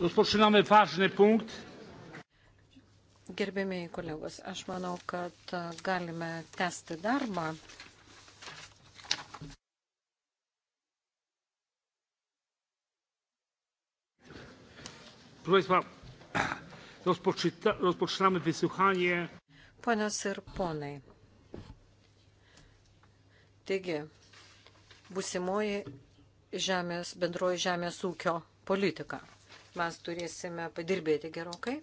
Rozpoczynamy ważny punkt. Gerbėmiai kolegos, aš manau, kad galime tęsti darbą. Proszę Państwa, rozpoczynamy wysłuchanie. Ponios ir ponai. Taigi, busimoji žemės, bendroji žemės ūkio politika mes turėsime padirbėti gerokai.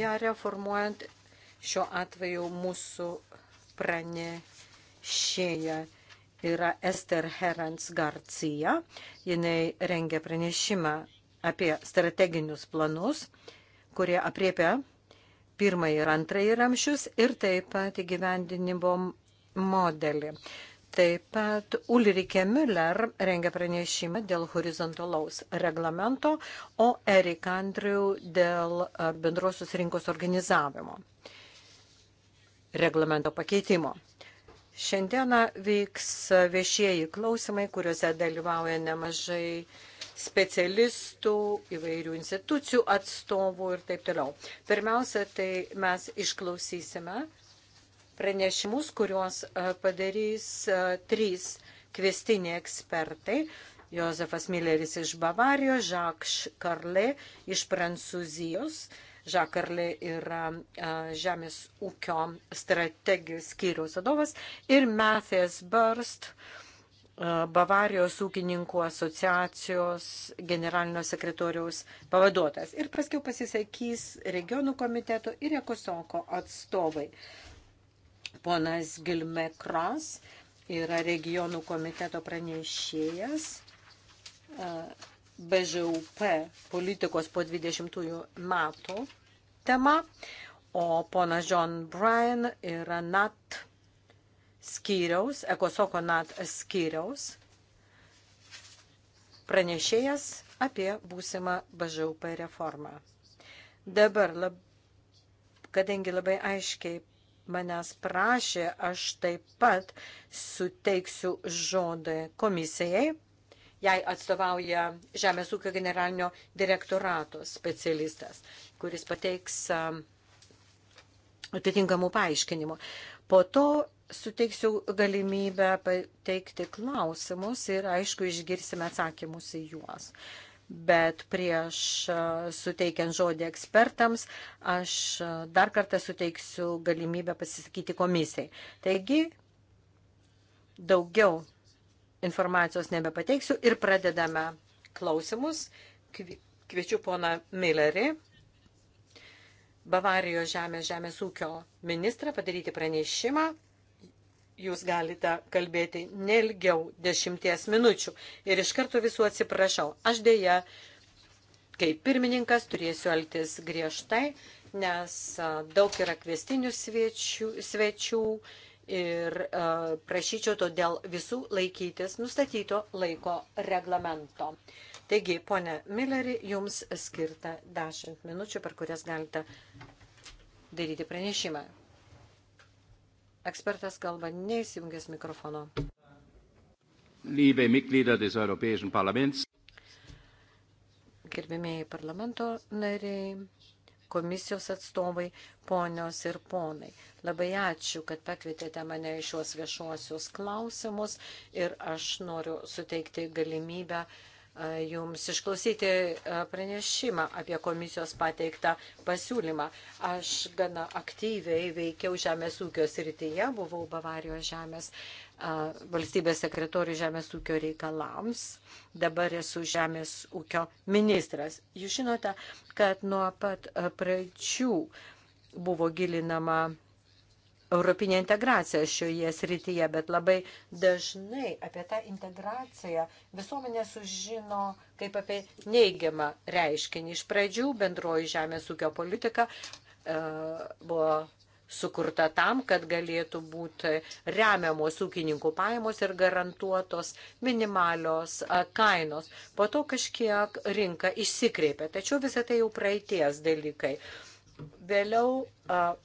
Ja reformuojant šiuo atveju mūsų pranešėja yra Ester Herans Garcia. Jinai rengia pranešimą apie strateginius planus, kurie apriepia pirmąjį ir antrąjį ramšius ir taip pat įgyvendinimo modelį. Taip pat Ulrike Müller rengia pranešimą dėl horizontalaus reglamento, o Erik Andrew dėl e, bendrosios rinkos organizavimo reglamento pakeitimo. Šiandieną vyks viešieji klausimai, kuriuose dalyvauja nemažai specialistų, įvairių institucijų atstovų ir taip toliau. Pirmiausia, tai mes išklausysime uh, pranešimus, kuriuos e, padarys e, trys kvestiniai ekspertai. Jozefas Milleris iš Bavarijos, Žaks Karle iš Prancūzijos. Žakarlė yra e, Žemės ūkio strategijos skyriaus vadovas ir Mathias Burst, Bavarijos ūkininkų asociacijos generalinio sekretoriaus pavaduotas. Ir paskiau pasisakys regionų komiteto ir ekosonko atstovai. Ponas Gilme Kros yra regionų komiteto pranešėjas BŽUP politikos po 20 metų tema, o ponas John Bryan yra NAT skyriaus, Ekosoko NAT skyriaus pranešėjas apie būsimą BŽUP reformą. Dabar, lab, kadangi labai aiškiai manęs prašė, aš taip pat suteiksiu žodį komisijai. Jai atstovauja Žemės ūkio generalinio direktorato specialistas, kuris pateiks um, atitinkamų paaiškinimų. Po to suteiksiu galimybę pateikti klausimus ir, aišku, išgirsime atsakymus į juos bet prieš suteikiant žodį ekspertams, aš dar kartą suteiksiu galimybę pasisakyti komisijai. Taigi, daugiau informacijos nebepateiksiu ir pradedame klausimus. Kviečiu poną Millerį, Bavarijos žemės žemės ūkio ministrą, padaryti pranešimą jūs galite kalbėti nelgiau dešimties minučių. Ir iš karto visų atsiprašau. Aš dėja, kaip pirmininkas, turėsiu elgtis griežtai, nes daug yra kvestinių svečių, svečių ir prašyčiau todėl visų laikytis nustatyto laiko reglamento. Taigi, ponė Milleri, jums skirta 10 minučių, per kurias galite daryti pranešimą. Ekspertas kalba neįsijungęs mikrofono. Liebe Mitglieder des Europäischen Parlaments. Gerbimieji parlamento nariai, komisijos atstovai, ponios ir ponai. Labai ačiū, kad pakvietėte mane į šiuos viešuosius klausimus ir aš noriu suteikti galimybę uh, Jums išklausyti pranešimą apie komisijos pateiktą pasiūlymą. Aš gana aktyviai veikiau žemės ūkio srityje, buvau Bavarijos žemės valstybės sekretorių žemės ūkio reikalams, dabar esu žemės ūkio ministras. Jūs žinote, kad nuo pat pradžių buvo gilinama europinę integraciją šioje srityje, bet labai dažnai apie tą integraciją visuomenė sužino kaip apie neigiamą reiškinį. Iš pradžių bendroji žemės ūkio politika e, buvo sukurta tam, kad galėtų būti remiamos ūkininkų pajamos ir garantuotos minimalios e, kainos. Po to kažkiek rinka išsikreipė, tačiau visą tai jau praeities dalykai. Vėliau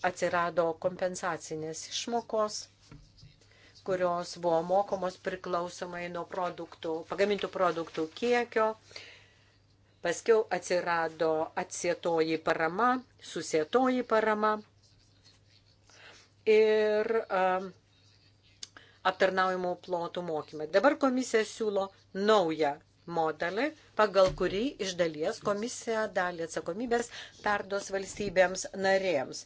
atsirado kompensacinės išmokos, kurios buvo mokomos priklausomai nuo produktų, pagamintų produktų kiekio. Paskiau atsirado atsietoji parama, susietoji parama ir aptarnaujimų plotų mokymai. Dabar komisija siūlo naują modelį, pagal kurį iš dalies komisija dalį atsakomybės perduos valstybėms narėms.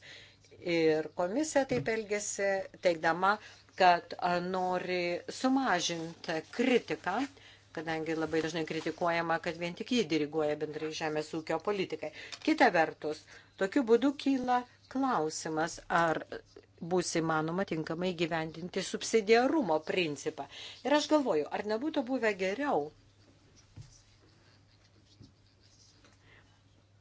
Ir komisija taip elgėsi, teikdama, kad nori sumažinti kritiką, kadangi labai dažnai kritikuojama, kad vien tik jį diriguoja bendrai žemės ūkio politikai. Kita vertus, tokiu būdu kyla klausimas, ar bus įmanoma tinkamai gyvendinti subsidiarumo principą. Ir aš galvoju, ar nebūtų buvę geriau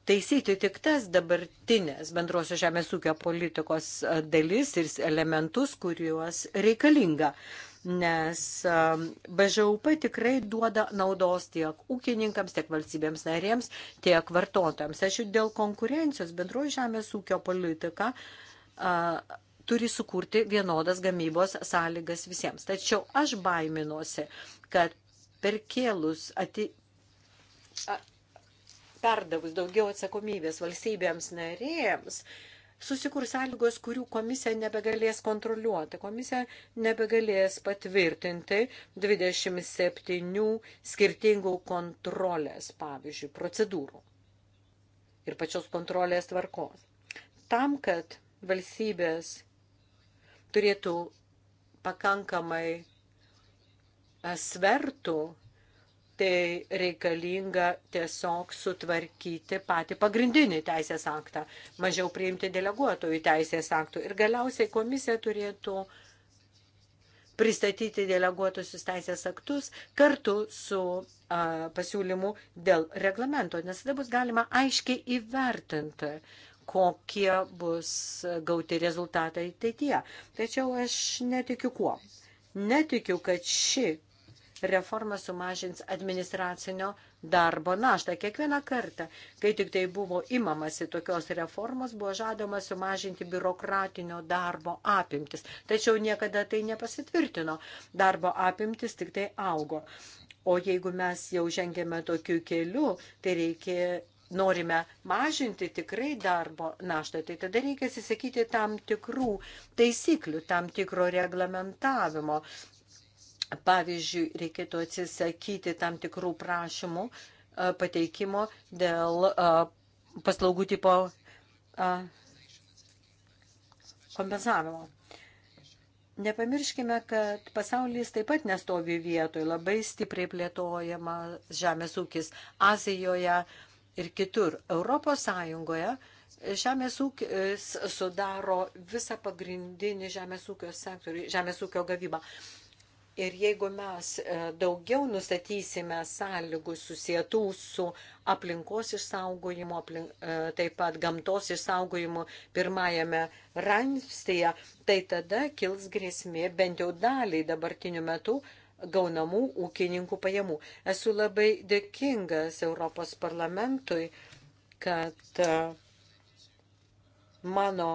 taisyti tik tas dabartinės bendrosios žemės ūkio politikos dalis ir elementus, kuriuos reikalinga. Nes BŽUP tikrai duoda naudos tiek ūkininkams, tiek valstybėms narėms, tiek vartotojams. Aš ir dėl konkurencijos bendroji žemės ūkio politika turi sukurti vienodas gamybos sąlygas visiems. Tačiau aš baiminuosi, kad perkėlus ati, perdavus daugiau atsakomybės valstybėms narėms, susikurs sąlygos, kurių komisija nebegalės kontroliuoti. Komisija nebegalės patvirtinti 27 skirtingų kontrolės, pavyzdžiui, procedūrų ir pačios kontrolės tvarkos. Tam, kad valstybės turėtų pakankamai e, svertų tai reikalinga tiesiog sutvarkyti patį pagrindinį teisės aktą, mažiau priimti deleguotojų teisės aktų. Ir galiausiai komisija turėtų pristatyti deleguotusius teisės aktus kartu su a, pasiūlymu dėl reglamento, nes tada bus galima aiškiai įvertinti, kokie bus gauti rezultatai ateityje. Tačiau aš netikiu kuo. Netikiu, kad ši reforma sumažins administracinio darbo naštą. Kiekvieną kartą, kai tik tai buvo imamasi tokios reformos, buvo žadama sumažinti biurokratinio darbo apimtis. Tačiau niekada tai nepasitvirtino. Darbo apimtis tik tai augo. O jeigu mes jau žengėme tokiu keliu, tai reikia norime mažinti tikrai darbo naštą, tai tada reikia atsisakyti tam tikrų taisyklių, tam tikro reglamentavimo, Pavyzdžiui, reikėtų atsisakyti tam tikrų prašymų pateikimo dėl paslaugų tipo kompensavimo. Nepamirškime, kad pasaulis taip pat nestovi vietoj, labai stipriai plėtojama žemės ūkis Azijoje ir kitur. Europos Sąjungoje žemės ūkis sudaro visą pagrindinį žemės ūkio sektorių, žemės ūkio gavybą. Ir jeigu mes e, daugiau nustatysime sąlygų susijętų su aplinkos išsaugojimu, aplink, e, taip pat gamtos išsaugojimu pirmajame ramstyje, tai tada kils grėsmė bent jau daliai dabartiniu metu gaunamų ūkininkų pajamų. Esu labai dėkingas Europos parlamentui, kad e, mano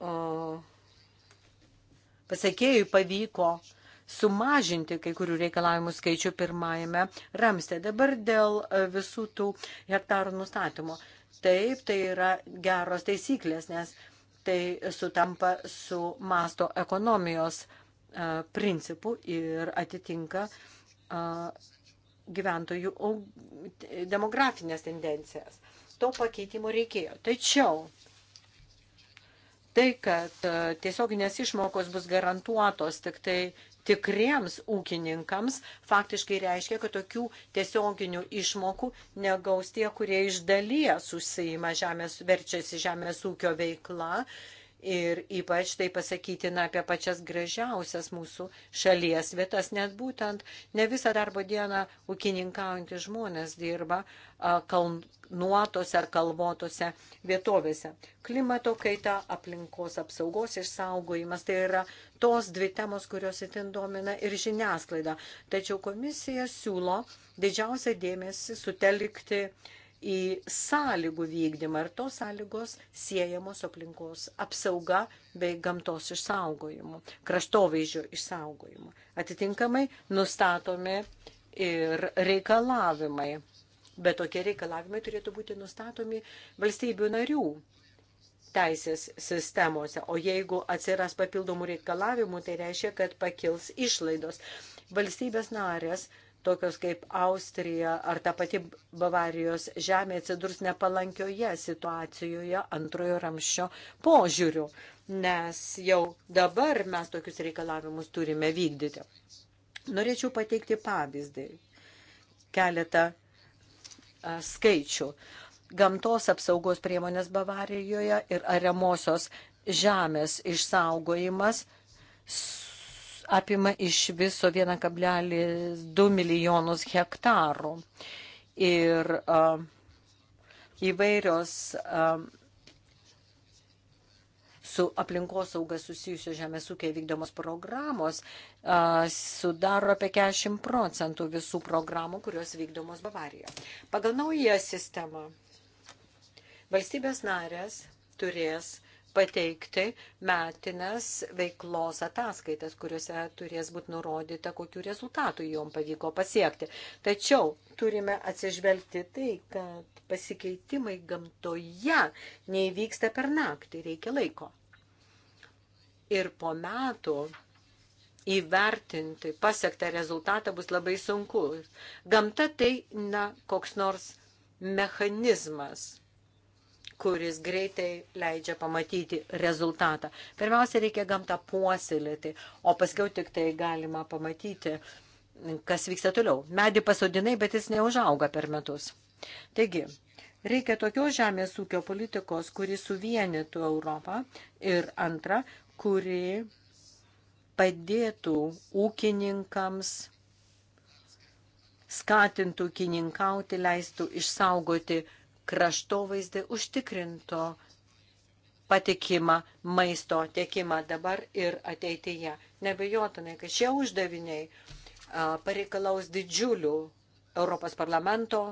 uh, pasiekėjui pavyko sumažinti kai kurių reikalavimų skaičių pirmajame ramstė. Dabar dėl e, visų tų hektarų nustatymo. Taip, tai yra geros taisyklės, nes tai sutampa su masto ekonomijos a, e, principu ir atitinka a, e, gyventojų demografinės tendencijas. To pakeitimo reikėjo. Tačiau tai, kad e, tiesioginės išmokos bus garantuotos tik tai tikriems ūkininkams, faktiškai reiškia, kad tokių tiesioginių išmokų negaus tie, kurie iš dalies užsima žemės, verčiasi žemės ūkio veikla Ir ypač tai pasakytina apie pačias gražiausias mūsų šalies vietas, net būtent ne visą darbo dieną ūkininkaujantys žmonės dirba kalnuotose ar kalvotose vietovėse. Klimato kaita, aplinkos apsaugos išsaugojimas, tai yra tos dvi temos, kurios itin domina ir žiniasklaida. Tačiau komisija siūlo didžiausią dėmesį sutelkti uh, į sąlygų vykdymą ir tos sąlygos siejamos aplinkos apsauga bei gamtos išsaugojimu, kraštovaizdžio išsaugojimu. Atitinkamai nustatomi ir reikalavimai, bet tokie reikalavimai turėtų būti nustatomi valstybių narių teisės sistemose. O jeigu atsiras papildomų reikalavimų, tai reiškia, kad pakils išlaidos. Valstybės narės tokios kaip Austrija ar ta pati Bavarijos žemė atsidurs nepalankioje situacijoje antrojo ramščio požiūrių, nes jau dabar mes tokius reikalavimus turime vykdyti. Norėčiau pateikti pavyzdį, keletą a, skaičių. Gamtos apsaugos priemonės Bavarijoje ir ariamosios žemės išsaugojimas apima iš viso 1,2 milijonus hektarų. Ir a, įvairios a, su aplinkosauga susijusios žemės ūkiai vykdomos programos a, sudaro apie 40 procentų visų programų, kurios vykdomos Bavarijoje. Pagal naują sistemą valstybės narės turės pateikti metinės veiklos ataskaitas, kuriuose turės būti nurodyta, kokiu rezultatu jom pavyko pasiekti. Tačiau turime atsižvelgti tai, kad pasikeitimai gamtoje neįvyksta per naktį, reikia laiko. Ir po metų įvertinti pasiektą rezultatą bus labai sunku. Gamta tai, na, koks nors mechanizmas, kuris greitai leidžia pamatyti rezultatą. Pirmiausia, reikia gamtą puoselėti, o paskiau tik tai galima pamatyti, kas vyksta toliau. Medį pasodinai, bet jis neužauga per metus. Taigi, reikia tokios žemės ūkio politikos, kuri suvienytų Europą ir antra, kuri padėtų ūkininkams skatintų kininkauti, leistų išsaugoti kraštovaizdį, užtikrinto patikimą maisto tiekimą dabar ir ateityje. Nebejotinai, kad šie uždaviniai pareikalaus didžiulių Europos parlamento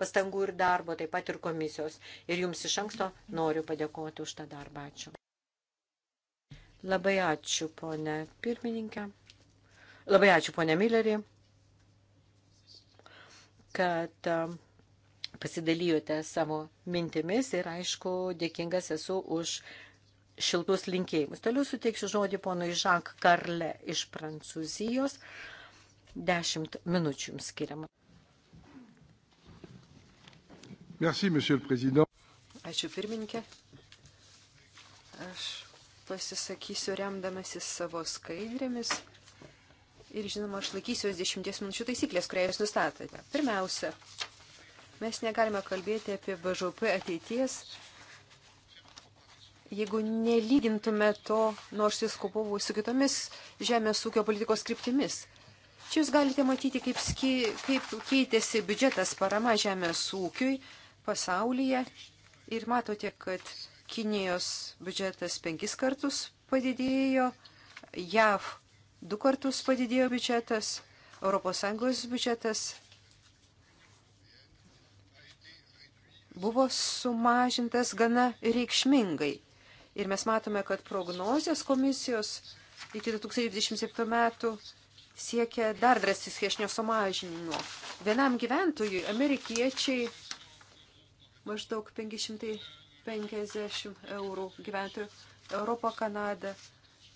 pastangų ir darbo, taip pat ir komisijos. Ir jums iš anksto noriu padėkoti už tą darbą. Ačiū. Labai ačiū, ponė pirmininkė. Labai ačiū, ponė Millerį, kad uh, pasidalijote savo mintimis ir aišku, dėkingas esu už šiltus linkėjimus. Toliau suteiksiu žodį ponui Žank Karle iš Prancūzijos. Dešimt minučių jums skiriama. Merci, monsieur le président. Ačiū pirmininkė. Aš pasisakysiu remdamasis savo skaidrėmis. Ir žinoma, aš laikysiuos dešimties minučių taisyklės, kurią jūs nustatėte. Pirmiausia, Mes negalime kalbėti apie BŽP ateities, jeigu nelygintume to, nors jis kovovo su kitomis žemės ūkio politikos kryptimis. Čia jūs galite matyti, kaip, ski, kaip keitėsi biudžetas parama žemės ūkiui pasaulyje ir matote, kad Kinijos biudžetas penkis kartus padidėjo, JAV du kartus padidėjo biudžetas, ES biudžetas buvo sumažintas gana reikšmingai. Ir mes matome, kad prognozijas komisijos iki 2027 metų siekia dar drastiškesnio sumažinimo. Vienam gyventojui amerikiečiai maždaug 550 eurų gyventojų, Europą, Kanadą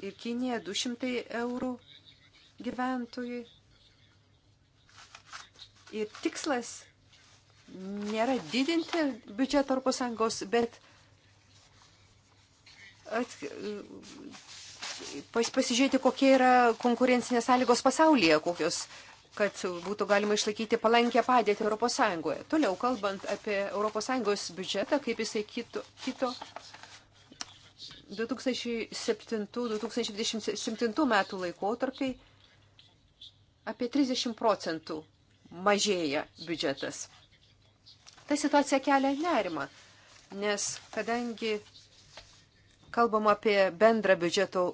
ir Kiniją 200 eurų gyventojui. Ir tikslas nėra didinti biudžetą Europos Sąjungos, bet at, pas, pasižiūrėti, kokie yra konkurencinės sąlygos pasaulyje, kokios, kad būtų galima išlaikyti palankę padėtį Europos Sąjungoje. Toliau kalbant apie Europos Sąjungos biudžetą, kaip jisai kito, kito 2007-2027 metų laikotarpiai apie 30 procentų mažėja biudžetas. Ta situacija kelia nerimą, nes kadangi kalbam apie bendrą biudžeto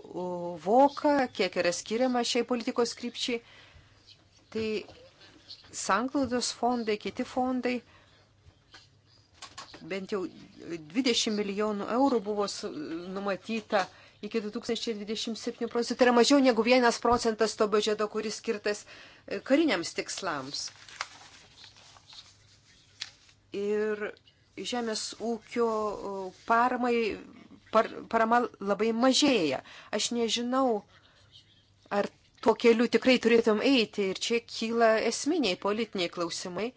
voką, kiek yra skiriama šiai politikos krypčiai, tai sanklaudos fondai, kiti fondai, bent jau 20 milijonų eurų buvo numatyta iki 2027 procentų. Tai yra mažiau negu vienas procentas to biudžeto, kuris skirtas kariniams tikslams ir žemės ūkio paramai, par, parama labai mažėja. Aš nežinau, ar tuo keliu tikrai turėtum eiti ir čia kyla esminiai politiniai klausimai.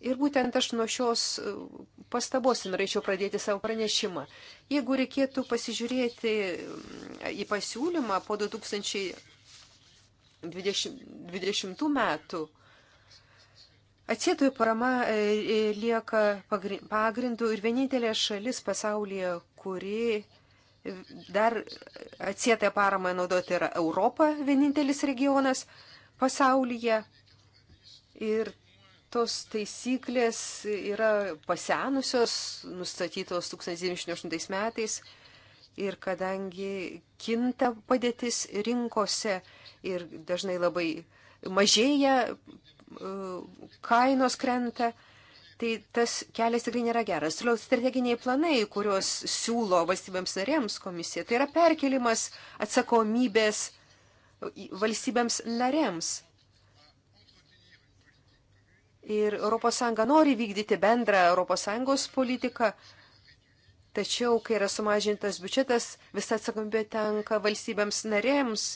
Ir būtent aš nuo šios pastabos norėčiau pradėti savo pranešimą. Jeigu reikėtų pasižiūrėti mm, į pasiūlymą po 2020 metų, Atsietojų parama e, e, lieka pagrindu ir vienintelė šalis pasaulyje, kuri e, dar atsietą paramą naudoti yra Europa, vienintelis regionas pasaulyje. Ir tos taisyklės yra pasenusios, nustatytos 1908 metais. Ir kadangi kinta padėtis rinkose ir dažnai labai mažėja kainos krenta. Tai tas kelias tikrai nėra geras. Toliau strateginiai planai, kuriuos siūlo valstybėms narėms komisija, tai yra perkelimas atsakomybės valstybėms narėms. Ir ES nori vykdyti bendrą ES politiką, tačiau, kai yra sumažintas biudžetas, visa atsakomybė tenka valstybėms narėms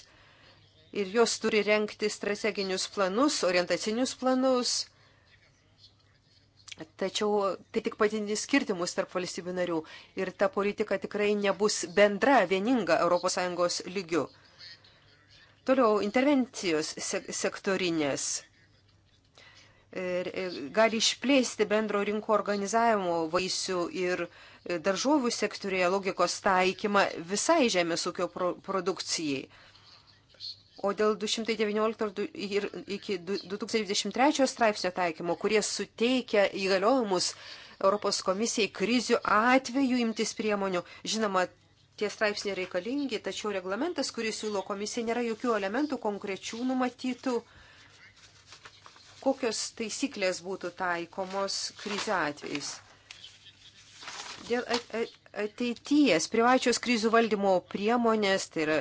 ir jos turi renkti strateginius planus, orientacinius planus. Tačiau tai tik padidins skirtimus tarp valstybių narių ir ta politika tikrai nebus bendra, vieninga ES lygių. Toliau intervencijos sektorinės e, gali išplėsti bendro rinko organizavimo vaisių ir e, daržovių sektorėje logikos taikymą visai žemės ūkio produkcijai. O dėl 219 ir iki 2023 straipsnio taikymo, kurie suteikia įgaliojimus Europos komisijai krizių atveju imtis priemonių, žinoma, tie straipsniai reikalingi, tačiau reglamentas, kurį siūlo komisija, nėra jokių elementų konkrečių numatytų, kokios taisyklės būtų taikomos krizė atvejais. Dėl e, e, ateities privačios krizių valdymo priemonės, tai yra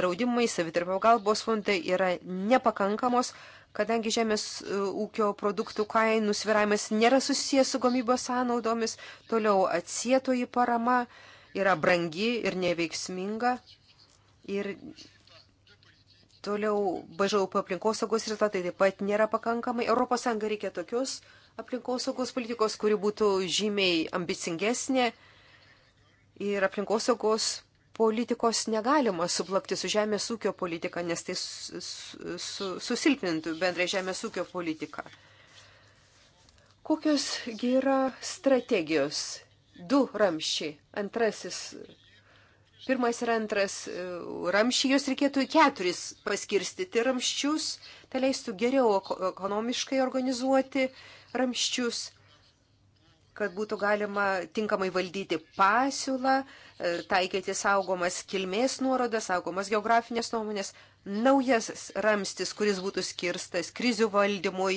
draudimai, savitarpio galbos fondai yra nepakankamos, kadangi žemės e, ūkio produktų kainų sviravimas nėra susijęs su gamybos sąnaudomis, toliau atsietoji parama yra brangi ir neveiksminga. Ir toliau BŽUP aplinkosaugos rezultatai taip pat nėra pakankamai. ES reikia tokios aplinkosaugos politikos, kuri būtų žymiai ambicingesnė ir aplinkosaugos politikos negalima suplakti su žemės ūkio politika, nes tai susilpnintų bendrai žemės ūkio politiką. Kokios yra strategijos? Du ramšiai. Antrasis. Pirmas ir antras e, ramšiai, jos reikėtų į keturis paskirstyti ramščius, tai leistų geriau ekonomiškai organizuoti ramščius kad būtų galima tinkamai valdyti pasiūlą, e, taikyti saugomas kilmės nuorodas, saugomas geografinės nuomonės, naujas ramstis, kuris būtų skirstas krizių valdymui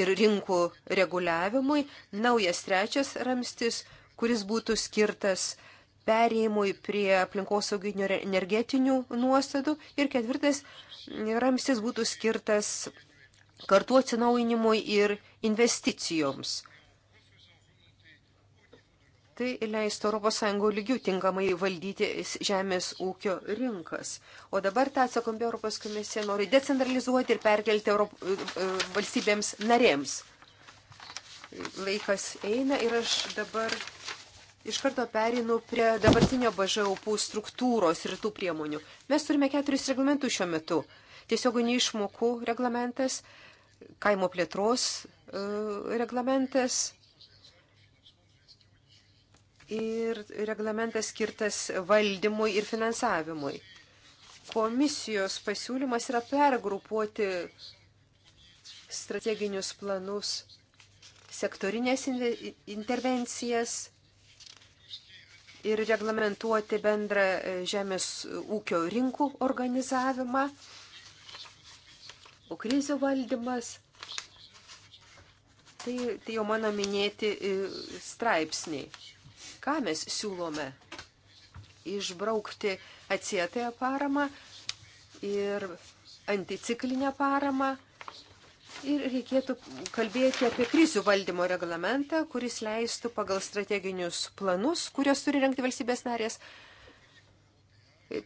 ir rinkų reguliavimui, naujas trečias ramstis, kuris būtų skirtas perėjimui prie aplinkosauginių ir energetinių nuostadų ir ketvirtas ramstis būtų skirtas kartu atsinaujinimui ir investicijoms Tai leistų ES lygių tinkamai valdyti žemės ūkio rinkas. O dabar tą atsakomybę Europos komisija nori decentralizuoti ir perkelti Europ... E, e, valstybėms narėms. Laikas eina ir aš dabar Iš karto perinu prie dabartinio BŽUP struktūros ir tų priemonių. Mes turime keturis reglamentus šiuo metu. Tiesioginių išmokų reglamentas, kaimo plėtros e, reglamentas, ir reglamentas skirtas valdymui ir finansavimui. Komisijos pasiūlymas yra pergrupuoti strateginius planus, sektorinės intervencijas ir reglamentuoti bendrą e, žemės ūkio rinkų organizavimą, o krizių valdymas. Tai, tai jau mano minėti e, straipsniai. Ką mes siūlome? Išbraukti atsietąją paramą ir anticiklinę paramą. Ir reikėtų kalbėti apie krizių valdymo reglamentą, kuris leistų pagal strateginius planus, kurios turi renkti valstybės narės,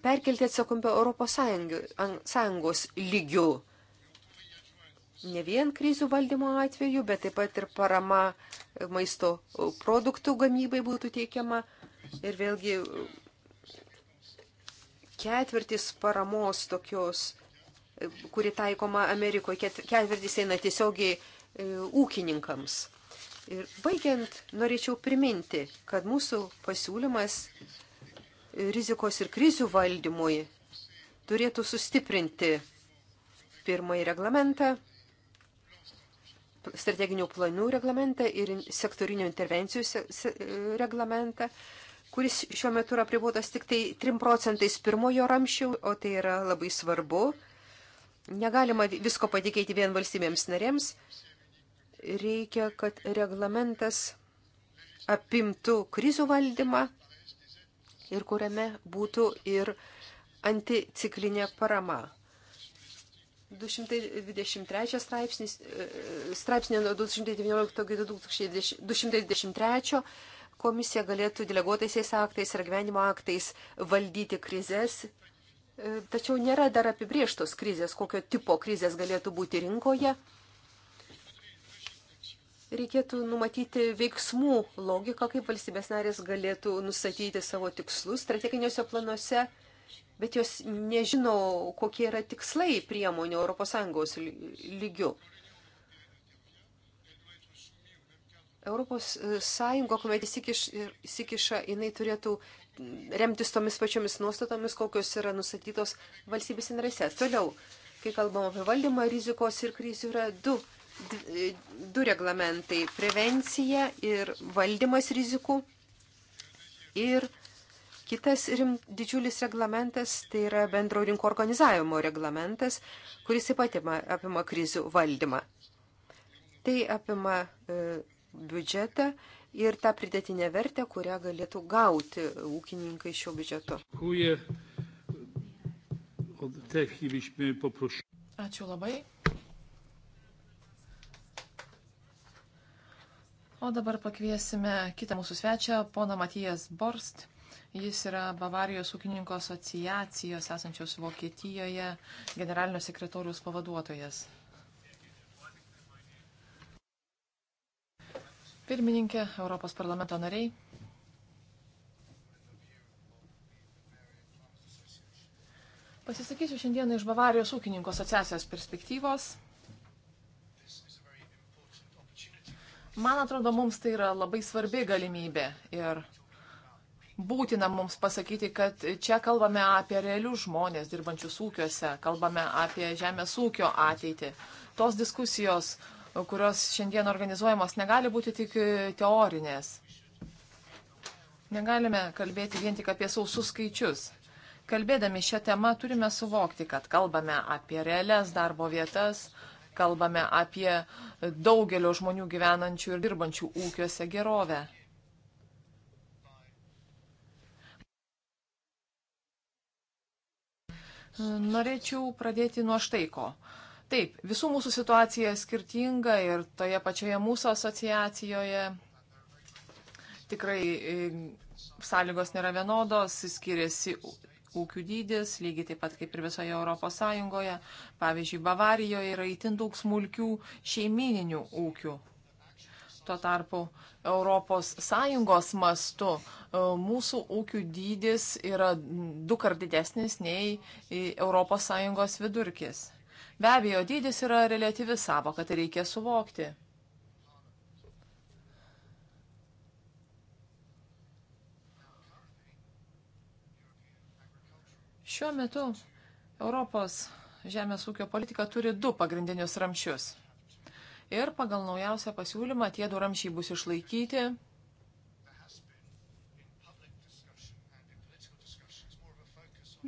perkelti atsakomybę Europos Sąjungos lygių ne vien krizių valdymo atveju, bet taip pat ir parama maisto produktų gamybai būtų teikiama. Ir vėlgi ketvirtis paramos tokios, kuri taikoma Amerikoje, ketvirtis eina tiesiogiai e, ūkininkams. Ir baigiant, norėčiau priminti, kad mūsų pasiūlymas rizikos ir krizių valdymui turėtų sustiprinti pirmąjį reglamentą strateginių planų reglamentą ir sektorinių intervencijų se, se, reglamentą, kuris šiuo metu yra pribuotas tik tai 3 procentais pirmojo ramščių, o tai yra labai svarbu. Negalima visko patikėti vien valstybėms narėms. Reikia, kad reglamentas apimtų krizių valdymą ir kuriame būtų ir anticiklinė parama. 223 straipsnis, e, straipsnė nuo 219-223 komisija galėtų deleguotaisiais aktais ir gyvenimo aktais valdyti krizės, e, tačiau nėra dar apibrieštos krizės, kokio tipo krizės galėtų būti rinkoje. Reikėtų numatyti veiksmų logiką, kaip valstybės narės galėtų nustatyti savo tikslus strateginiuose planuose bet jos nežino, kokie yra tikslai priemonių ES lygių. ES, kuomet įsikiša, jinai turėtų remtis tomis pačiomis nuostatomis, kokios yra nustatytos valstybės narėse. Toliau, kai kalbam apie valdymą rizikos ir krizių, yra du, du reglamentai - prevencija ir valdymas rizikų ir Kitas rim, didžiulis reglamentas tai yra bendro rinko organizavimo reglamentas, kuris taip pat apima krizių valdymą. Tai apima e, biudžetą ir tą pridėtinę vertę, kurią galėtų gauti ūkininkai šiuo biudžetu. Ačiū labai. O dabar pakviesime kitą mūsų svečią, poną Matijas Borst. Jis yra Bavarijos ūkininko asociacijos esančios Vokietijoje generalinio sekretoriaus pavaduotojas. Pirmininkė, Europos parlamento nariai. Pasisakysiu šiandieną iš Bavarijos ūkininkų asociacijos perspektyvos. Man atrodo, mums tai yra labai svarbi galimybė ir būtina mums pasakyti, kad čia kalbame apie realius žmonės dirbančius ūkiuose, kalbame apie žemės ūkio ateitį. Tos diskusijos, kurios šiandien organizuojamos, negali būti tik teorinės. Negalime kalbėti vien tik apie sausus skaičius. Kalbėdami šią temą turime suvokti, kad kalbame apie realias darbo vietas, kalbame apie daugelio žmonių gyvenančių ir dirbančių ūkiuose gerovę. Norėčiau pradėti nuo štai ko. Taip, visų mūsų situacija skirtinga ir toje pačioje mūsų asociacijoje tikrai e, sąlygos nėra vienodos, skiriasi ūkių dydis, lygiai taip pat kaip ir visoje Europos Sąjungoje. Pavyzdžiui, Bavarijoje yra itin daug smulkių šeimininių ūkių. Tuo tarpu ES mastu e, mūsų ūkių dydis yra du kart didesnis nei ES vidurkis. Be abejo, dydis yra relativi savo, kad tai reikia suvokti. Šiuo metu Europos žemės ūkio politika turi du pagrindinius ramšius ir pagal naujausią pasiūlymą tie du ramšiai bus išlaikyti.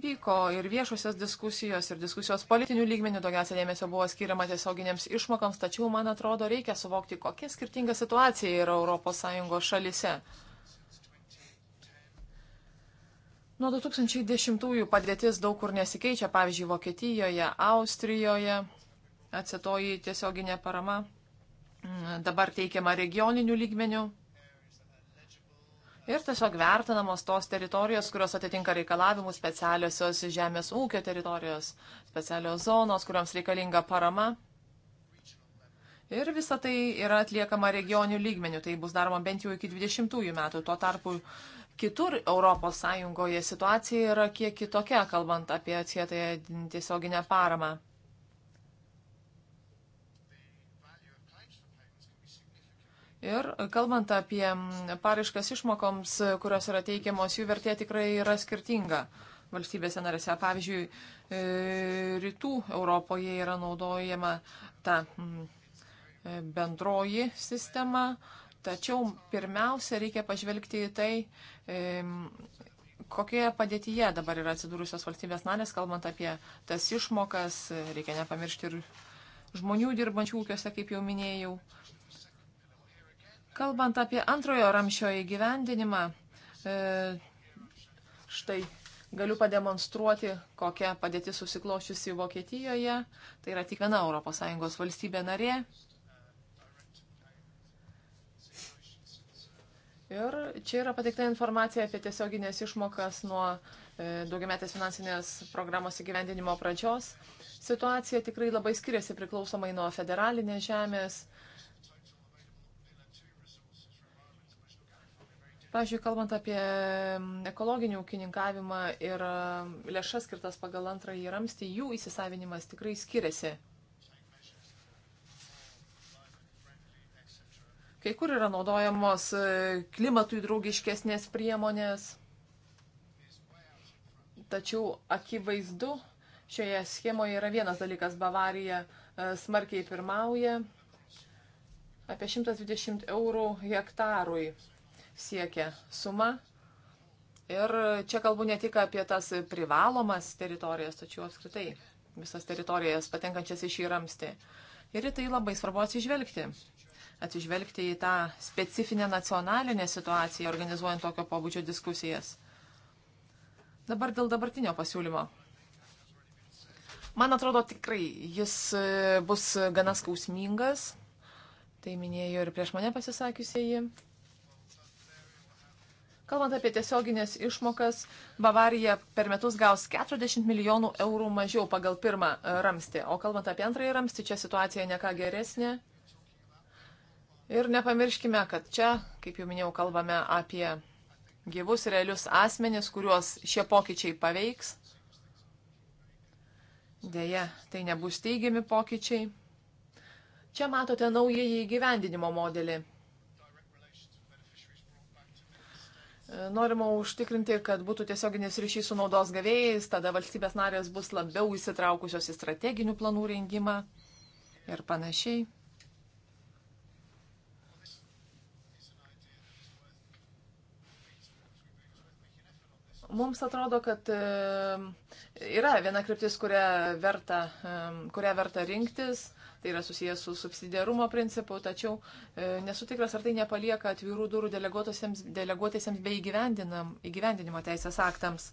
Vyko ir viešosios diskusijos, ir diskusijos politinių lygmenių daugiausia dėmesio buvo skiriama tiesioginėms išmokams, tačiau, man atrodo, reikia suvokti, kokia skirtinga situacija yra ES šalise. Nuo 2010-ųjų padėtis daug kur nesikeičia, pavyzdžiui, Vokietijoje, Austrijoje, atsitoji tiesioginė parama mm, dabar teikiama regioninių lygmenių. Ir tiesiog vertinamos tos teritorijos, kurios atitinka reikalavimus, specialiosios žemės ūkio teritorijos, specialios zonos, kuriams reikalinga parama. Ir visa tai yra atliekama regionių lygmenių, tai bus daroma bent jau iki 20 metų. Tuo tarpu kitur ES situacija yra kiek kitokia, kalbant apie atsietąją tiesioginę paramą. Ir kalbant apie paraiškas išmokoms, kurios yra teikiamos, jų vertė tikrai yra skirtinga valstybėse narėse. Pavyzdžiui, e, rytų Europoje yra naudojama ta e, bendroji sistema, tačiau pirmiausia reikia pažvelgti į tai, e, kokioje padėtyje dabar yra atsidūrusios valstybės narės, kalbant apie tas išmokas, reikia nepamiršti ir žmonių dirbančių ūkiuose, kaip jau minėjau. Kalbant apie antrojo ramšio įgyvendinimą, e, štai galiu pademonstruoti, kokia padėtis susiklošiusi Vokietijoje. Tai yra tik viena ES valstybė narė. Ir čia yra pateikta informacija apie tiesioginės išmokas nuo e, daugiametės finansinės programos įgyvendinimo pradžios. Situacija tikrai labai skiriasi priklausomai nuo federalinės žemės, Pavyzdžiui, kalbant apie mm, ekologinį ūkininkavimą ir mm, lėšas skirtas pagal antrąjį ramstį, jų įsisavinimas tikrai skiriasi. Kai kur yra naudojamos e, klimatui draugiškesnės priemonės, tačiau akivaizdu, šioje schemoje yra vienas dalykas - Bavarija e, smarkiai pirmauja apie 120 eurų hektarui siekia suma. Ir čia kalbu ne tik apie tas privalomas teritorijas, tačiau apskritai visas teritorijas patenkančias iš įramsti. Ir į tai labai svarbu atsižvelgti. Atsižvelgti į tą specifinę nacionalinę situaciją, organizuojant tokio pobūdžio diskusijas. Dabar dėl dabartinio pasiūlymo. Man atrodo, tikrai jis e, bus gana skausmingas. Tai minėjo ir prieš mane pasisakiusieji. Kalbant apie tiesioginės išmokas, Bavarija per metus gaus 40 milijonų eurų mažiau pagal pirmą e, ramstį, o kalbant apie antrąjį ramstį, čia situacija neką geresnė. Ir nepamirškime, kad čia, kaip jau minėjau, kalbame apie gyvus realius asmenis, kuriuos šie pokyčiai paveiks. Deja, tai nebus teigiami pokyčiai. Čia matote naująjį įgyvendinimo modelį. Norima užtikrinti, kad būtų tiesioginis ryšys su naudos gavėjais, tada valstybės narės bus labiau įsitraukusios į strateginių planų rengimą ir panašiai. Mums atrodo, kad e, yra viena kryptis, kurią verta, e, kurią verta rinktis tai yra susijęs su subsidiarumo principu, tačiau e, nesu tikras, ar tai nepalieka atvirų durų deleguotiesiems bei įgyvendinimo teisės aktams.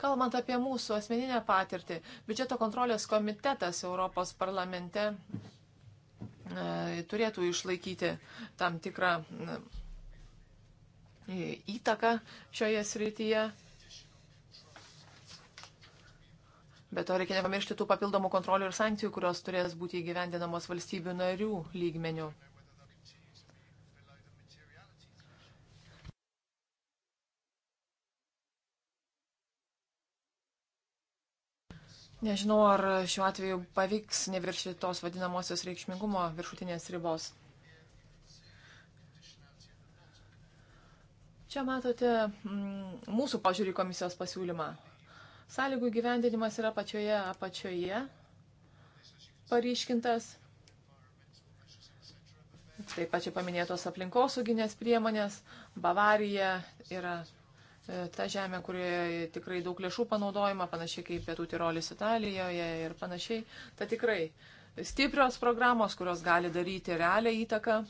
Kalbant apie mūsų asmeninę patirtį, biudžeto kontrolės komitetas Europos parlamente e, turėtų išlaikyti tam tikrą e, įtaką šioje srityje. Bet to reikia nepamiršti tų papildomų kontrolių ir sankcijų, kurios turės būti įgyvendinamos valstybių narių lygmenių. Nežinau, ar šiuo atveju pavyks neviršyti tos vadinamosios reikšmingumo viršutinės ribos. Čia matote mm, mūsų pažiūrį komisijos pasiūlymą. Sąlygų gyvendinimas yra pačioje apačioje paryškintas. Taip pat čia paminėtos aplinkosauginės priemonės. Bavarija yra e, ta žemė, kurioje tikrai daug lėšų panaudojama, panašiai kaip Pietų Tirolis Italijoje ir panašiai. Ta tikrai stiprios programos, kurios gali daryti realią įtaką,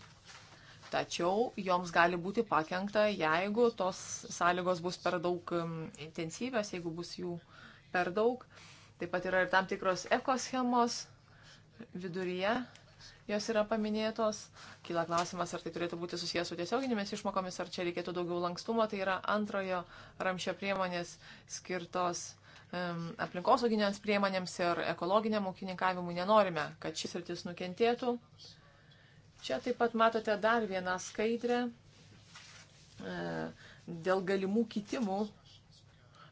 tačiau joms gali būti pakengta, jeigu tos sąlygos bus per daug intensyvios, jeigu bus jų per daug. Taip pat yra ir tam tikros ekoschemos viduryje, jos yra paminėtos. Kyla klausimas, ar tai turėtų būti susijęs su tiesioginėmis išmokomis, ar čia reikėtų daugiau lankstumo. Tai yra antrojo ramšio priemonės skirtos um, aplinkosauginėms priemonėms ir ekologiniam ūkininkavimui. Nenorime, kad šis rytis nukentėtų. Čia taip pat matote dar vieną skaidrę e, dėl galimų kitimų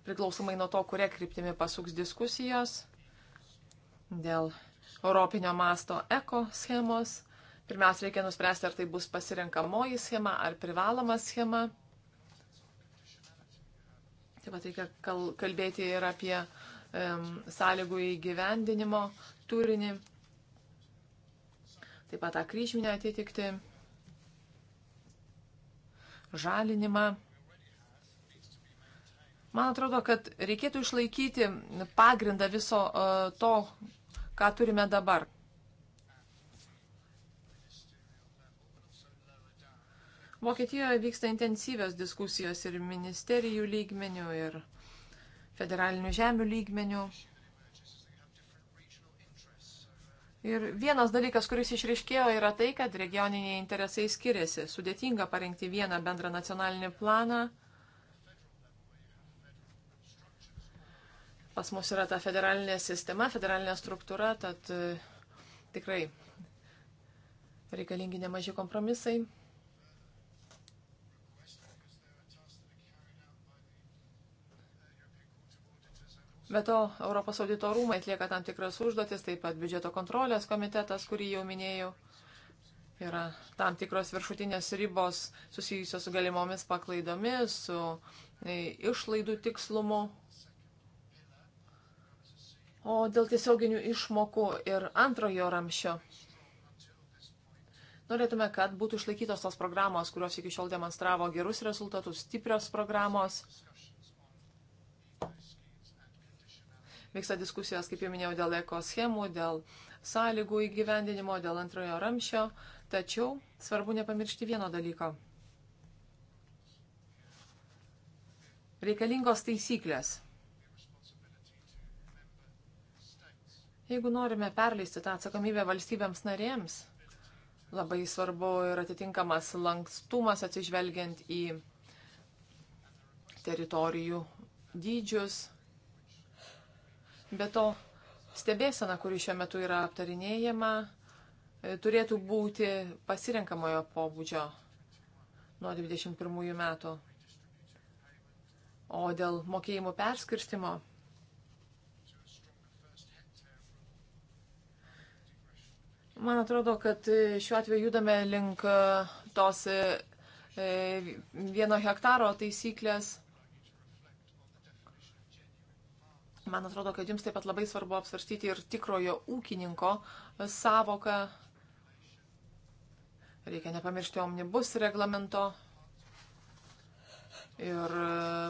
priklausomai nuo to, kuria kryptimi pasuks diskusijos dėl Europinio masto eko schemos. Pirmiausia, reikia nuspręsti, ar tai bus pasirenkamoji schema ar privaloma schema. Taip pat reikia kalbėti ir apie um, sąlygų įgyvendinimo turinį, taip pat tą kryžminę atitikti, žalinimą. Man atrodo, kad reikėtų išlaikyti pagrindą viso e, to, ką turime dabar. Vokietijoje vyksta intensyvios diskusijos ir ministerijų lygmenių, ir federalinių žemių lygmenių. Ir vienas dalykas, kuris išriškėjo, yra tai, kad regioniniai interesai skiriasi. Sudėtinga parengti vieną bendrą nacionalinį planą. pas mus yra ta federalinė sistema, federalinė struktūra, tad e, tikrai reikalingi nemaži kompromisai. Be to, Europos audito rūmai atlieka tam tikras užduotis, taip pat biudžeto kontrolės komitetas, kurį jau minėjau, yra tam tikros viršutinės ribos susijusios su galimomis paklaidomis, su e, išlaidų tikslumu O dėl tiesioginių išmokų ir antrojo ramšio. Norėtume, kad būtų išlaikytos tos programos, kurios iki šiol demonstravo gerus rezultatus, stiprios programos. Vyksta diskusijos, kaip jau minėjau, dėl ekoschemų, dėl sąlygų įgyvendinimo, dėl antrojo ramšio, tačiau svarbu nepamiršti vieno dalyko. Reikalingos taisyklės. Jeigu norime perleisti tą atsakomybę valstybėms narėms, labai svarbu ir atitinkamas lankstumas atsižvelgiant į teritorijų dydžius. Be to, stebėsena, kuri šiuo metu yra aptarinėjama, e, turėtų būti pasirenkamojo pobūdžio nuo 21 metų. O dėl mokėjimų perskirstimo Man atrodo, kad e, šiuo atveju judame link e, tos e, vieno hektaro taisyklės. Man atrodo, kad jums taip pat labai svarbu apsvarstyti ir tikrojo ūkininko savoką. Reikia nepamiršti omnibus reglamento ir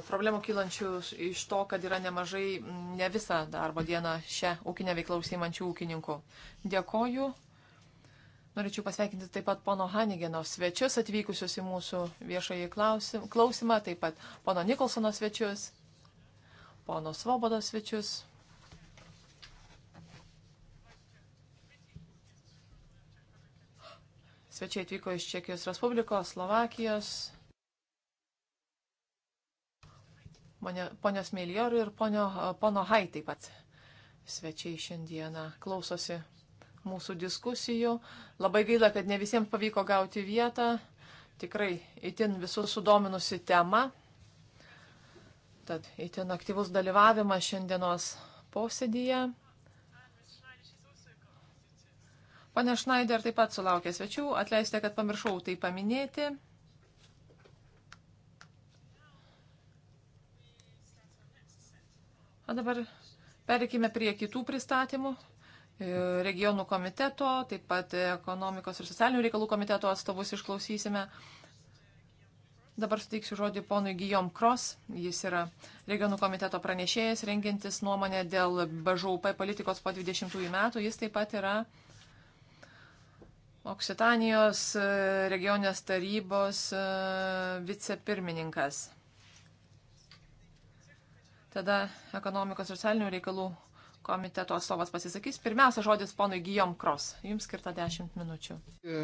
problemų kylančių iš to, kad yra nemažai ne visą darbo dieną šią ūkinę veiklą užsiimančių ūkininkų. Dėkoju. Norėčiau pasveikinti taip pat pono Hanigeno svečius atvykusius į mūsų viešąjį klausimą, taip pat pono Nikolsono svečius, pono Svobodo svečius. Svečiai atvyko iš Čekijos Respublikos, Slovakijos, ponios Meliorų ir ponio, pono Hai taip pat. Svečiai šiandieną klausosi mūsų diskusijų. Labai gaila, kad ne visiems pavyko gauti vietą. Tikrai itin visus sudominusi tema. Tad itin aktyvus dalyvavimas šiandienos posėdyje. Pane Šnaider taip pat sulaukė svečių. Atleiskite, kad pamiršau tai paminėti. O dabar Perikime prie kitų pristatymų. E, regionų komiteto, taip pat ekonomikos ir socialinių reikalų komiteto atstovus išklausysime. Dabar suteiksiu žodį ponui Gijom Kros. Jis yra regionų komiteto pranešėjas, rengintis nuomonę dėl BŽUP politikos po 20 metų. Jis taip pat yra Oksitanijos e, regionės tarybos e, vicepirmininkas. Tada ekonomikos ir socialinių reikalų komiteto atstovas pasisakys. Pirmiausia, žodis ponui Gijom Kros. Jums skirta 10 minučių. E,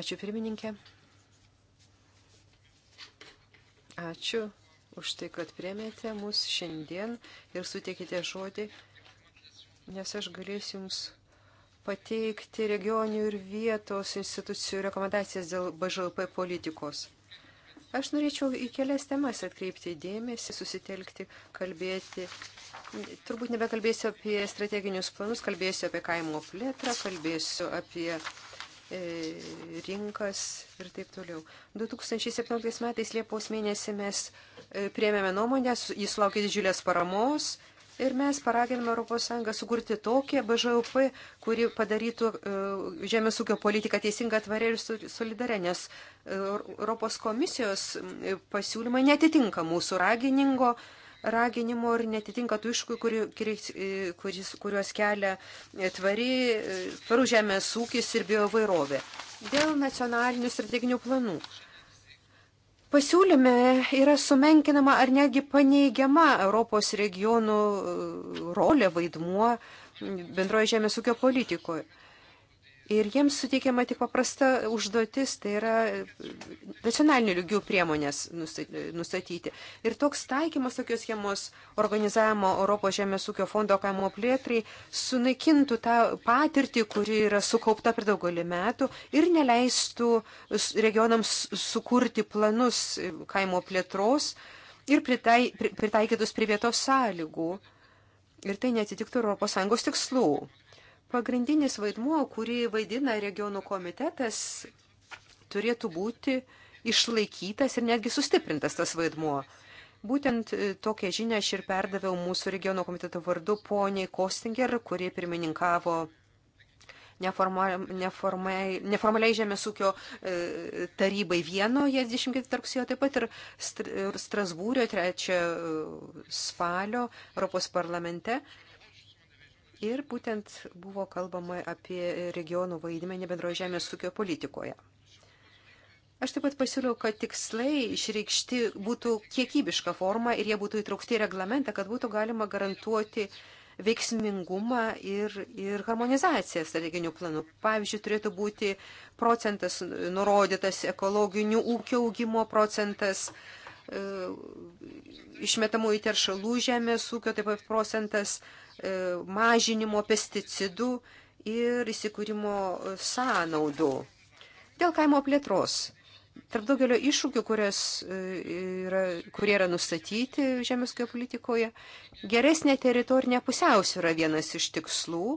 Ačiū pirmininkė. Ačiū už tai, kad priemėte mus šiandien ir suteikite žodį, nes aš galėsiu jums pateikti regionių ir vietos institucijų rekomendacijas dėl BŽLP politikos. Aš norėčiau į kelias temas atkreipti dėmesį, susitelkti, kalbėti. Turbūt nebekalbėsiu apie strateginius planus, kalbėsiu apie kaimo plėtrą, kalbėsiu apie e, rinkas ir taip toliau. 2017 metais Liepos mėnesį mes e, priėmėme nuomonę, jis laukė didžiulės paramos, Ir mes paraginame ES sukurti tokią BŽUP, kuri padarytų e, žemės ūkio politiką teisingą, tvarę ir solidarę, nes e, Europos komisijos pasiūlymai netitinka mūsų raginingo, raginimo ir netitinka tų iškų, e, kuriuos kelia tvari, tvarų žemės ūkis ir biovairovė. Dėl nacionalinių strateginių planų. Pasiūlyme yra sumenkinama ar netgi paneigiama Europos regionų e, rolė, vaidmuo bendroje žemės ūkio politikoje. Ir jiems suteikiama tik paprasta užduotis, tai yra nacionalinių lygių priemonės nustatyti. Ir toks taikymas tokios schemos organizavimo Europos žemės ūkio fondo kaimo plėtrai sunaikintų tą patirtį, kuri yra sukaupta per daugelį metų ir neleistų regionams sukurti planus kaimo plėtros ir pritaikytus prie vietos sąlygų. Ir tai netitiktų ES tikslų. Pagrindinis vaidmuo, kurį vaidina regionų komitetas, turėtų būti išlaikytas ir netgi sustiprintas tas vaidmuo. Būtent e, tokią žinią aš ir perdaviau mūsų regiono komiteto vardu poniai Kostinger, kurie pirmininkavo neformal, neformal, neformaliai žemės ūkio e, tarybai Vienoje 24 rugsėjo, taip pat ir Strasbūrio 3 e, spalio Europos parlamente. Ir būtent buvo kalbama apie regionų vaidmenį bendroje žemės ūkio politikoje. Aš taip pat pasiūliau, kad tikslai išreikšti būtų kiekybišką formą ir jie būtų įtraukti į reglamentą, kad būtų galima garantuoti veiksmingumą ir, ir harmonizaciją strateginių planų. Pavyzdžiui, turėtų būti procentas nurodytas ekologinių ūkio augimo procentas, e, išmetamųjų teršalų žemės ūkio, taip pat procentas, E, mažinimo pesticidų ir įsikūrimo sąnaudų. Dėl kaimo plėtros. Tarp daugelio iššūkių, e, yra, kurie yra nustatyti žemės ūkio politikoje, geresnė teritorinė pusiausvyrą vienas iš tikslų,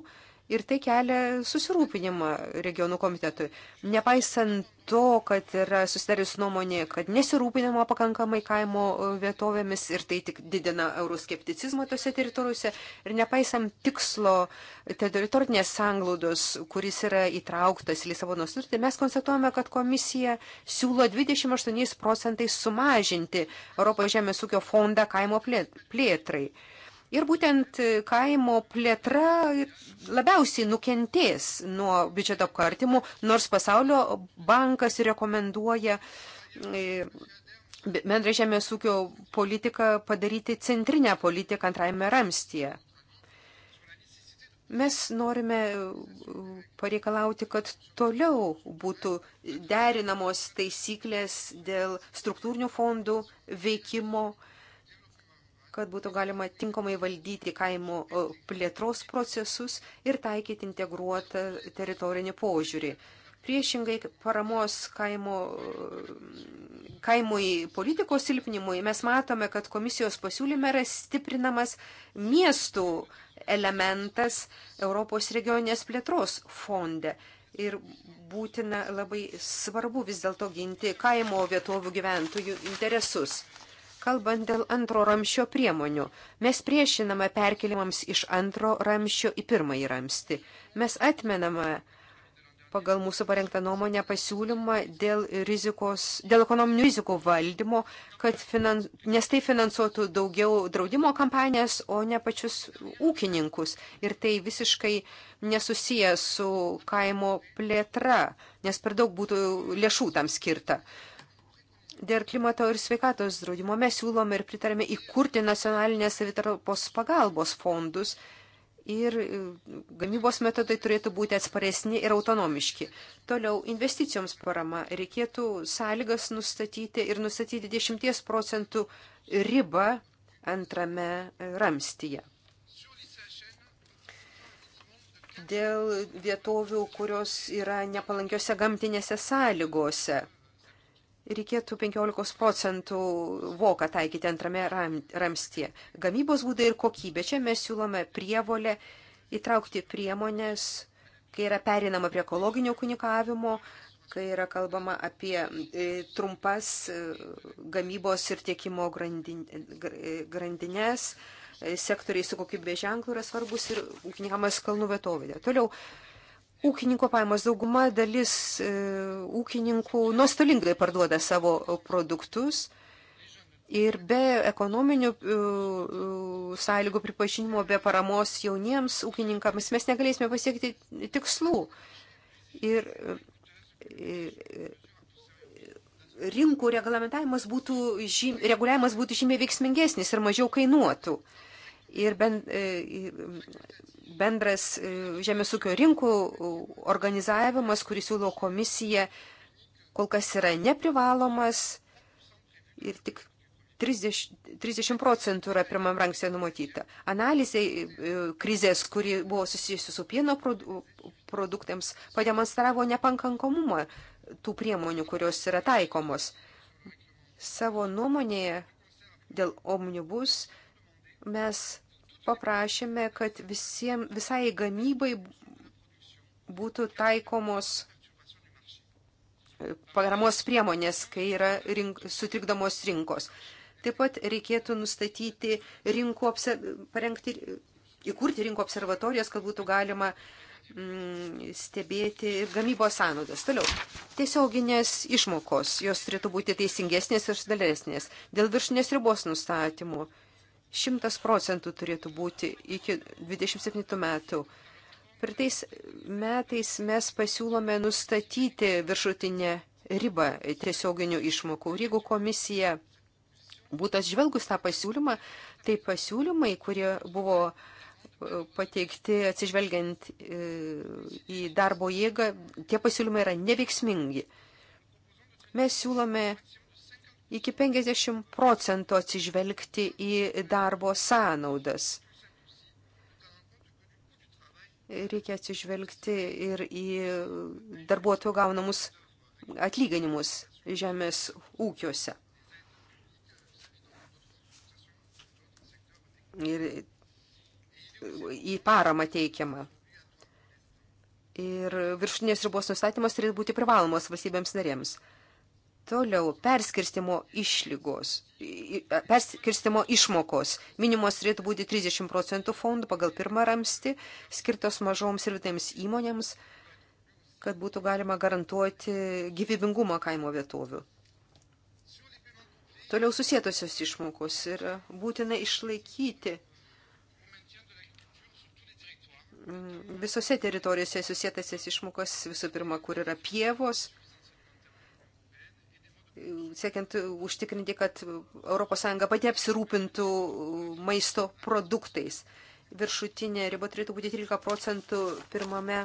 ir tai kelia susirūpinimą regionų komitetui. Nepaisant to, kad yra susidarys nuomonė, kad nesirūpinama pakankamai kaimo vietovėmis ir tai tik didina euroskepticizmą tose teritorijose ir nepaisant tikslo teritorinės sanglaudos, kuris yra įtrauktas į Lisabonos sutartį, mes konstatuojame, kad komisija siūlo 28 procentais sumažinti Europos žemės ūkio fondą kaimo plėtrai. Plėt Ir būtent e, kaimo plėtra labiausiai nukentės nuo biudžeto apkartimų, nors pasaulio bankas rekomenduoja e, bendrą žemės ūkio politiką padaryti centrinę politiką antrajame ramstyje. Mes norime e, pareikalauti, kad toliau būtų derinamos taisyklės dėl struktūrinių fondų veikimo kad būtų galima tinkamai valdyti kaimo plėtros procesus ir taikyti integruotą teritorinį požiūrį. Priešingai paramos kaimo, kaimui politikos silpnimui mes matome, kad komisijos pasiūlyme yra stiprinamas miestų elementas Europos regioninės plėtros fonde ir būtina labai svarbu vis dėlto ginti kaimo vietovių gyventojų interesus. Kalbant dėl antro ramšio priemonių, mes priešiname perkelimams iš antro ramšio į pirmąjį ramstį. Mes atmename pagal mūsų parengtą nuomonę pasiūlymą dėl, rizikos, dėl ekonominių rizikų valdymo, finan, nes tai finansuotų daugiau draudimo kampanijas, o ne pačius ūkininkus. Ir tai visiškai nesusiję su kaimo plėtra, nes per daug būtų lėšų tam skirta. Dėl klimato ir sveikatos draudimo mes siūlome ir pritarėme įkurti nacionalinės savitarpos pagalbos fondus ir e, gamybos metodai turėtų būti atsparesni ir autonomiški. Toliau investicijoms parama reikėtų sąlygas nustatyti ir nustatyti 10 procentų ribą antrame e, ramstyje. Dėl vietovių, kurios yra nepalankiose gamtinėse sąlygose reikėtų 15 procentų voką taikyti antrame ram, ramstie. Gamybos būdai ir kokybė. Čia mes siūlome prievolę įtraukti priemonės, kai yra perinama prie ekologinio kunikavimo, kai yra kalbama apie e, trumpas e, gamybos ir tiekimo e, grandinės, sektoriai su kokybė ženklu yra svarbus ir ūkininkamas kalnų vietovėje. Toliau ūkininko pajamos dauguma dalis e, ūkininkų nuostolingai parduoda savo produktus ir be ekonominių e, e sąlygų pripažinimo, be paramos jauniems ūkininkams mes negalėsime pasiekti tikslų. Ir e, e, rinkų reglamentavimas būtų, žym, reguliavimas būtų žymiai veiksmingesnis ir mažiau kainuotų. Ir bent e, bendras e, žemės ūkio rinkų e, organizavimas, kurį siūlo komisija, kol kas yra neprivalomas ir tik 30, 30 procentų yra pirmam rankse numatyta. Analizė e, krizės, kuri buvo susijusi su pieno produktams, pademonstravo nepankankamumą tų priemonių, kurios yra taikomos. Savo nuomonėje dėl omnibus mes paprašėme, kad visiem, visai gamybai būtų taikomos paramos priemonės, kai yra rink, sutrikdamos rinkos. Taip pat reikėtų nustatyti rinkų, parengti, įkurti rinkų observatorijas, kad būtų galima mm, stebėti ir gamybos sąnaudas. Toliau, tiesioginės išmokos, jos turėtų būti teisingesnės ir dalesnės dėl viršinės ribos nustatymų 100 procentų turėtų būti iki 27 metų. Per tais metais mes pasiūlome nustatyti viršutinę ribą tiesioginių išmokų. Ir jeigu komisija būtų atžvelgus tą pasiūlymą, tai pasiūlymai, kurie buvo e, pateikti atsižvelgiant e, į darbo jėgą, tie pasiūlymai yra neveiksmingi. Mes siūlome iki 50 procentų atsižvelgti į darbo sąnaudas. Reikia atsižvelgti ir į darbuotojų gaunamus atlyginimus žemės ūkiuose. Ir į paramą teikiamą. Ir viršutinės ribos nustatymas turi būti privalomos valstybėms narėms. Toliau perskirstimo išlygos, perskirstimo išmokos minimos turėtų būti 30 procentų fondų pagal pirmą ramstį, skirtos mažoms ir vidėms įmonėms, kad būtų galima garantuoti gyvybingumą kaimo vietovių. Toliau susėtosios išmokos ir būtina išlaikyti mm, visose teritorijose susėtasias išmokas, visų pirma, kur yra pievos siekiant užtikrinti, kad ES pati apsirūpintų maisto produktais. Viršutinė riba turėtų būti 13 procentų pirmame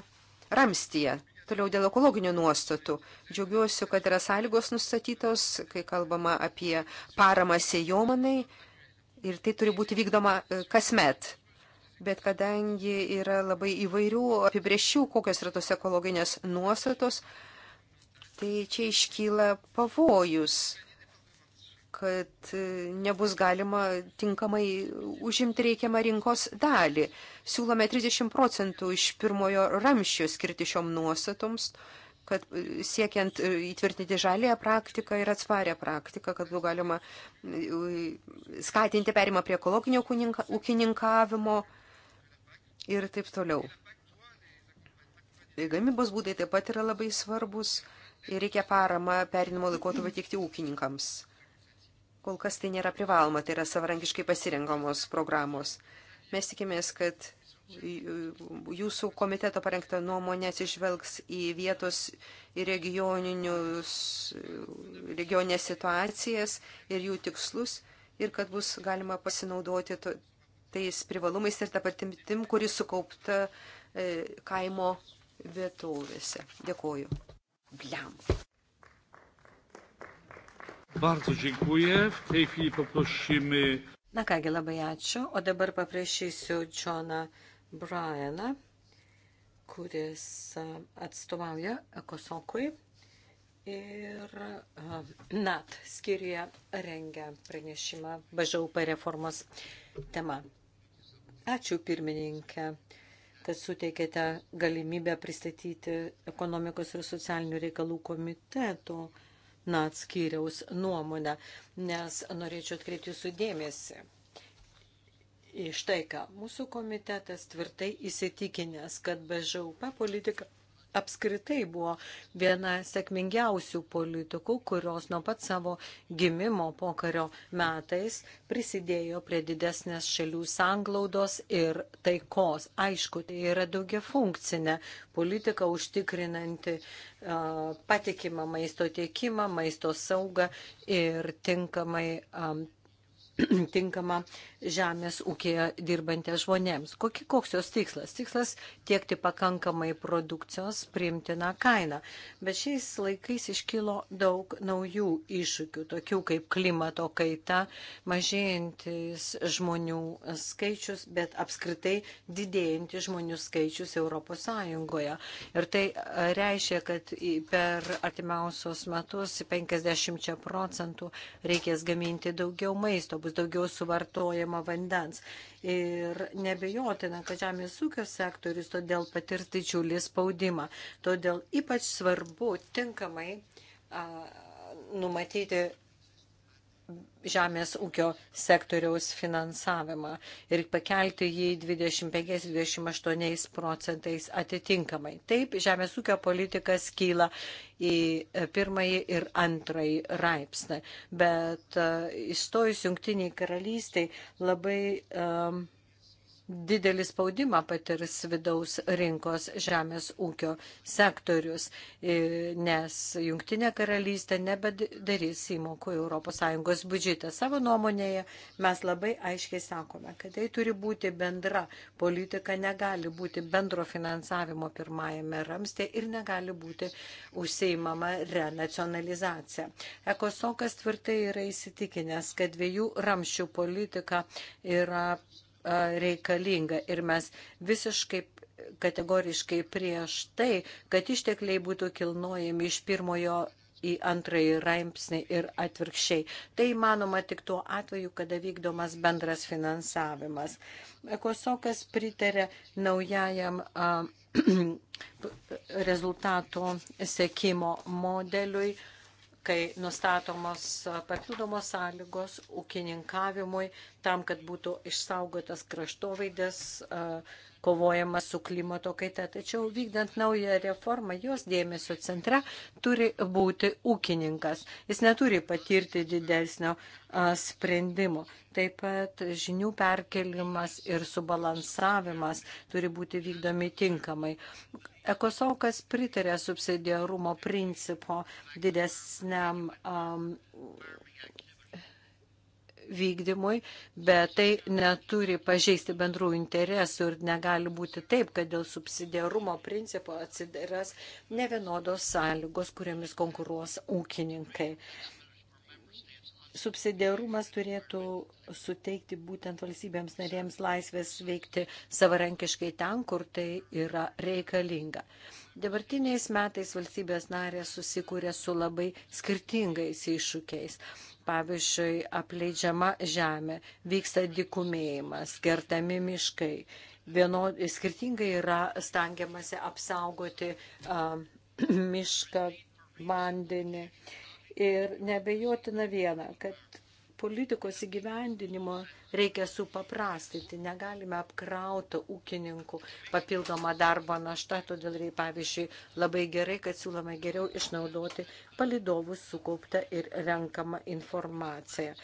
ramstyje. Toliau dėl ekologinių nuostatų. Džiaugiuosi, kad yra sąlygos nustatytos, kai kalbama apie paramą sėjomanai ir tai turi būti vykdoma e, kasmet. Bet kadangi yra labai įvairių apibriešių, kokios yra tos ekologinės nuostatos, Tai čia iškyla pavojus, kad e, nebus galima tinkamai užimti reikiamą rinkos dalį. Siūlome 30 procentų iš pirmojo ramščio skirti šiom nuostatoms kad e, siekiant e, įtvirtinti žalėją praktiką ir atsvarę praktiką, kad būtų galima skatinti perimą prie ekologinio ūkininkavimo ir taip toliau. Tai gamybos būdai taip pat yra labai svarbus ir reikia paramą perinimo laikotarpio teikti ūkininkams. Kol kas tai nėra privaloma, tai yra savarankiškai pasirinkamos programos. Mes tikimės, kad jūsų komiteto parengta nuomonė atsižvelgs į vietos ir regioninės situacijas ir jų tikslus ir kad bus galima pasinaudoti tais privalumais ir tą patimtim, kuri sukaupta e, kaimo vietovėse. Dėkuoju. Bliam. Bardzo dziękuję. W tej chwili poprosimy. Na kągi, labai ačiū. O dabar paprašysiu Džoną Bryaną, kuris e, atstovauja Ekosokui ir e, NAT skirija rengia pranešimą BŽUP reformos tema. Ačiū pirmininkė kad suteikėte galimybę pristatyti ekonomikos ir socialinių reikalų komiteto natskyriaus nuomonę, nes norėčiau atkreipti jūsų dėmesį. Iš tai, ką mūsų komitetas tvirtai įsitikinęs, kad BŽUP politika apskritai buvo viena sėkmingiausių politikų, kurios nuo pat savo gimimo pokario metais prisidėjo prie didesnės šalių sanglaudos ir taikos. Aišku, tai yra daugia funkcinė politika užtikrinanti uh, patikimą maisto tiekimą, maisto saugą ir tinkamai, um, tinkamą žemės ūkėje dirbantiems žmonėms. Kokie, koks jos tikslas? Tikslas tiekti pakankamai produkcijos priimtiną kainą. Bet šiais laikais iškilo daug naujų iššūkių, tokių kaip klimato kaita, mažėjantis žmonių skaičius, bet apskritai didėjantis žmonių skaičius Europos Sąjungoje. Ir tai e, reiškia, kad per artimiausios metus 50 procentų reikės gaminti daugiau maisto, bus daugiau suvartojama vartojimo vandens. Ir nebejotina, kad žemės ūkio sektorius todėl patirs didžiulį spaudimą. Todėl ypač svarbu tinkamai a, numatyti žemės ūkio sektoriaus finansavimą ir pakelti jį 25-28 procentais atitinkamai. Taip, žemės ūkio politika skyla į pirmąjį ir antrąjį raipsną, bet e, įstojus jungtiniai karalystiai labai um, didelį spaudimą patirs vidaus rinkos žemės ūkio sektorius, e, nes Junktinė karalystė nebedarys įmokų ES biudžetą. Savo nuomonėje mes labai aiškiai sakome, kad tai turi būti bendra politika, negali būti bendro finansavimo pirmajame ramstė ir negali būti užseimama renacionalizacija. Ekosokas tvirtai yra įsitikinęs, kad dviejų ramščių politika yra reikalinga ir mes visiškai kategoriškai prieš tai, kad ištekliai būtų kilnojami iš pirmojo į antrąjį raipsnį ir atvirkščiai. Tai įmanoma tik tuo atveju, kada vykdomas bendras finansavimas. Ekosokas pritarė naujajam a, rezultatų sekimo modeliui. A, kai nustatomos papildomos sąlygos ūkininkavimui, tam, kad būtų išsaugotas kraštovaidės kovojama su klimato kaita. Tačiau vykdant naują reformą, jos dėmesio centre turi būti ūkininkas. Jis neturi patirti didesnio sprendimo. Taip pat žinių perkelimas ir subalansavimas turi būti vykdomi tinkamai. Ekosaukas pritarė subsidiarumo principo didesniam um, vykdymui, bet tai neturi pažeisti bendrų interesų ir negali būti taip, kad dėl subsidiarumo principo atsidaras ne vienodos sąlygos, kuriamis konkuruos ūkininkai. Subsidiarumas turėtų suteikti būtent valstybėms narėms laisvės veikti savarankiškai ten, kur tai yra reikalinga. Dabartiniais metais valstybės narės susikūrė su labai skirtingais iššūkiais pavyzdžiui, apleidžiama žemė, vyksta dikumėjimas, kertami miškai. Vienod, skirtingai yra stangiamasi apsaugoti a, mišką, vandenį. Ir nebejotina viena, kad politikos įgyvendinimo reikia supaprastinti. Negalime apkrauti ūkininkų papildomą darbo naštą, todėl reikia, pavyzdžiui, labai gerai, kad siūlome geriau išnaudoti palidovus sukauptą ir renkamą informaciją.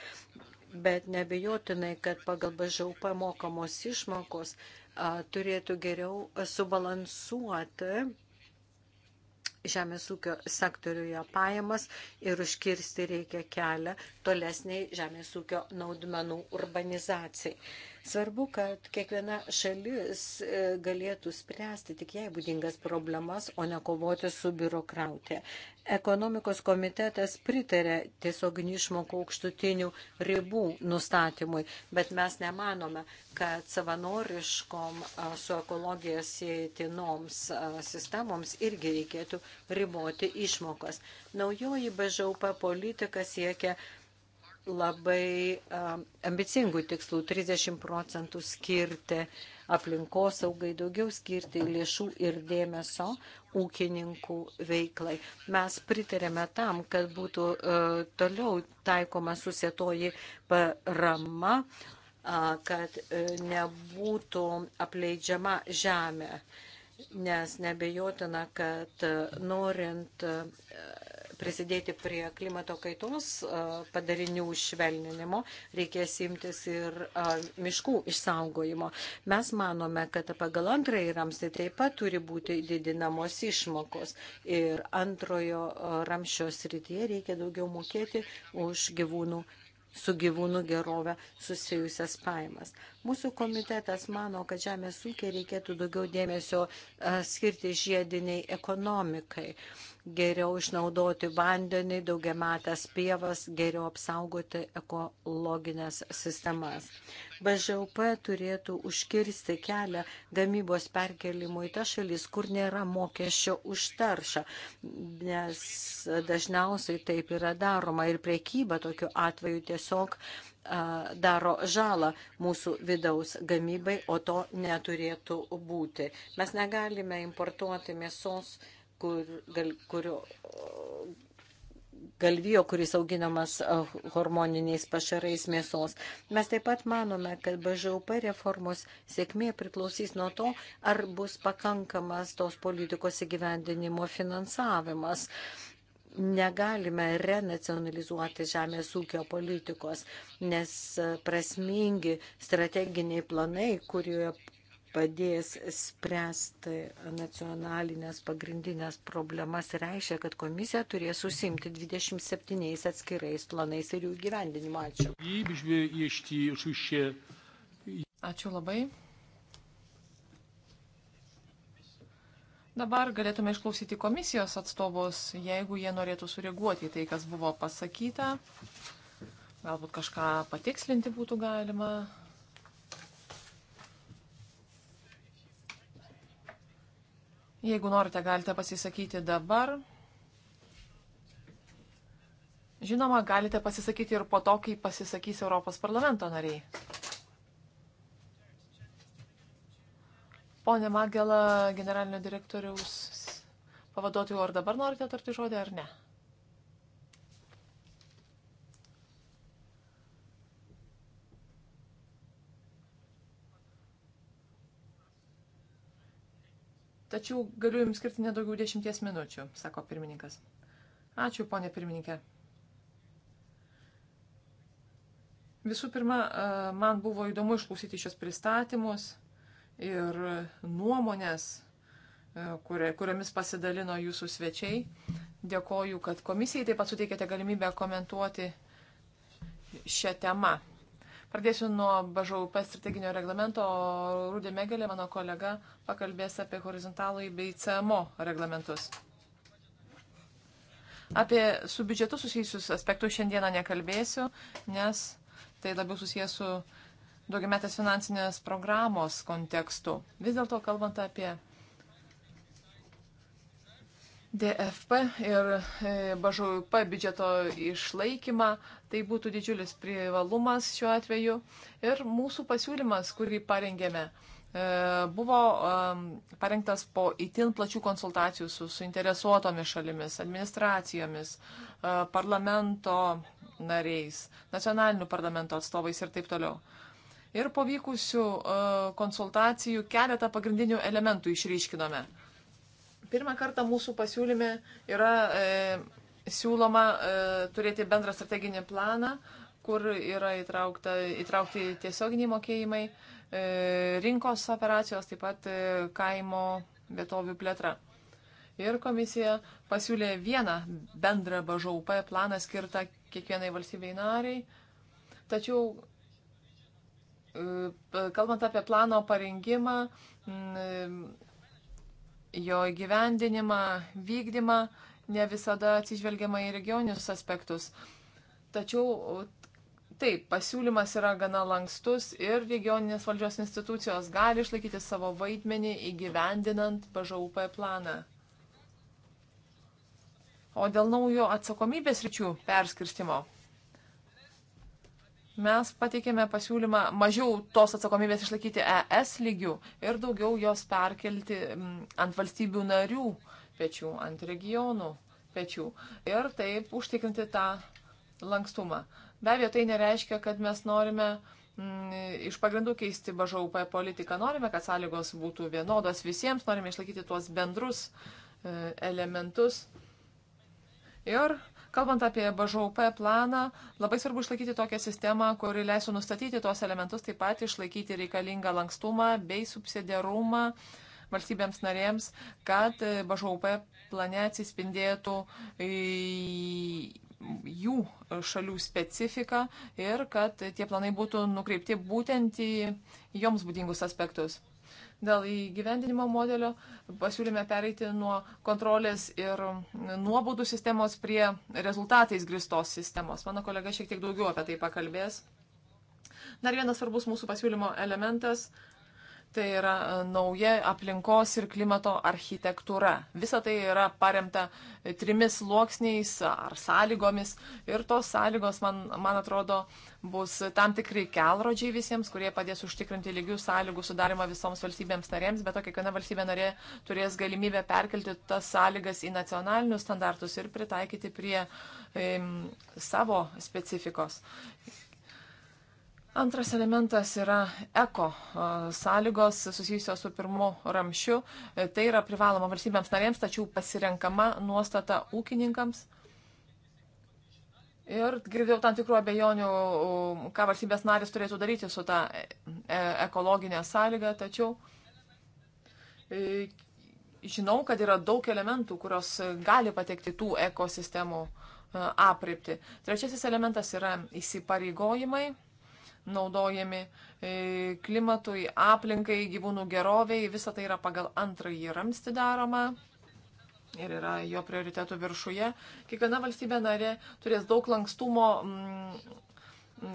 Bet nebejotinai, kad pagal BŽUP mokamos išmokos a, turėtų geriau subalansuoti žemės ūkio sektoriuje pajamas ir užkirsti reikia kelią tolesniai žemės ūkio naudmenų urbanizacijai. Svarbu, kad kiekviena šalis e, galėtų spręsti tik jai būdingas problemas, o ne kovoti su biurokrautė. Ekonomikos komitetas pritarė tiesioginių išmokų aukštutinių ribų nustatymui, bet mes nemanome, kad savanoriškom su ekologija sėtinoms sistemoms irgi reikėtų riboti išmokas. Naujoji BŽUP politika siekia labai ambicingų tikslų - 30 procentų skirti aplinkosaugai, daugiau skirti lėšų ir dėmesio ūkininkų veiklai. Mes pritarėme tam, kad būtų toliau taikoma susietoji parama kad e, nebūtų apleidžiama žemė, nes nebejotina, kad norint prisidėti prie klimato kaitos e, padarinių švelninimo, reikės imtis ir e, miškų išsaugojimo. Mes manome, kad pagal antrąjį ramstį taip pat turi būti didinamos išmokos ir antrojo e, ramščio srityje reikia daugiau mokėti už gyvūnų su gyvūnų gerove susijusias paimas. Mūsų komitetas mano, kad žemės ūkiai reikėtų daugiau dėmesio e, skirti žiediniai ekonomikai, geriau išnaudoti vandenį, daugiamatas pievas, geriau apsaugoti ekologinės sistemas. BŽUP turėtų užkirsti kelią gamybos perkelimui į tą šalis, kur nėra mokesčio už taršą, nes dažniausiai taip yra daroma ir priekyba tokiu atveju tiesiog daro žalą mūsų vidaus gamybai, o to neturėtų būti. Mes negalime importuoti mėsos, kur, gal, kurio, galvijo, kuris auginamas hormoniniais pašarais mėsos. Mes taip pat manome, kad BŽUP reformos sėkmė priklausys nuo to, ar bus pakankamas tos politikos įgyvendinimo finansavimas. Uh, negalime renacionalizuoti žemės ūkio politikos, nes e, prasmingi strateginiai planai, kurie padės spręsti nacionalinės pagrindinės problemas reiškia, kad komisija turės užsimti 27 atskirais planais ir jų gyvendinimu. Ačiū. Ačiū labai. Dabar galėtume išklausyti komisijos atstovus, jeigu jie norėtų sureaguoti į tai, kas buvo pasakyta. Galbūt kažką patikslinti būtų galima. Jeigu norite, galite pasisakyti dabar. Žinoma, galite pasisakyti ir po to, kai pasisakys Europos parlamento nariai. Pone Magela, generalinio direktoriaus pavaduotojų, ar dabar norite tarti žodį ar ne? Tačiau galiu jums skirti nedaugiau dešimties minučių, sako pirmininkas. Ačiū, ponė pirmininkė. Visų pirma, man buvo įdomu išklausyti šios pristatymus ir nuomonės, e, kuriomis pasidalino jūsų svečiai. Dėkoju, kad komisijai taip pat suteikėte galimybę komentuoti šią temą. Pradėsiu nuo BŽUP strateginio reglamento. Rūdė Megelė, mano kolega, pakalbės apie horizontalų bei CMO reglamentus. Apie su biudžetu susijusius aspektus šiandieną nekalbėsiu, nes tai labiau susijęs su daugiametės finansinės programos kontekstu. Vis dėlto kalbant apie DFP ir e, BŽUP biudžeto išlaikymą, tai būtų didžiulis privalumas šiuo atveju. Ir mūsų pasiūlymas, kurį parengėme, e, buvo parengtas po itin plačių konsultacijų su suinteresuotomis šalimis, administracijomis, e, parlamento nariais, nacionalinių parlamento atstovais ir taip toliau ir po vykusių e, konsultacijų keletą pagrindinių elementų išryškinome. Pirmą kartą mūsų pasiūlyme yra e, siūloma e, turėti bendrą strateginį planą, kur yra įtraukta, įtraukti tiesioginiai mokėjimai, e, rinkos operacijos, taip pat e, kaimo vietovių plėtra. Ir komisija pasiūlė vieną bendrą BŽUP planą skirtą kiekvienai valstybei nariai, tačiau Kalbant apie plano parengimą, jo įgyvendinimą, vykdymą, ne visada atsižvelgiama į regionius aspektus. Tačiau taip, pasiūlymas yra gana lankstus ir regioninės valdžios institucijos gali išlaikyti savo vaidmenį įgyvendinant BŽUP planą. O dėl naujo atsakomybės ryčių perskirstimo Mes pateikėme pasiūlymą mažiau tos atsakomybės išlaikyti ES lygių ir daugiau jos perkelti mm, ant valstybių narių pečių, ant regionų pečių ir taip užtikrinti tą lankstumą. Be abejo, tai nereiškia, kad mes norime mm, iš pagrindų keisti BŽUP politiką. Norime, kad sąlygos būtų vienodos visiems, norime išlaikyti tuos bendrus e, elementus. Ir Kalbant apie BŽUP planą, labai svarbu išlaikyti tokią sistemą, kuri leisų nustatyti tuos elementus, taip pat išlaikyti reikalingą lankstumą bei subsidiarumą valstybėms narėms, kad BŽUP plane atsispindėtų jų šalių specifiką ir kad tie planai būtų nukreipti būtent į joms būdingus aspektus. Dėl įgyvendinimo modelio pasiūlėme pereiti nuo kontrolės ir nuobaudų sistemos prie rezultatais gristos sistemos. Mano kolega šiek tiek daugiau apie tai pakalbės. Dar vienas svarbus mūsų pasiūlymo elementas Tai yra e, nauja aplinkos ir klimato architektūra. Visa tai yra paremta e, trimis sluoksniais ar sąlygomis. Ir tos sąlygos, man, man atrodo, bus tam tikri kelrodžiai visiems, kurie padės užtikrinti lygių sąlygų sudarimą visoms valstybėms narėms, bet to kiekviena valstybė narė turės galimybę perkelti tas sąlygas į nacionalinius standartus ir pritaikyti prie e, savo specifikos. Antras elementas yra eko sąlygos susijusios su pirmu ramšiu. E, tai yra privaloma valstybėms narėms, tačiau pasirenkama nuostata ūkininkams. Ir girdėjau tam tikrų abejonių, ką valstybės narės turėtų daryti su ta e, e, ekologinė sąlyga, tačiau žinau, kad yra daug elementų, kurios gali patekti tų ekosistemų apripti. Trečiasis elementas yra įsipareigojimai naudojami e, klimatui, aplinkai, gyvūnų geroviai. Visa tai yra pagal antrąjį ramstį daroma ir yra jo prioritetų viršuje. Kiekviena valstybė narė turės daug lankstumo. Mm,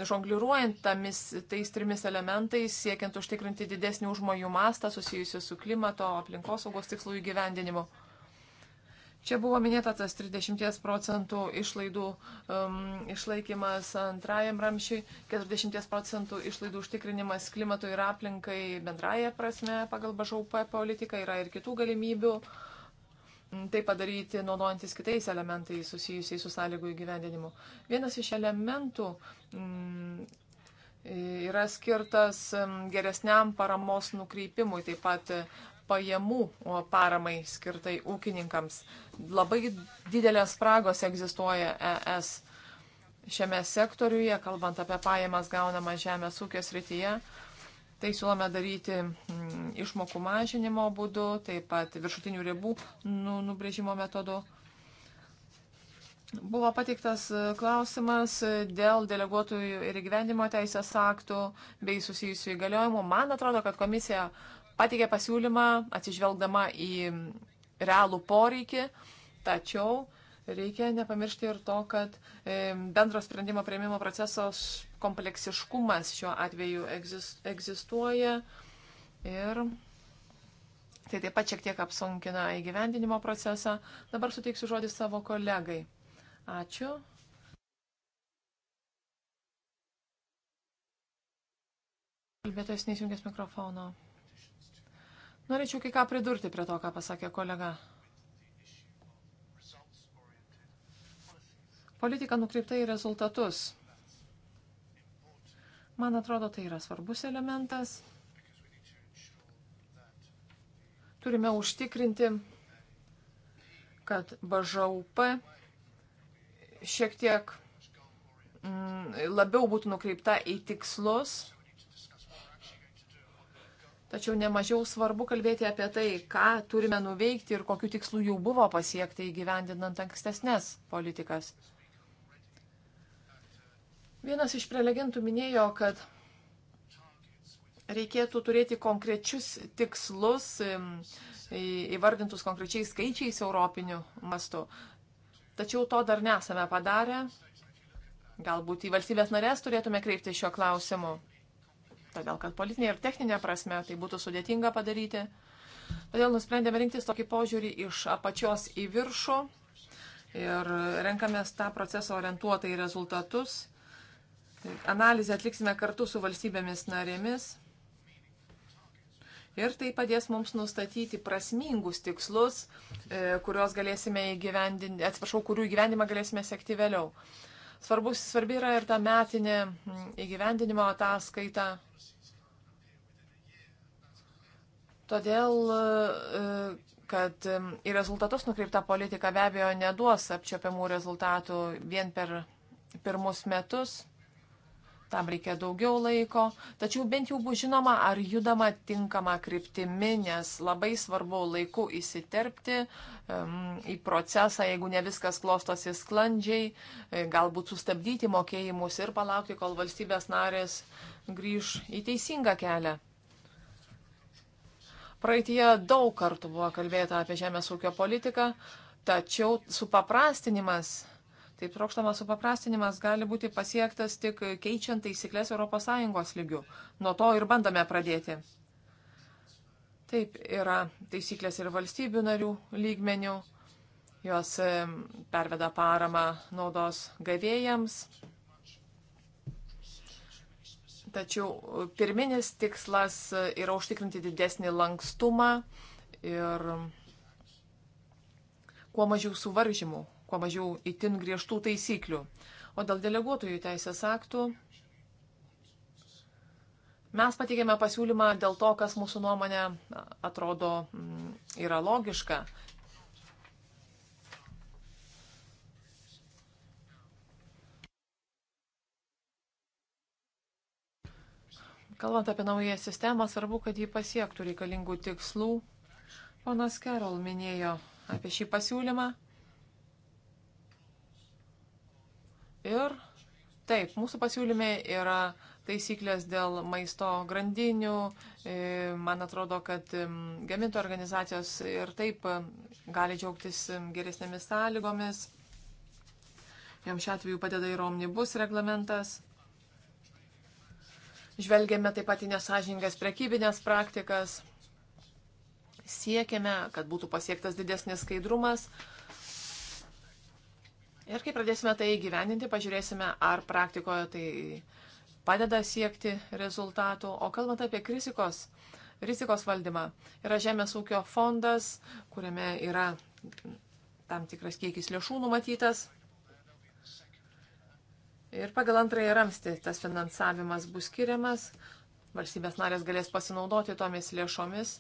žongliruojant tamis, tais trimis elementais, siekiant užtikrinti didesnį užmojų mastą susijusiu su klimato, aplinkosaugos tikslų įgyvendinimu. Čia buvo minėta tas 30 procentų išlaidų um, išlaikymas antrajam ramšiui, 40 procentų išlaidų užtikrinimas klimatui ir aplinkai bendraja prasme pagal BŽUP politiką yra ir kitų galimybių tai padaryti, naudojantis kitais elementais susijusiais su sąlygų įgyvendinimu. Vienas iš elementų mm, yra skirtas geresniam paramos nukreipimui, taip pat pajamų paramai skirtai ūkininkams. Labai didelės spragos egzistuoja ES šiame sektoriuje, kalbant apie pajamas gaunamą žemės ūkės rytyje. Tai siūlome daryti mm, išmokų mažinimo būdu, taip pat viršutinių ribų nu, nubrėžimo metodu. Buvo pateiktas e, klausimas dėl deleguotojų ir gyvenimo teisės aktų bei susijusių įgaliojimų. Man atrodo, kad komisija pateikė pasiūlymą atsižvelgdama į realų poreikį, tačiau reikia nepamiršti ir to, kad e, bendro sprendimo prieimimo procesos kompleksiškumas šiuo atveju egzistuoja ir tai taip pat šiek tiek apsunkina įgyvendinimo procesą. Dabar suteiksiu žodį savo kolegai. Ačiū. Kalbėtojas neįsijungęs mikrofono. Norėčiau kai ką pridurti prie to, ką pasakė kolega. Politika nukreipta į rezultatus. Man atrodo, tai yra svarbus elementas. Turime užtikrinti, kad BŽUP šiek tiek mm, labiau būtų nukreipta į tikslus Tačiau nemažiau svarbu kalbėti apie tai, ką turime nuveikti ir kokiu tikslu jų buvo pasiekti įgyvendinant ankstesnės politikas. Vienas iš prelegentų minėjo, kad reikėtų turėti konkrečius tikslus, įvardintus konkrečiais skaičiais europiniu mastu. Tačiau to dar nesame padarę. Galbūt į valstybės narės turėtume kreipti šio klausimu todėl kad politinė ir techninė prasme tai būtų sudėtinga padaryti. Todėl nusprendėme rinktis tokį požiūrį iš apačios į viršų ir renkamės tą procesą orientuotą į rezultatus. Analizę atliksime kartu su valstybėmis narėmis. Ir tai padės mums nustatyti prasmingus tikslus, e, kuriuos galėsime įgyvendinti, atsiprašau, kurių įgyvendimą galėsime sekti vėliau. Svarbus, svarbi yra ir ta metinė mm, įgyvendinimo ataskaita. Todėl, e, kad mm, į rezultatus nukreipta politika be abejo neduos apčiopiamų rezultatų vien per pirmus metus tam reikia daugiau laiko, tačiau bent jau bus žinoma, ar judama tinkama kryptimi, nes labai svarbu laiku įsiterpti um, į procesą, jeigu ne viskas klostosi sklandžiai, e, galbūt sustabdyti mokėjimus ir palaukti, kol valstybės narės grįž į teisingą kelią. Praeitie daug kartų buvo kalbėta apie žemės ūkio politiką, tačiau supaprastinimas Taip trokštamas supaprastinimas gali būti pasiektas tik keičiant taisyklės ES lygių. Nuo to ir bandome pradėti. Taip, yra taisyklės ir valstybių narių lygmenių. Jos e, perveda paramą naudos gavėjams. Tačiau pirminis tikslas e, yra užtikrinti didesnį lankstumą ir kuo mažiau suvaržymų kuo mažiau itin griežtų taisyklių. O dėl deleguotojų teisės aktų mes pateikėme pasiūlymą dėl to, kas mūsų nuomonė atrodo mm, yra logiška. Kalbant apie naują sistemą, svarbu, kad jį pasiektų reikalingų tikslų. Ponas Kerol minėjo apie šį pasiūlymą. Ir taip, mūsų pasiūlyme yra taisyklės dėl maisto grandinių. E, man atrodo, kad gamintų organizacijos ir taip gali džiaugtis geresnėmis sąlygomis. Jam šiuo atveju padeda ir omnibus reglamentas. Žvelgėme taip pat į nesažingas prekybinės praktikas. Siekėme, kad būtų pasiektas didesnis skaidrumas. Ir kai pradėsime tai įgyvendinti, pažiūrėsime, ar praktikoje tai padeda siekti rezultatų. O kalbant apie krisikos, rizikos valdymą, yra Žemės ūkio fondas, kuriame yra tam tikras kiekis lėšų numatytas. Ir pagal antrąjį ramstį tas finansavimas bus skiriamas. Valstybės narės galės pasinaudoti tomis lėšomis.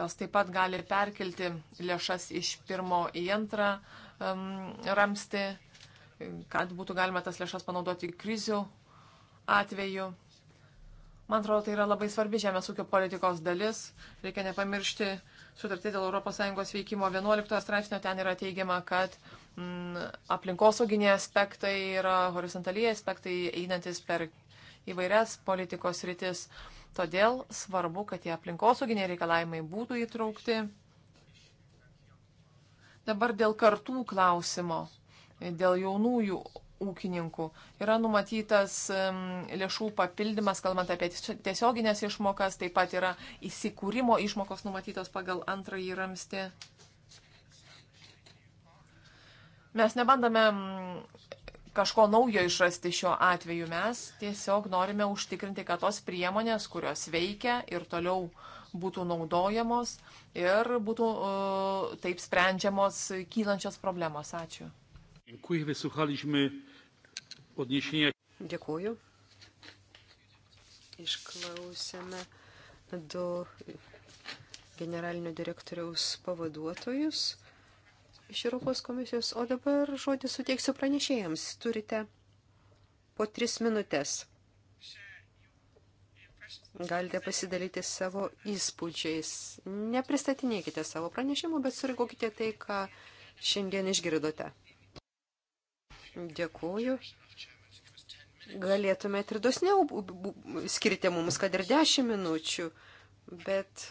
Jos taip pat gali perkelti lėšas iš pirmo į antrą um, ramsti, kad būtų galima tas lėšas panaudoti krizių atveju. Man atrodo, tai yra labai svarbi žemės ūkio politikos dalis. Reikia nepamiršti sutartį dėl ES veikimo 11 straipsnio. Ten yra teigiama, kad mm, aplinkosauginiai aspektai yra horizontaliai aspektai einantis per įvairias politikos rytis. Todėl svarbu, kad tie aplinkosauginiai reikalavimai būtų įtraukti. Dabar dėl kartų klausimo, dėl jaunųjų ūkininkų yra numatytas lėšų papildymas, kalbant apie tiesioginės išmokas, taip pat yra įsikūrimo išmokos numatytos pagal antrąjį ramstį. Mes nebandame kažko naujo išrasti šiuo atveju, mes tiesiog norime užtikrinti, kad tos priemonės, kurios veikia ir toliau uh, būtų naudojamos ir būtų uh, taip sprendžiamos kylančios problemos. Ačiū. Dėkuoju. Išklausėme du generalinio direktoriaus pavaduotojus iš Europos komisijos, o dabar žodį suteiksiu pranešėjams. Turite po tris minutės galite pasidalyti savo įspūdžiais. Nepristatinėkite savo pranešimų, bet surigokite tai, ką šiandien išgirdote. Dėkuoju. Galėtumėt ir dosniau skirti mums, kad ir dešimt minučių, bet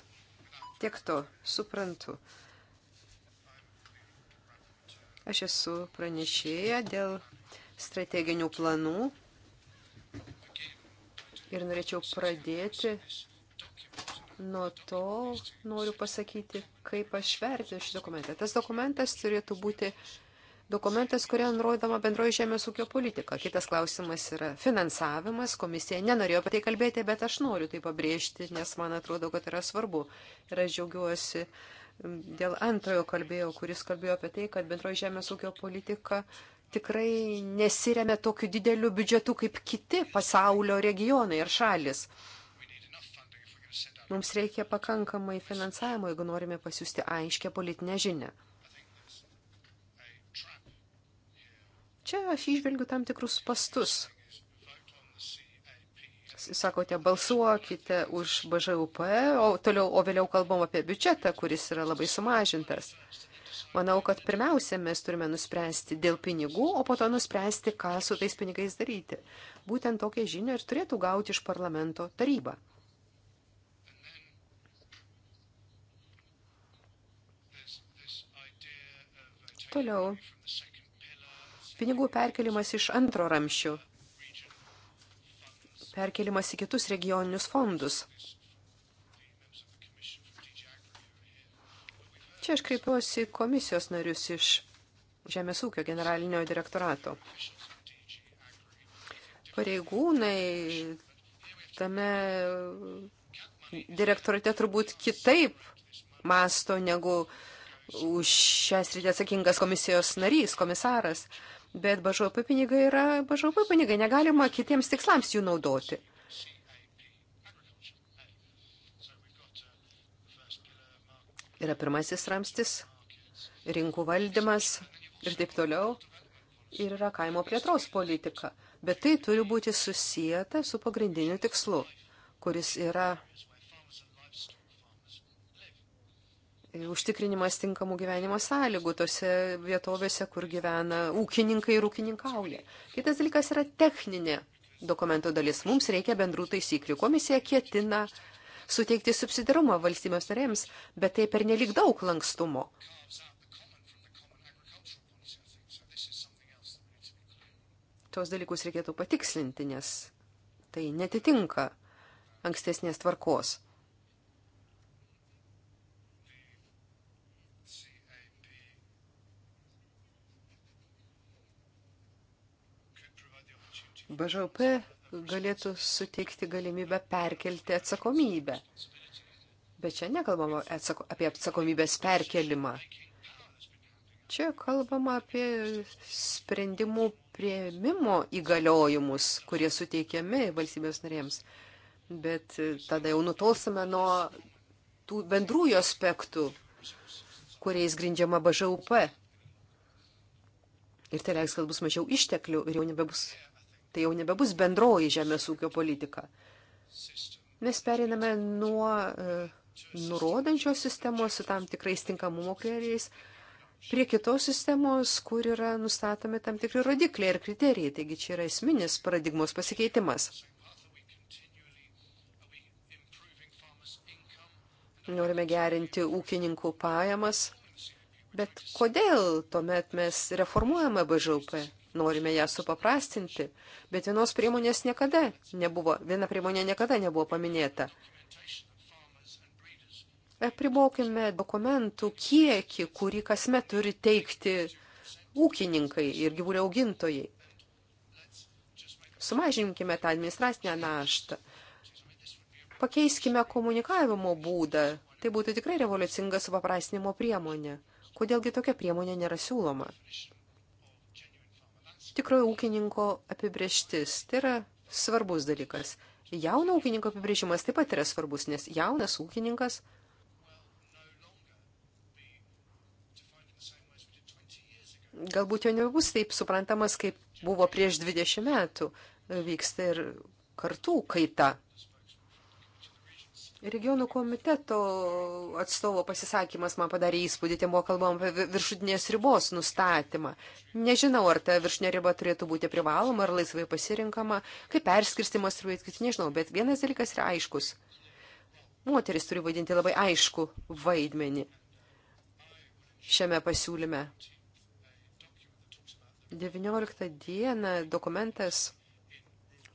tiek to, suprantu. Aš esu pranešėja dėl strateginių planų Ir norėčiau pradėti nuo to, noriu pasakyti, kaip aš vertinu šį dokumentą. Tas dokumentas turėtų būti dokumentas, kuria nurodoma bendroji žemės ūkio politika. Kitas klausimas yra finansavimas. Komisija nenorėjo apie tai kalbėti, bet aš noriu tai pabrėžti, nes man atrodo, kad yra svarbu. Ir aš džiaugiuosi dėl antrojo kalbėjo, kuris kalbėjo apie tai, kad bendroji žemės ūkio politika tikrai nesiremia tokiu dideliu biudžetu kaip kiti pasaulio regionai ir šalis. Mums reikia pakankamai finansavimo, jeigu norime pasiūsti aiškę politinę žinę. Čia aš išvelgiu tam tikrus pastus. Sakote, balsuokite už BŽUP, o, toliau, o vėliau kalbam apie biudžetą, kuris yra labai sumažintas. Manau, kad pirmiausia mes turime nuspręsti dėl pinigų, o po to nuspręsti, ką su tais pinigais daryti. Būtent tokią žinią ir turėtų gauti iš parlamento taryba. Toliau. Pinigų perkelimas iš antro ramščių. Perkelimas į kitus regioninius fondus. Čia aš kreipiuosi komisijos narius iš Žemės ūkio generalinio direktorato. Pareigūnai tame direktorate turbūt kitaip masto negu už šią sritį atsakingas komisijos narys, komisaras. Bet BŽP pinigai yra BŽP pinigai, negalima kitiems tikslams jų naudoti. Yra pirmasis ramstis, rinkų valdymas ir taip toliau. Ir yra kaimo plėtros politika. Bet tai turi būti susijęta su pagrindiniu tikslu, kuris yra užtikrinimas tinkamų gyvenimo sąlygų tose vietovėse, kur gyvena ūkininkai ir ūkininkauja. Kitas dalykas yra techninė dokumento dalis. Mums reikia bendrų taisyklių. Komisija ketina uh, suteikti subsidirumą valstybės narėms, bet tai per nelik daug lankstumo. Tuos dalykus reikėtų patikslinti, nes tai netitinka ankstesnės tvarkos. BŽP galėtų suteikti galimybę perkelti atsakomybę. Bet čia nekalbama atsako, apie atsakomybės perkelimą. Čia kalbama apie sprendimų prieimimo įgaliojimus, kurie suteikiami valstybės narėms. Bet e, tada jau nutolsime nuo tų bendrųjų aspektų, kuriais grindžiama BŽUP. Ir tai reiks, kad bus mažiau išteklių ir jau nebebus Tai jau nebebus bendroji žemės ūkio politika. Mes periname nuo e, nurodančios sistemos su tam tikrais tinkamumo kriterijais prie kitos sistemos, kur yra nustatomi tam tikri rodikliai ir kriterijai. Taigi čia yra esminis paradigmos pasikeitimas. Norime gerinti ūkininkų pajamas, bet kodėl tuomet mes reformuojame BŽP? norime ją supaprastinti, bet vienos priemonės niekada nebuvo, viena priemonė niekada nebuvo paminėta. Apribokime dokumentų kiekį, kurį kasmet turi teikti ūkininkai ir gyvulių augintojai. Sumažinkime tą administracinę naštą. Pakeiskime komunikavimo būdą. Tai būtų tikrai revoliucinga supaprastinimo priemonė. Kodėlgi tokia priemonė nėra siūloma? tikrojo ūkininko apibrieštis. Tai yra svarbus dalykas. Jauno ūkininko apibrėžimas taip pat yra svarbus, nes jaunas ūkininkas galbūt jau nebus taip suprantamas, kaip buvo prieš 20 metų. Vyksta ir kartų kaita. Regionų komiteto atstovo pasisakymas man padarė įspūdį, ten buvo kalbama apie viršutinės ribos nustatymą. Nežinau, ar ta viršutinė riba turėtų būti privaloma ar laisvai pasirinkama, kaip perskirstimas turi būti, nežinau, bet vienas dalykas yra aiškus. Moteris turi vaidinti labai aišku vaidmenį šiame pasiūlyme. 19 dieną dokumentas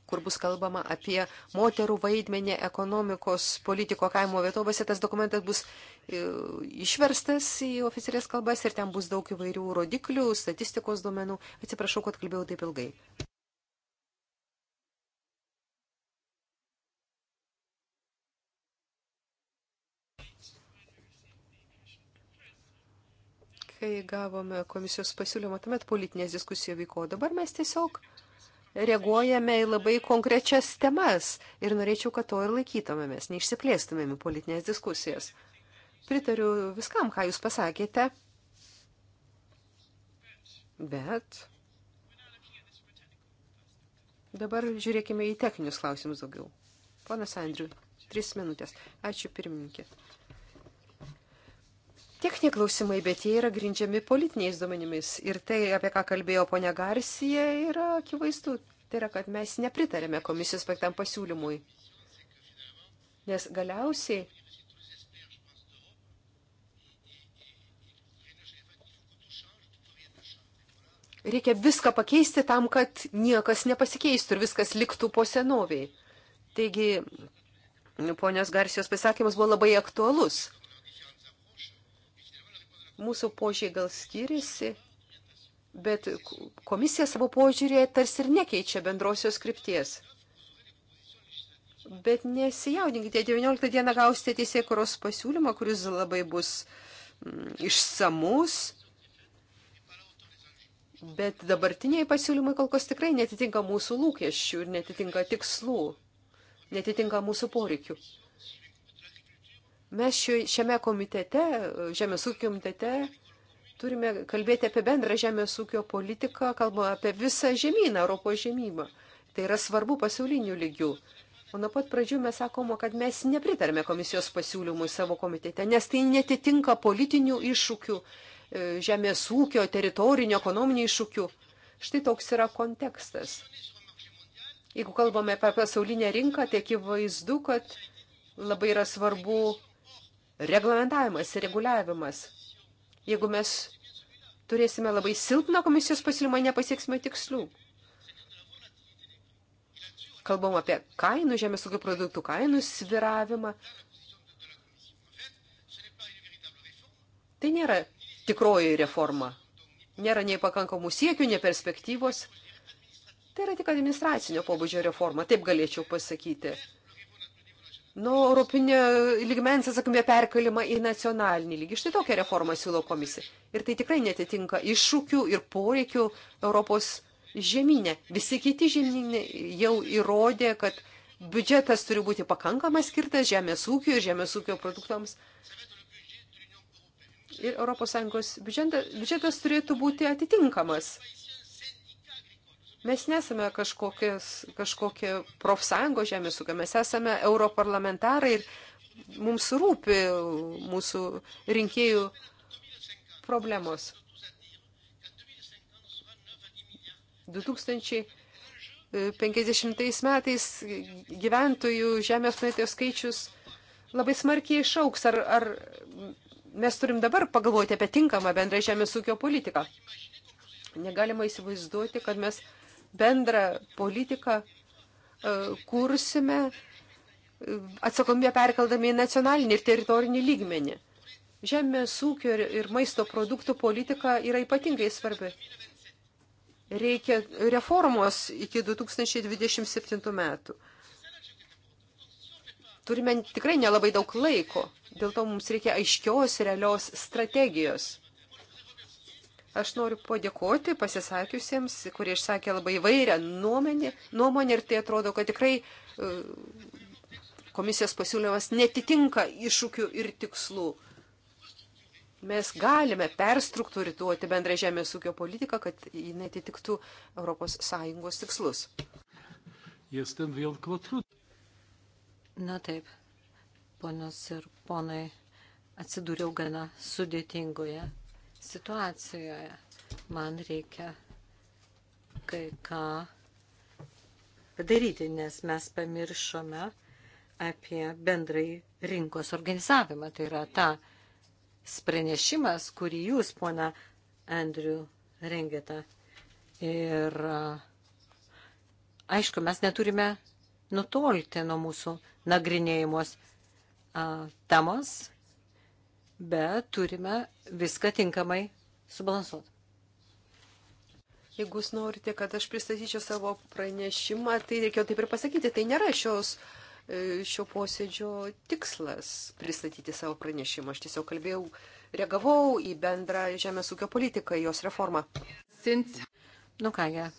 kur bus kalbama apie moterų vaidmenį ekonomikos politiko kaimo vietovėse. Tas dokumentas bus e, išverstas į oficialias kalbas ir ten bus daug įvairių rodiklių, statistikos duomenų. Atsiprašau, kad kalbėjau taip ilgai. Kai gavome komisijos pasiūlymą, tuomet politinės diskusijos vyko. Dabar mes tiesiog uh, reaguojame į labai konkrečias temas ir norėčiau, kad to ir laikytumėmės, neišsiplėstumėm į politinės diskusijas. Pritariu viskam, ką jūs pasakėte, bet dabar žiūrėkime į techninius klausimus daugiau. Ponas Andriu, tris minutės. Ačiū pirmininkė techniniai klausimai, bet jie yra grindžiami politiniais duomenimis. Ir tai, apie ką kalbėjo ponia Garsija, yra akivaizdu. Tai yra, kad mes nepritarėme komisijos paiktam pasiūlymui. Nes galiausiai reikia viską pakeisti tam, kad niekas nepasikeistų ir viskas liktų po senoviai. Taigi, ponios Garsijos pasakymas buvo labai aktualus. Mūsų požiūrė gal skiriasi, bet komisija savo požiūrėje tarsi ir nekeičia bendrosios krypties. Bet nesijaudinkite, 19 dieną gausite teisėkuros pasiūlymą, kuris labai bus mm, išsamus. Bet dabartiniai pasiūlymai kol kas tikrai netitinka mūsų lūkesčių ir netitinka tikslų, netitinka mūsų poreikių. Mes šiame komitete, Žemės ūkio komitete, turime kalbėti apie bendrą Žemės ūkio politiką, kalbame apie visą žemyną, Europos žemyną. Tai yra svarbu pasaulinių lygių. O nuo pat pradžių mes sakome, kad mes nepritarėme komisijos pasiūlymui savo komitete, nes tai netitinka politinių iššūkių, e, žemės ūkio, teritorinių, ekonominių iššūkių. Štai toks yra kontekstas. Jeigu kalbame apie pasaulinę rinką, tai akivaizdu, kad labai yra svarbu Reglamentavimas, reguliavimas. Jeigu mes turėsime labai silpną komisijos pasiūlymą, nepasieksime tikslių. Kalbam apie kainų, žemės ūkio produktų kainų sviravimą. Tai nėra tikroji reforma. Nėra nei pakankamų siekių, nei perspektyvos. Tai yra tik administracinio pobūdžio reforma, taip galėčiau pasakyti nuo europinio lygmens atsakomybė perkelima į nacionalinį lygį. Štai tokią reformą siūlo komisija. Ir tai tikrai netitinka iššūkių ir poreikių Europos žemynė. Visi kiti žemynė jau įrodė, kad biudžetas turi būti pakankamas skirtas žemės ūkio ir žemės ūkio produktams. Ir ES biudžetas, biudžetas turėtų būti atitinkamas. Mes nesame kažkokie profsąjungo žemės ūkio, mes esame europarlamentarai ir mums rūpi mūsų rinkėjų problemos. 2050 e, metais gyventojų žemės nuėtės skaičius labai smarkiai išauks. Ar, ar mes turim dabar pagalvoti apie tinkamą bendrą žemės ūkio politiką? Negalima įsivaizduoti, kad mes bendrą politiką e, kursime, e, atsakomybę perkeldami į nacionalinį ir teritorinį lygmenį. Žemės ūkio ir maisto produktų politika yra ypatingai svarbi. Reikia reformos iki 2027 metų. Turime tikrai nelabai daug laiko, dėl to mums reikia aiškios realios strategijos Aš noriu padėkoti pasisakiusiems, kurie išsakė labai įvairią nuomonę, nuomonę ir tai atrodo, kad tikrai e, komisijos pasiūlymas netitinka iššūkių ir tikslų. Mes galime perstruktūrizuoti bendrą žemės ūkio politiką, kad ji netitiktų ES tikslus. Na taip, ponios ir ponai, atsidūriau gana sudėtingoje situacijoje. Man reikia kai ką padaryti, nes mes pamiršome apie bendrai rinkos organizavimą. Tai yra ta pranešimas, kurį jūs, pona Andriu, rengiate. Ir aišku, mes neturime nutolti nuo mūsų nagrinėjimos temos bet turime viską tinkamai subalansuoti. Jeigu jūs norite, kad aš pristatyčiau savo pranešimą, tai reikėjo taip ir pasakyti, tai nėra šios, e, šio posėdžio tikslas pristatyti savo pranešimą. Aš tiesiog kalbėjau, reagavau į bendrą žemės ūkio politiką, jos reformą. Sint. Nu ką, ja.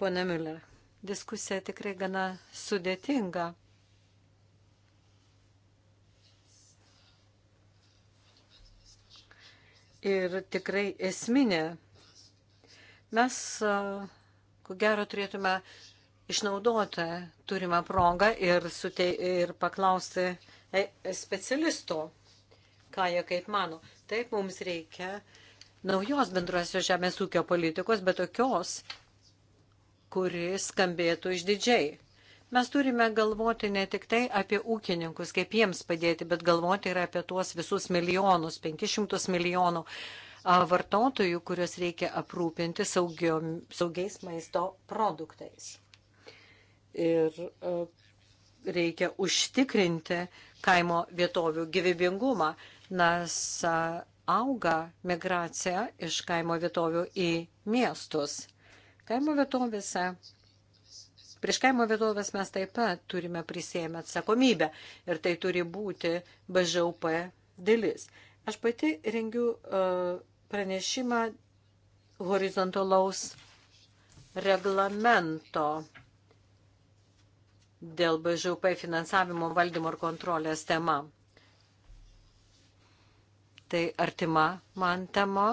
Pone Miller, diskusija tikrai gana sudėtinga ir tikrai esminė. Mes, ko gero, turėtume išnaudoti turimą progą ir, sutei, ir paklausti e, specialisto, ką jie kaip mano. Taip mums reikia naujos bendrosios žemės ūkio politikos, bet tokios, kuris skambėtų iš didžiai. Mes turime galvoti ne tik tai apie ūkininkus, kaip jiems padėti, bet galvoti ir apie tuos visus milijonus, 500 milijonų vartotojų, kuriuos reikia aprūpinti saugio, saugiais maisto produktais. Ir reikia užtikrinti kaimo vietovių gyvybingumą, nes auga migracija iš kaimo vietovių į miestus. Kaimo vietovėse Prieš kaimo vietovės mes taip pat turime prisėmę atsakomybę ir tai turi būti BŽUP dalis. Aš pati rengiu e, pranešimą horizontalaus reglamento dėl BŽUP finansavimo valdymo ir kontrolės tema. Tai artima man tema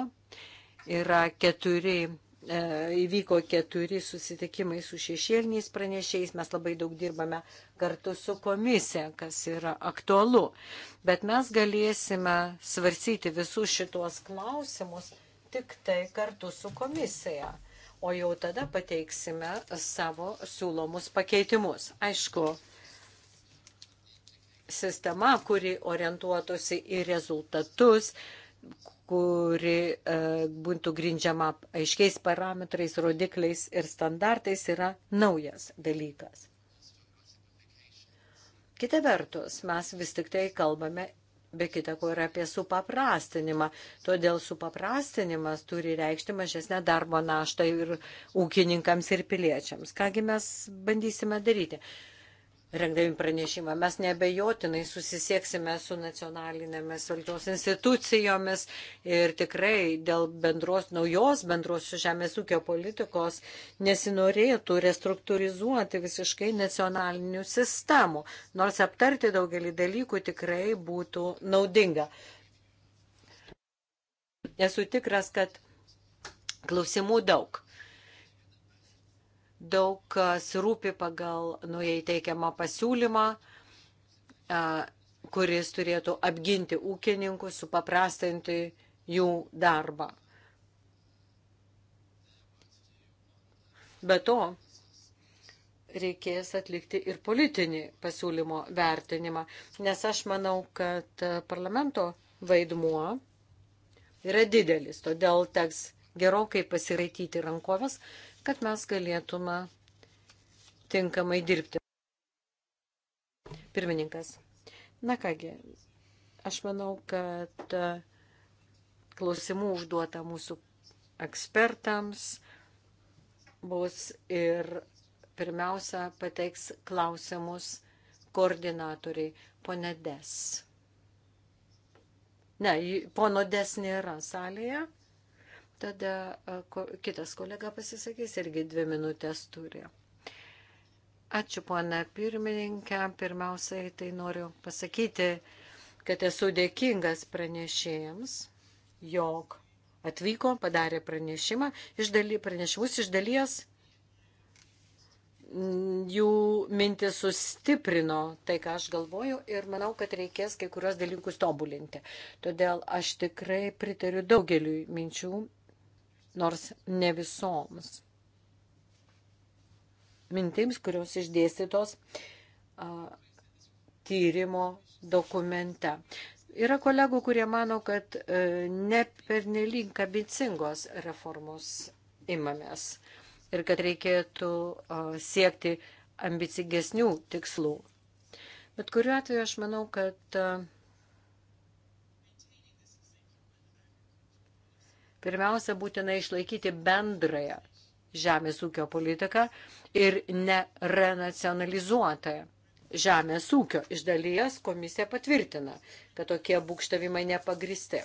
yra keturi E, įvyko keturi susitikimai su šešėliniais pranešėjais, mes labai daug dirbame kartu su komisija, kas yra aktualu. Bet mes galėsime svarsyti visus šitos klausimus tik tai kartu su komisija, o jau tada pateiksime savo siūlomus pakeitimus. Aišku, sistema, kuri orientuotųsi į rezultatus, kuri e, būtų grindžiama aiškiais parametrais, rodikliais ir standartais, yra naujas dalykas. Kita vertus, mes vis tik tai kalbame, be kita ko, ir apie supaprastinimą. Todėl supaprastinimas turi reikšti mažesnę darbo naštą ir ūkininkams, ir piliečiams. Kągi mes bandysime daryti? rengdami pranešimą. Mes nebejotinai susisieksime su nacionalinėmis valdžios institucijomis ir tikrai dėl bendros, naujos bendros žemės ūkio politikos nesinorėtų restruktūrizuoti visiškai nacionalinių sistemų, nors aptarti daugelį dalykų tikrai būtų naudinga. Esu tikras, kad klausimų daug daug kas rūpi pagal naujai teikiamą pasiūlymą, kuris turėtų apginti ūkininkus, supaprastinti jų darbą. Be to, reikės atlikti ir politinį pasiūlymo vertinimą, nes aš manau, kad parlamento vaidmuo yra didelis, todėl teks gerokai pasiraityti rankovės, kad mes galėtume tinkamai dirbti. Pirmininkas. Na kągi, aš manau, kad e, klausimų užduota mūsų ekspertams bus ir pirmiausia pateiks klausimus koordinatoriai. Pone Des. Ne, pono Des nėra salėje. Tada kitas kolega pasisakys irgi dvi minutės turi. Ačiū, pana pirmininkė. Pirmiausiai tai noriu pasakyti, kad esu dėkingas pranešėjams, jog atvyko, padarė pranešimą, iš daly, pranešimus iš dalies jų mintis sustiprino tai, ką aš galvoju ir manau, kad reikės kai kurios dalykus tobulinti. Todėl aš tikrai pritariu daugeliu minčių nors ne visoms mintims, kurios išdėstytos a, tyrimo dokumente. Yra kolegų, kurie mano, kad a, e, ne pernelyg abicingos reformos imamės ir kad reikėtų a, siekti ambicingesnių tikslų. Bet kuriuo atveju aš manau, kad Pirmiausia, būtina išlaikyti bendrąją žemės ūkio politiką ir nerenacionalizuotą žemės ūkio. Iš dalies komisija patvirtina, kad tokie būkštavimai nepagristi.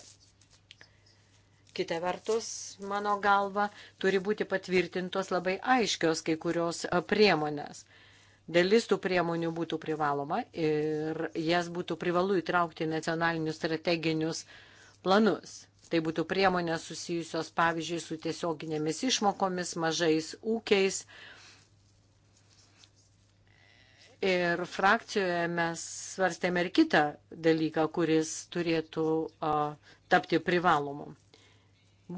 Kita vertus, mano galva, turi būti patvirtintos labai aiškios kai kurios priemonės. Dalis tų priemonių būtų privaloma ir jas būtų privalu įtraukti nacionalinius strateginius planus Tai būtų priemonės susijusios, pavyzdžiui, su tiesioginėmis išmokomis, mažais ūkiais. Ir frakcijoje mes svarstėme ir kitą dalyką, kuris turėtų uh, tapti privalomu.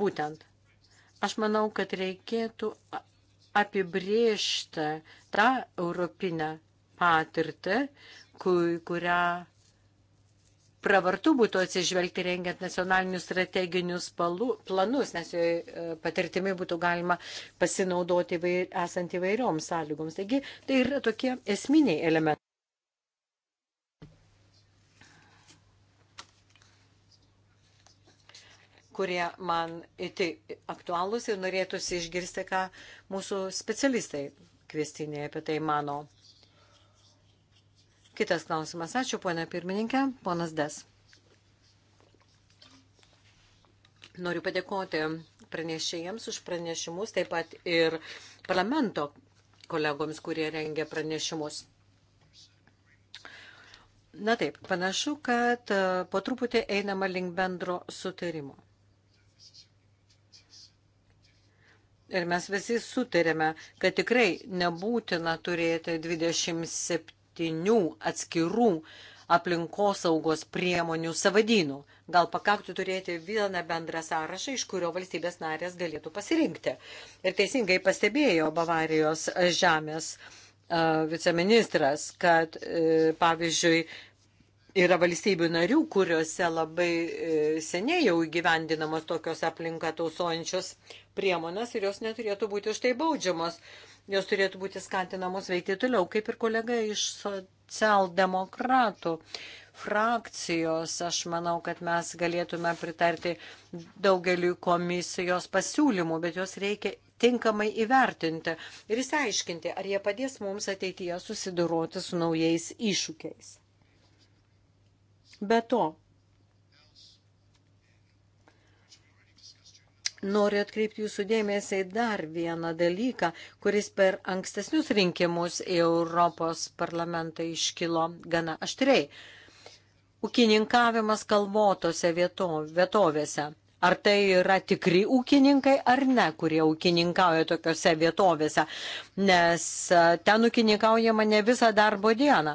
Būtent, aš manau, kad reikėtų apibriežti tą europinę patirtį, kurią pravartu būtų atsižvelgti rengiant nacionalinius strateginius planus, nes jo e, patirtimi būtų galima pasinaudoti vair, esant įvairioms sąlygoms. Taigi tai yra tokie esminiai elementai. kurie man įti aktualūs ir norėtųsi išgirsti, ką mūsų specialistai kvestiniai apie tai mano. Kitas klausimas. Ačiū, ponia pirmininkė. Ponas Des. Noriu padėkoti pranešėjams už pranešimus, taip pat ir parlamento kolegoms, kurie rengia pranešimus. Na taip, panašu, kad e, po truputį einama link bendro sutarimo. Ir mes visi sutarėme, kad tikrai nebūtina turėti 27 dabartinių atskirų aplinkosaugos priemonių savadynų. Gal pakaktų turėti vieną bendrą sąrašą, iš kurio valstybės narės galėtų pasirinkti. Ir teisingai pastebėjo Bavarijos žemės uh, viceministras, kad uh, pavyzdžiui, Yra valstybių narių, kuriuose labai e, seniai jau įgyvendinamos tokios aplinką tausojančios priemonės ir jos neturėtų būti už tai baudžiamos. Uh, jos turėtų būti skatinamos veikti toliau, kaip ir kolega iš socialdemokratų frakcijos. Aš manau, kad mes galėtume pritarti daugeliu komisijos pasiūlymų, bet jos reikia tinkamai įvertinti ir įsiaiškinti, ar jie padės mums ateityje susidoroti su naujais iššūkiais. Be to, Noriu atkreipti jūsų dėmesį į dar vieną dalyką, kuris per ankstesnius rinkimus į Europos parlamentą iškilo gana aštriai. Ūkininkavimas kalvotose vieto, vietovėse. Ar tai yra tikri ūkininkai ar ne, kurie ūkininkauja tokiuose vietovėse, nes e, ten ūkininkaujama ne visą darbo dieną.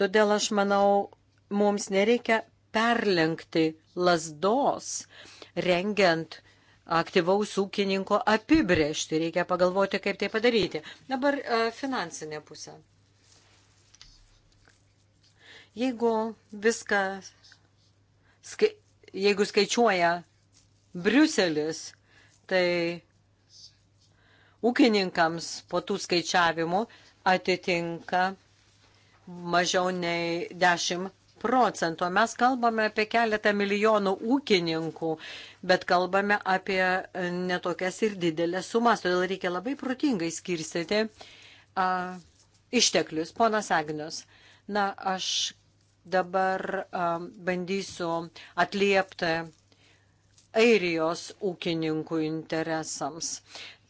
Todėl aš manau, mums nereikia perlenkti lasdos, rengiant aktyvaus ūkininko apibrėžti. Reikia pagalvoti, kaip tai padaryti. Dabar e, finansinė pusė. Jeigu viską, skai, jeigu skaičiuoja Briuselis, tai ūkininkams po tų skaičiavimų atitinka mažiau nei 10 procento. Mes kalbame apie keletą milijonų ūkininkų, bet kalbame apie e, netokias ir didelės sumas, todėl reikia labai protingai skirstyti a, išteklius. Ponas Agnius, na, aš dabar a, bandysiu atliepti airijos ūkininkų interesams.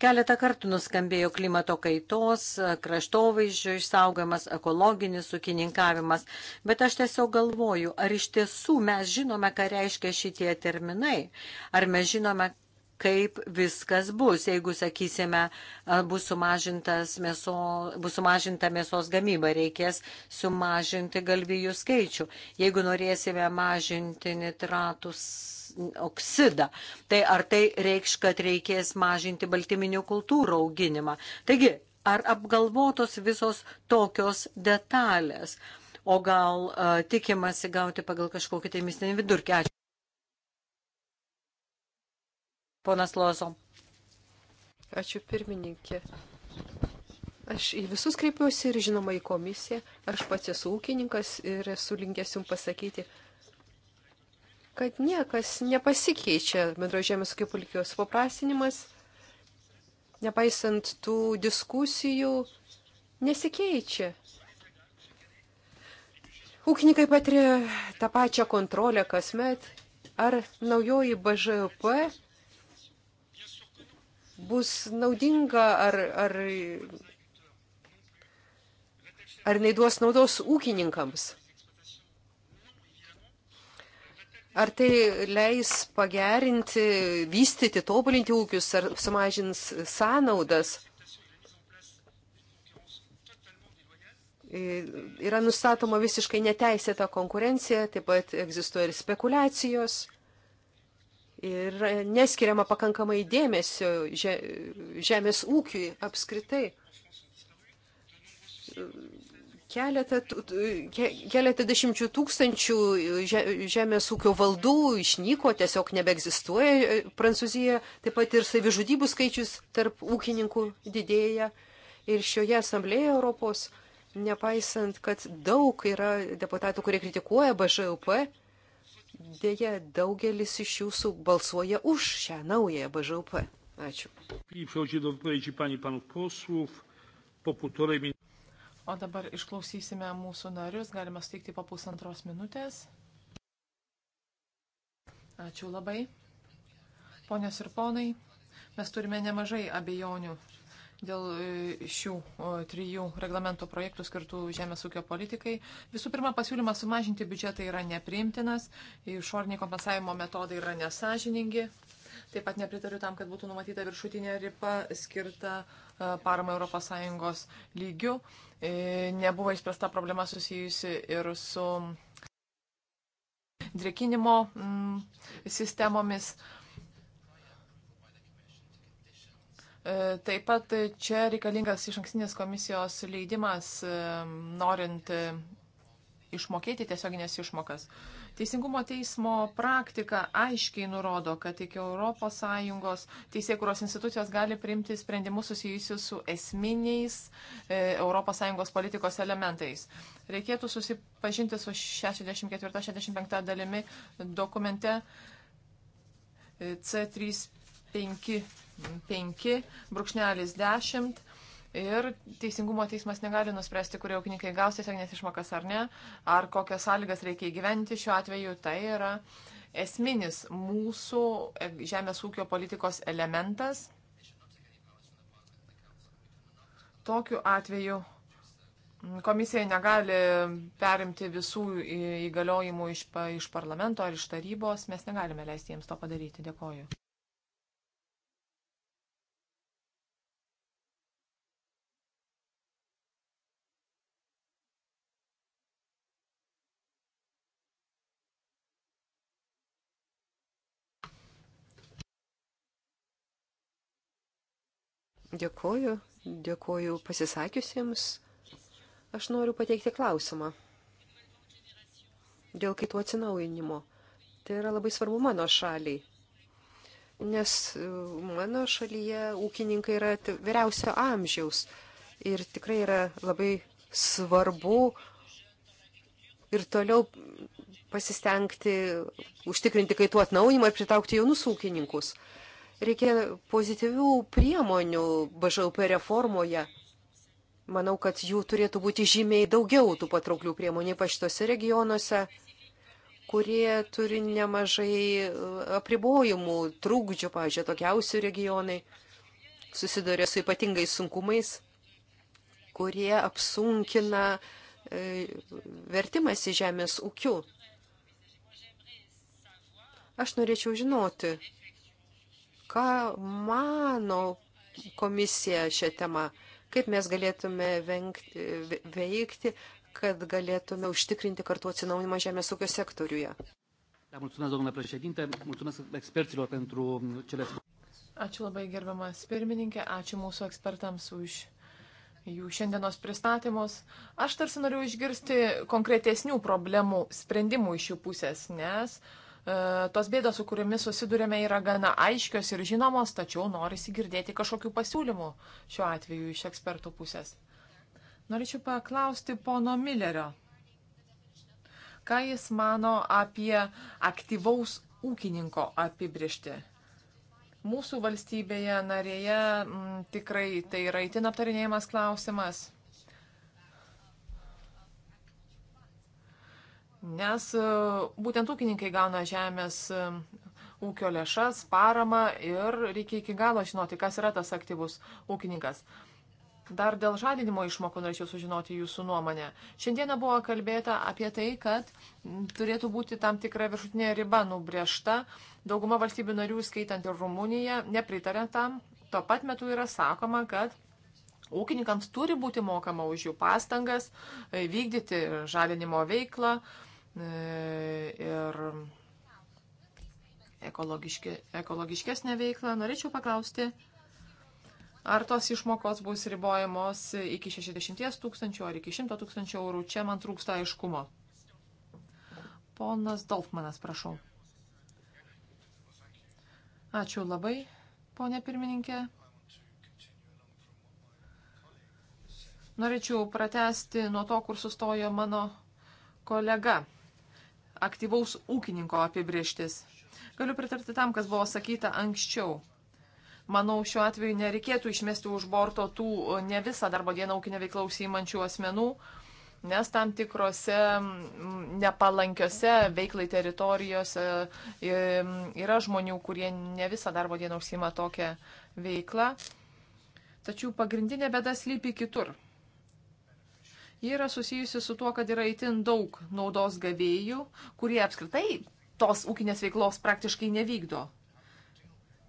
Keletą kartų nuskambėjo klimato kaitos, kraštovaizdžio išsaugojimas, ekologinis sukininkavimas, bet aš tiesiog galvoju, ar iš tiesų mes žinome, ką reiškia šitie terminai, ar mes žinome, kaip viskas bus, jeigu, sakysime, bus, mėso, bus sumažinta mėsos gamyba, reikės sumažinti galvijų skaičių. Jeigu norėsime mažinti nitratus oksidą. Tai ar tai reikš, kad reikės mažinti baltyminių kultūrų auginimą? Taigi, ar apgalvotos visos tokios detalės? O gal uh, tikimasi gauti pagal kažkokį tai mistinį vidurkį? Ačiū. Ponas Lozo. Ačiū pirmininkė. Aš į visus kreipiuosi ir žinoma į komisiją. Aš pats esu ūkininkas ir esu linkęs jums pasakyti, kad niekas nepasikeičia bendro žemės ūkio politikos paprastinimas, nepaisant tų diskusijų, nesikeičia. Ūkininkai patiria tą pačią kontrolę kasmet. Ar naujoji BŽP bus naudinga, ar, ar, ar neiduos naudos ūkininkams? Ar tai leis pagerinti, vystyti, tobulinti ūkius, ar sumažins sąnaudas? E, yra nustatoma visiškai neteisėta konkurencija, taip pat egzistuoja ir spekulacijos. Ir neskiriama pakankamai dėmesio žemės ūkiui apskritai Keletą, keletą dešimčių tūkstančių žemės ūkio valdų išnyko, tiesiog nebeegzistuoja e, Prancūzijoje, taip pat ir savižudybų skaičius tarp ūkininkų didėja. Ir šioje asamblėje Europos, nepaisant, kad daug yra deputatų, kurie kritikuoja BŽUP, dėja daugelis iš jūsų balsuoja už šią naują BŽUP. Ačiū. Przechodzi do wypowiedzi pani panów posłów po półtorej minuty. O dabar išklausysime mūsų narius, galime suteikti po pusantros minutės. Ačiū labai. Ponios ir ponai, mes turime nemažai abejonių dėl e, šių trijų reglamento projektų skirtų žemės ūkio politikai. Visų pirma, pasiūlymas sumažinti biudžetą yra nepriimtinas, išorniai kompensavimo metodai yra nesažiningi. Taip pat nepritariu tam, kad būtų numatyta viršutinė riba skirta paramą ES lygių. E, nebuvo įspręsta problema susijusi ir su drėkinimo mm, sistemomis. E, taip pat čia reikalingas iš ankstinės komisijos leidimas, e, norint išmokėti tiesioginės išmokas. Teisingumo teismo praktika aiškiai nurodo, kad tik ES teisėkuros institucijos gali priimti sprendimus susijusius su esminiais ES politikos elementais. Reikėtų susipažinti su 64-65 dalimi dokumente e, C355 brūkšnelis 10 Ir teisingumo teismas negali nuspręsti, kurie ūkininkai gaus tiesioginės išmokas ar ne, ar kokias sąlygas reikia įgyventi. Šiuo atveju tai yra esminis mūsų e, žemės ūkio politikos elementas. Tokiu atveju komisija negali perimti visų įgaliojimų iš, iš parlamento ar iš tarybos. Mes negalime leisti jiems to padaryti. Dėkoju. Dėkoju, dėkoju pasisakiusiems. Aš noriu pateikti klausimą dėl kitų atsinaujinimo. Tai yra labai svarbu mano šaliai, nes uh, mano šalyje ūkininkai yra vyriausio amžiaus ir tikrai yra labai svarbu ir toliau pasistengti užtikrinti kaitų atnaujimą ir pritaukti jaunus ūkininkus. Reikia pozityvių priemonių BŽUP reformoje. Manau, kad jų turėtų būti žymiai daugiau tų patrauklių priemonių, ypač tose regionuose, kurie turi nemažai e, apribojimų, trūkdžių, pažiūrėjau, tokiausių regionai susiduria su ypatingais sunkumais, kurie apsunkina e, vertimas į žemės ūkių. Aš norėčiau žinoti, ką mano komisija šią temą, kaip mes galėtume vengti, veikti, kad galėtume užtikrinti kartu atsinaujimą žemės ūkio sektoriuje. Ačiū labai gerbiamas pirmininkė, ačiū mūsų ekspertams už jų šiandienos pristatymus. Aš tarsi noriu išgirsti konkretesnių problemų sprendimų iš jų pusės, nes uh, E, tos bėdos, su kuriomis susidurėme, yra gana aiškios ir žinomos, tačiau norisi girdėti kažkokių pasiūlymų šiuo atveju iš ekspertų pusės. Norėčiau paklausti pono Millerio, ką jis mano apie aktyvaus ūkininko apibrišti. Mūsų valstybėje narėje m, tikrai tai yra itin aptarinėjimas klausimas. nes e, būtent ūkininkai gauna žemės e, ūkio lėšas, paramą ir reikia iki galo žinoti, kas yra tas aktyvus ūkininkas. Dar dėl žalinimo išmokų norėčiau sužinoti jūsų nuomonę. Šiandieną buvo kalbėta apie tai, kad turėtų būti tam tikra viršutinė riba nubriežta. Dauguma valstybių narių, skaitant ir Rumuniją, nepritarė tam. Tuo pat metu yra sakoma, kad ūkininkams turi būti mokama už jų pastangas e, vykdyti žalinimo veiklą. Uh, E, ir ekologiški, ekologiškesnę veiklą. Norėčiau paklausti, ar tos išmokos bus ribojamos iki 60 tūkstančių ar iki 100 tūkstančių eurų. Čia man trūksta aiškumo. Ponas Dolfmanas, prašau. Ačiū labai, ponė pirmininkė. Norėčiau pratesti nuo to, kur sustojo mano kolega aktyvaus ūkininko apibrieštis. Galiu pritarti tam, kas buvo sakyta anksčiau. Manau, šiuo atveju nereikėtų išmesti už borto tų e, ne visą darbo dieną ūkinę veiklą užsiimančių asmenų, nes tam tikrose nepalankiose veiklai teritorijose e, yra žmonių, kurie ne visą darbo dieną užsima tokią veiklą. Tačiau pagrindinė bėda slypi kitur. Ji yra susijusi su tuo, kad yra itin daug naudos gavėjų, kurie apskritai tos ūkinės veiklos praktiškai nevykdo.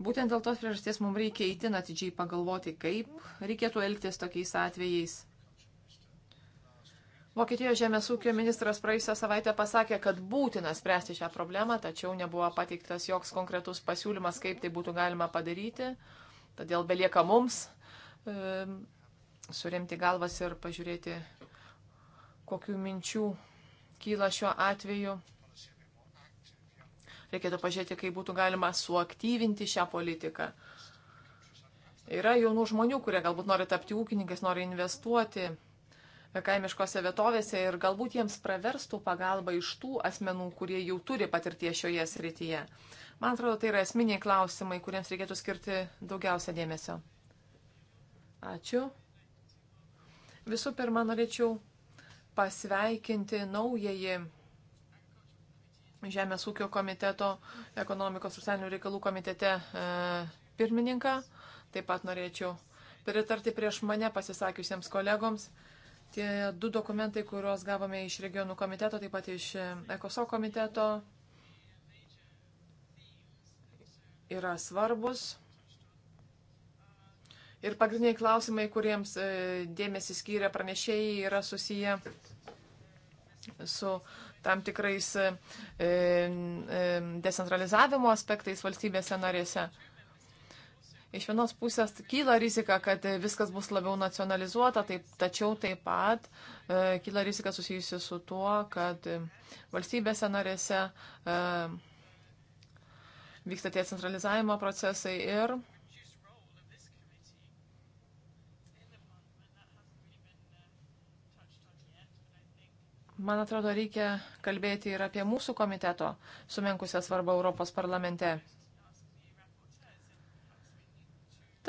Būtent dėl tos priežasties mums reikia itin atidžiai pagalvoti, kaip reikėtų elgtis tokiais atvejais. Vokietijos žemės ūkio ministras praėjusią savaitę pasakė, kad būtina spręsti šią problemą, tačiau nebuvo pateiktas joks konkretus pasiūlymas, kaip tai būtų galima padaryti. Todėl belieka mums e, suremti galvas ir pažiūrėti, kokių minčių kyla šiuo atveju. Reikėtų pažiūrėti, kaip būtų galima suaktyvinti šią politiką. Yra jaunų žmonių, kurie galbūt nori tapti ūkininkais, nori investuoti kaimiškose vietovėse ir galbūt jiems praverstų pagalba iš tų asmenų, kurie jau turi patirtie šioje srityje. Man atrodo, tai yra esminiai klausimai, kuriems reikėtų skirti daugiausia dėmesio. Ačiū. Visų pirma, norėčiau pasveikinti naująjį Žemės ūkio komiteto ekonomikos socialinių reikalų komitete e, pirmininką. Taip pat norėčiau pritarti prieš mane pasisakiusiems kolegoms. Tie du dokumentai, kuriuos gavome iš regionų komiteto, taip pat iš ECOSO komiteto, yra svarbus. Ir pagrindiniai klausimai, kuriems e, dėmesį skyrė pranešėjai, yra susiję su tam tikrais e, e, e, decentralizavimo aspektais valstybėse narėse. Iš vienos pusės kyla rizika, kad viskas bus labiau nacionalizuota, taip, tačiau taip pat e, kyla rizika susijusi su tuo, kad valstybėse narėse e, vyksta tie centralizavimo procesai ir Man atrodo, reikia kalbėti ir apie mūsų komiteto sumenkusią svarbą Europos parlamente.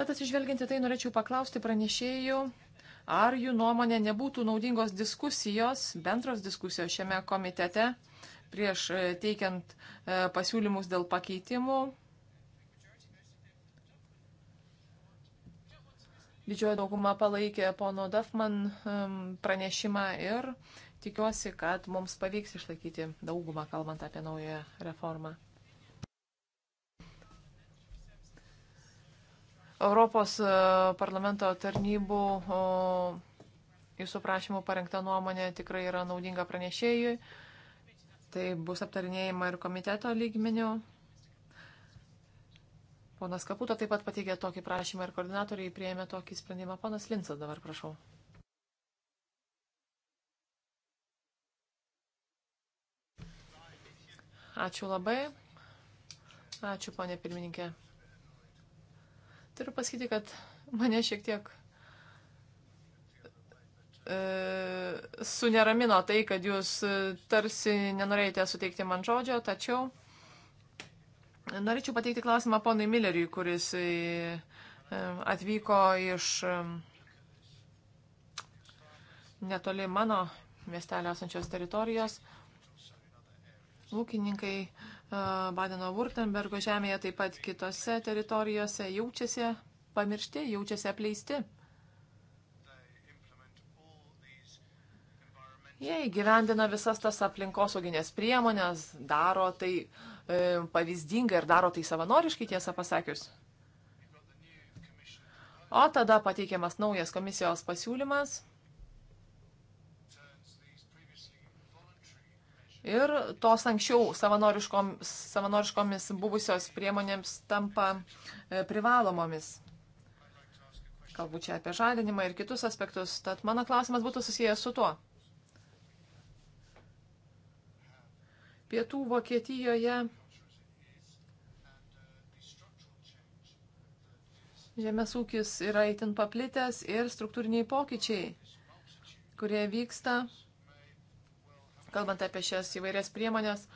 Tad atsižvelginti tai norėčiau paklausti pranešėjų, ar jų nuomonė nebūtų naudingos diskusijos, bendros diskusijos šiame komitete prieš e, teikiant e, pasiūlymus dėl pakeitimų. Didžioji dauguma palaikė pono Dafman pranešimą ir uh, Tikiuosi, kad mums pavyks išlaikyti daugumą, kalbant apie naują reformą. Europos e, parlamento tarnybų jūsų prašymų parengta nuomonė tikrai yra naudinga pranešėjui. Tai bus aptarinėjama ir komiteto lygmenių. Ponas Kaputo taip pat pateikė tokį prašymą ir koordinatoriai prieėmė tokį sprendimą. Ponas Linsas dabar prašau. Ačiū labai. Ačiū, ponė pirmininkė. Turiu pasakyti, kad mane šiek tiek e, suneramino tai, kad jūs e, tarsi nenorėjote suteikti man žodžio, tačiau norėčiau pateikti klausimą ponui Milleriui, kuris e, e atvyko iš e, netoli mano miestelio esančios teritorijos. E, Ūkininkai e, Badeno-Württembergo žemėje, taip pat kitose teritorijose jaučiasi pamiršti, jaučiasi apleisti. Jie įgyvendina visas tas aplinkosauginės priemonės, daro tai e, pavyzdingai ir daro tai savanoriškai, tiesą pasakius. O tada pateikiamas naujas komisijos pasiūlymas – Ir tos anksčiau savanoriškomis buvusios priemonėms tampa e, privalomomis. Galbūt čia apie žalinimą ir kitus aspektus. Tad mano klausimas būtų susijęs su tuo. Pietų Vokietijoje žemės ūkis yra itin paplitęs ir struktūriniai pokyčiai, kurie vyksta kalbant apie šias įvairias priemonės,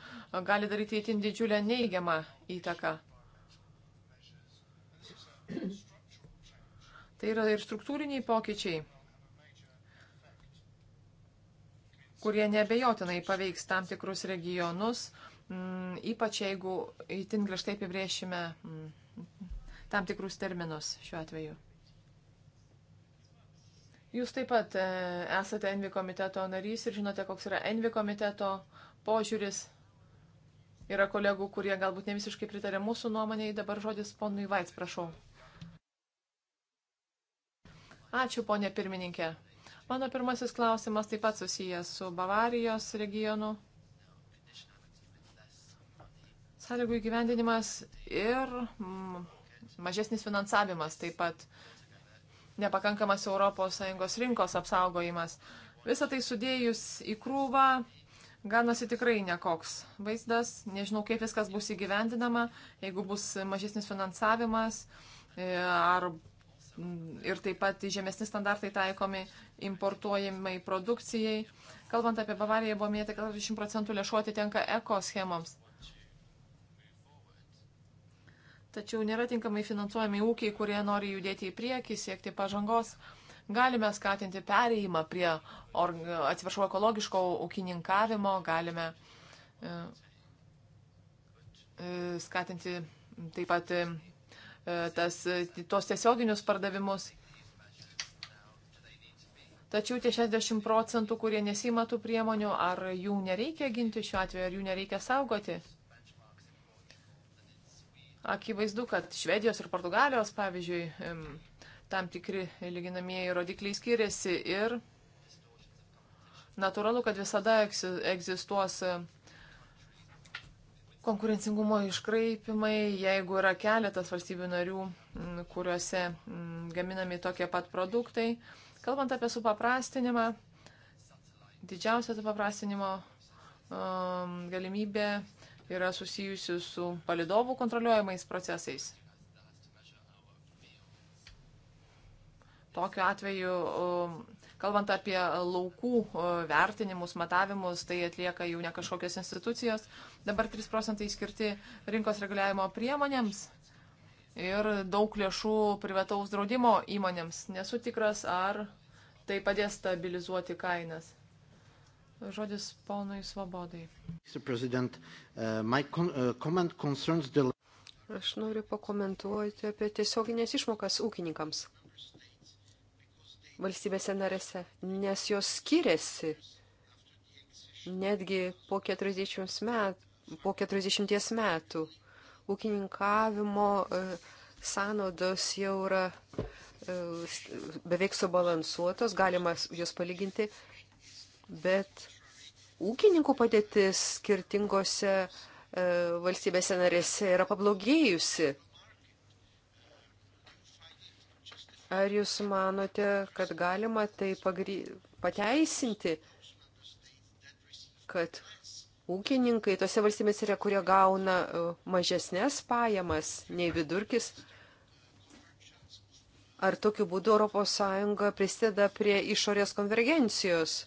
gali daryti įtin didžiulę neigiamą įtaką. Tai yra ir struktūriniai pokyčiai, kurie nebejotinai paveiks tam tikrus regionus, mm, ypač jeigu įtin griežtai apibrėšime mm, tam tikrus terminus šiuo atveju. Jūs taip pat e, esate Envi komiteto narys ir žinote, koks yra Envi komiteto požiūris. Yra kolegų, kurie galbūt ne visiškai pritarė mūsų nuomonėjai. Dabar žodis ponui Vaits, prašau. Ačiū, ponė pirmininkė. Mano pirmasis klausimas taip pat susijęs su Bavarijos regionu. Sąlygų įgyvendinimas ir mm, mažesnis finansavimas taip pat nepakankamas ES rinkos apsaugojimas. Visą tai sudėjus į krūvą, ganosi tikrai nekoks vaizdas, nežinau, kaip viskas bus įgyvendinama, jeigu bus mažesnis finansavimas e, ar, mm, ir taip pat žemesni standartai taikomi importuojamai produkcijai. Kalbant apie Bavariją, buvo minėta, kad 20 procentų lėšų atitenka eko schemoms tačiau nėra tinkamai finansuojami ūkiai, kurie nori judėti į priekį, siekti pažangos. Galime skatinti pereimą prie, or, atsiprašau, ekologiško ūkininkavimo, galime e, e, skatinti taip pat e, tas, tuos tiesioginius pardavimus. Tačiau tie 60 procentų, kurie nesima tų priemonių, ar jų nereikia ginti šiuo atveju, ar jų nereikia saugoti? Akivaizdu, kad Švedijos ir Portugalijos, pavyzdžiui, tam tikri lyginamieji rodikliai skiriasi ir natūralu, kad visada egzistuos konkurencingumo iškraipimai, jeigu yra keletas valstybių narių, kuriuose gaminami tokie pat produktai. Kalbant apie supaprastinimą, didžiausia supaprastinimo um, galimybė yra susijusi su palidovų kontroliuojamais procesais. Tokiu atveju, um, kalbant apie laukų uh, vertinimus, matavimus, tai atlieka jau ne kažkokios institucijos. Dabar 3 procentai skirti rinkos reguliavimo priemonėms ir daug lėšų privataus draudimo įmonėms. Nesu tikras, ar tai padės stabilizuoti kainas. Žodis ponui Svobodai. Uh, uh, Aš noriu pakomentuoti apie tiesioginės išmokas ūkininkams valstybėse narėse, nes jos skiriasi netgi po 40 metų. Po 40 metų ūkininkavimo uh, sąnaudos jau yra beveik subalansuotos, galima jas palyginti bet ūkininkų padėtis skirtingose e, valstybėse narėse yra pablogėjusi. Ar jūs manote, kad galima tai pagry... pateisinti, kad ūkininkai tose valstybėse yra, kurie gauna e, mažesnės pajamas nei vidurkis, ar tokiu būdu ES prisideda prie išorės konvergencijos?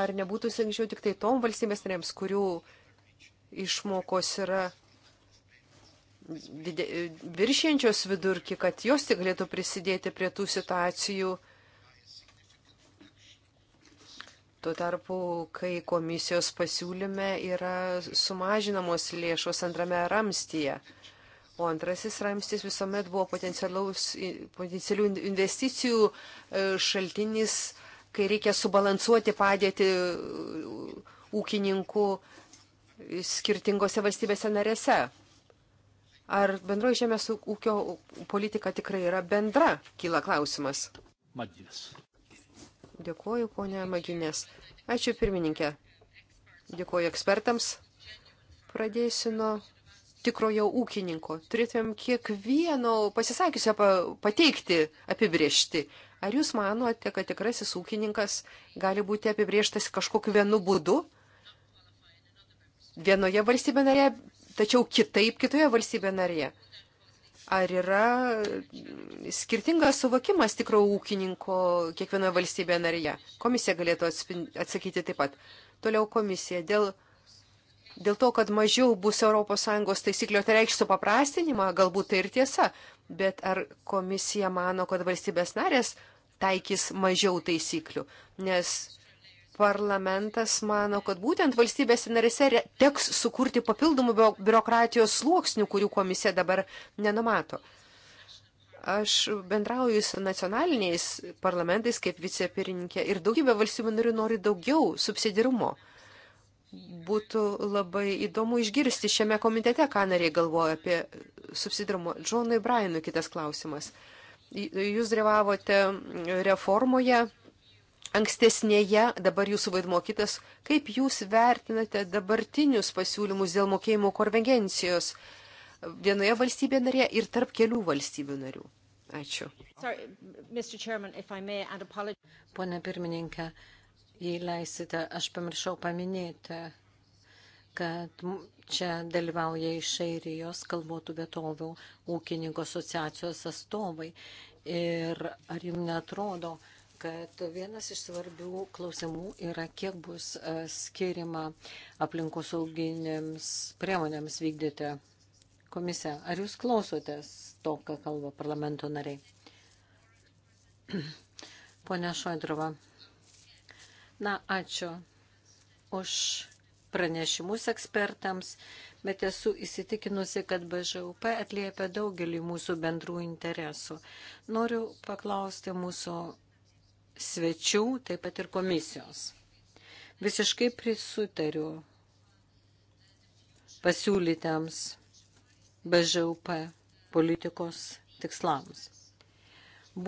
Ar nebūtų sankčiau tik tai tom valstybės narėms, kurių išmokos yra viršienčios vidurki, kad jos tik galėtų prisidėti prie tų situacijų. Tuo tarpu, kai komisijos pasiūlyme yra sumažinamos lėšos antrame ramstyje, o antrasis ramstis visuomet buvo potencialių investicijų e, šaltinis kai reikia subalansuoti padėti uh, ūkininkų skirtingose valstybėse narėse. Ar bendroji žemės ūkio politika tikrai yra bendra, kyla klausimas. Madinės. Dėkuoju, ponia Maginės. Ačiū pirmininkė. Dėkuoju ekspertams. Pradėsiu nuo tikrojo ūkininko. Turėtumėm kiekvieno pasisakiusio pateikti, apibriežti. Ar jūs manote, kad tikrasis ūkininkas gali būti apibrieštas kažkokiu vienu būdu vienoje valstybė narėje, tačiau kitaip kitoje valstybė narėje? Ar yra skirtingas suvokimas tikro ūkininko kiekvienoje valstybėje narėje? Komisija galėtų atsakyti taip pat. Toliau komisija dėl dėl to, kad mažiau bus ES taisyklių, tai reikš supaprastinimą, galbūt tai ir tiesa, bet ar komisija mano, kad valstybės narės taikys mažiau taisyklių, nes parlamentas mano, kad būtent valstybės narėse teks sukurti papildomų biurokratijos sluoksnių, kurių komisija dabar nenumato. Aš bendrauju su nacionaliniais parlamentais kaip vicepirinkė ir daugybė valstybių narių nori daugiau subsidirumo. Būtų labai įdomu išgirsti šiame komitete, ką nariai galvoja apie subsidirumo. Džonui Brianui kitas klausimas. Uh, Jūs dalyvavote reformoje ankstesnėje, dabar jūsų vaidmo kitas. Kaip jūs vertinate dabartinius pasiūlymus dėl mokėjimo konvencijos vienoje valstybėje narėje ir tarp kelių valstybių narių? Ačiū. Pone pirmininkė, jei leisite, aš pamiršau paminėti kad čia dalyvauja iš Airijos kalbotų vietovių ūkininko asociacijos atstovai. Ir ar jums netrodo, kad vienas iš svarbių klausimų yra, kiek bus e, skirima aplinkosauginėms priemonėms vykdyti komisija. Ar jūs klausotės to, ką kalba parlamento nariai? Pone Šoidrova. Na, ačiū už pranešimus ekspertams, bet esu įsitikinusi, kad BŽUP atliepia daugelį mūsų bendrų interesų. Noriu paklausti mūsų svečių, taip pat ir komisijos. Visiškai prisutariu pasiūlytams BŽUP politikos tikslams.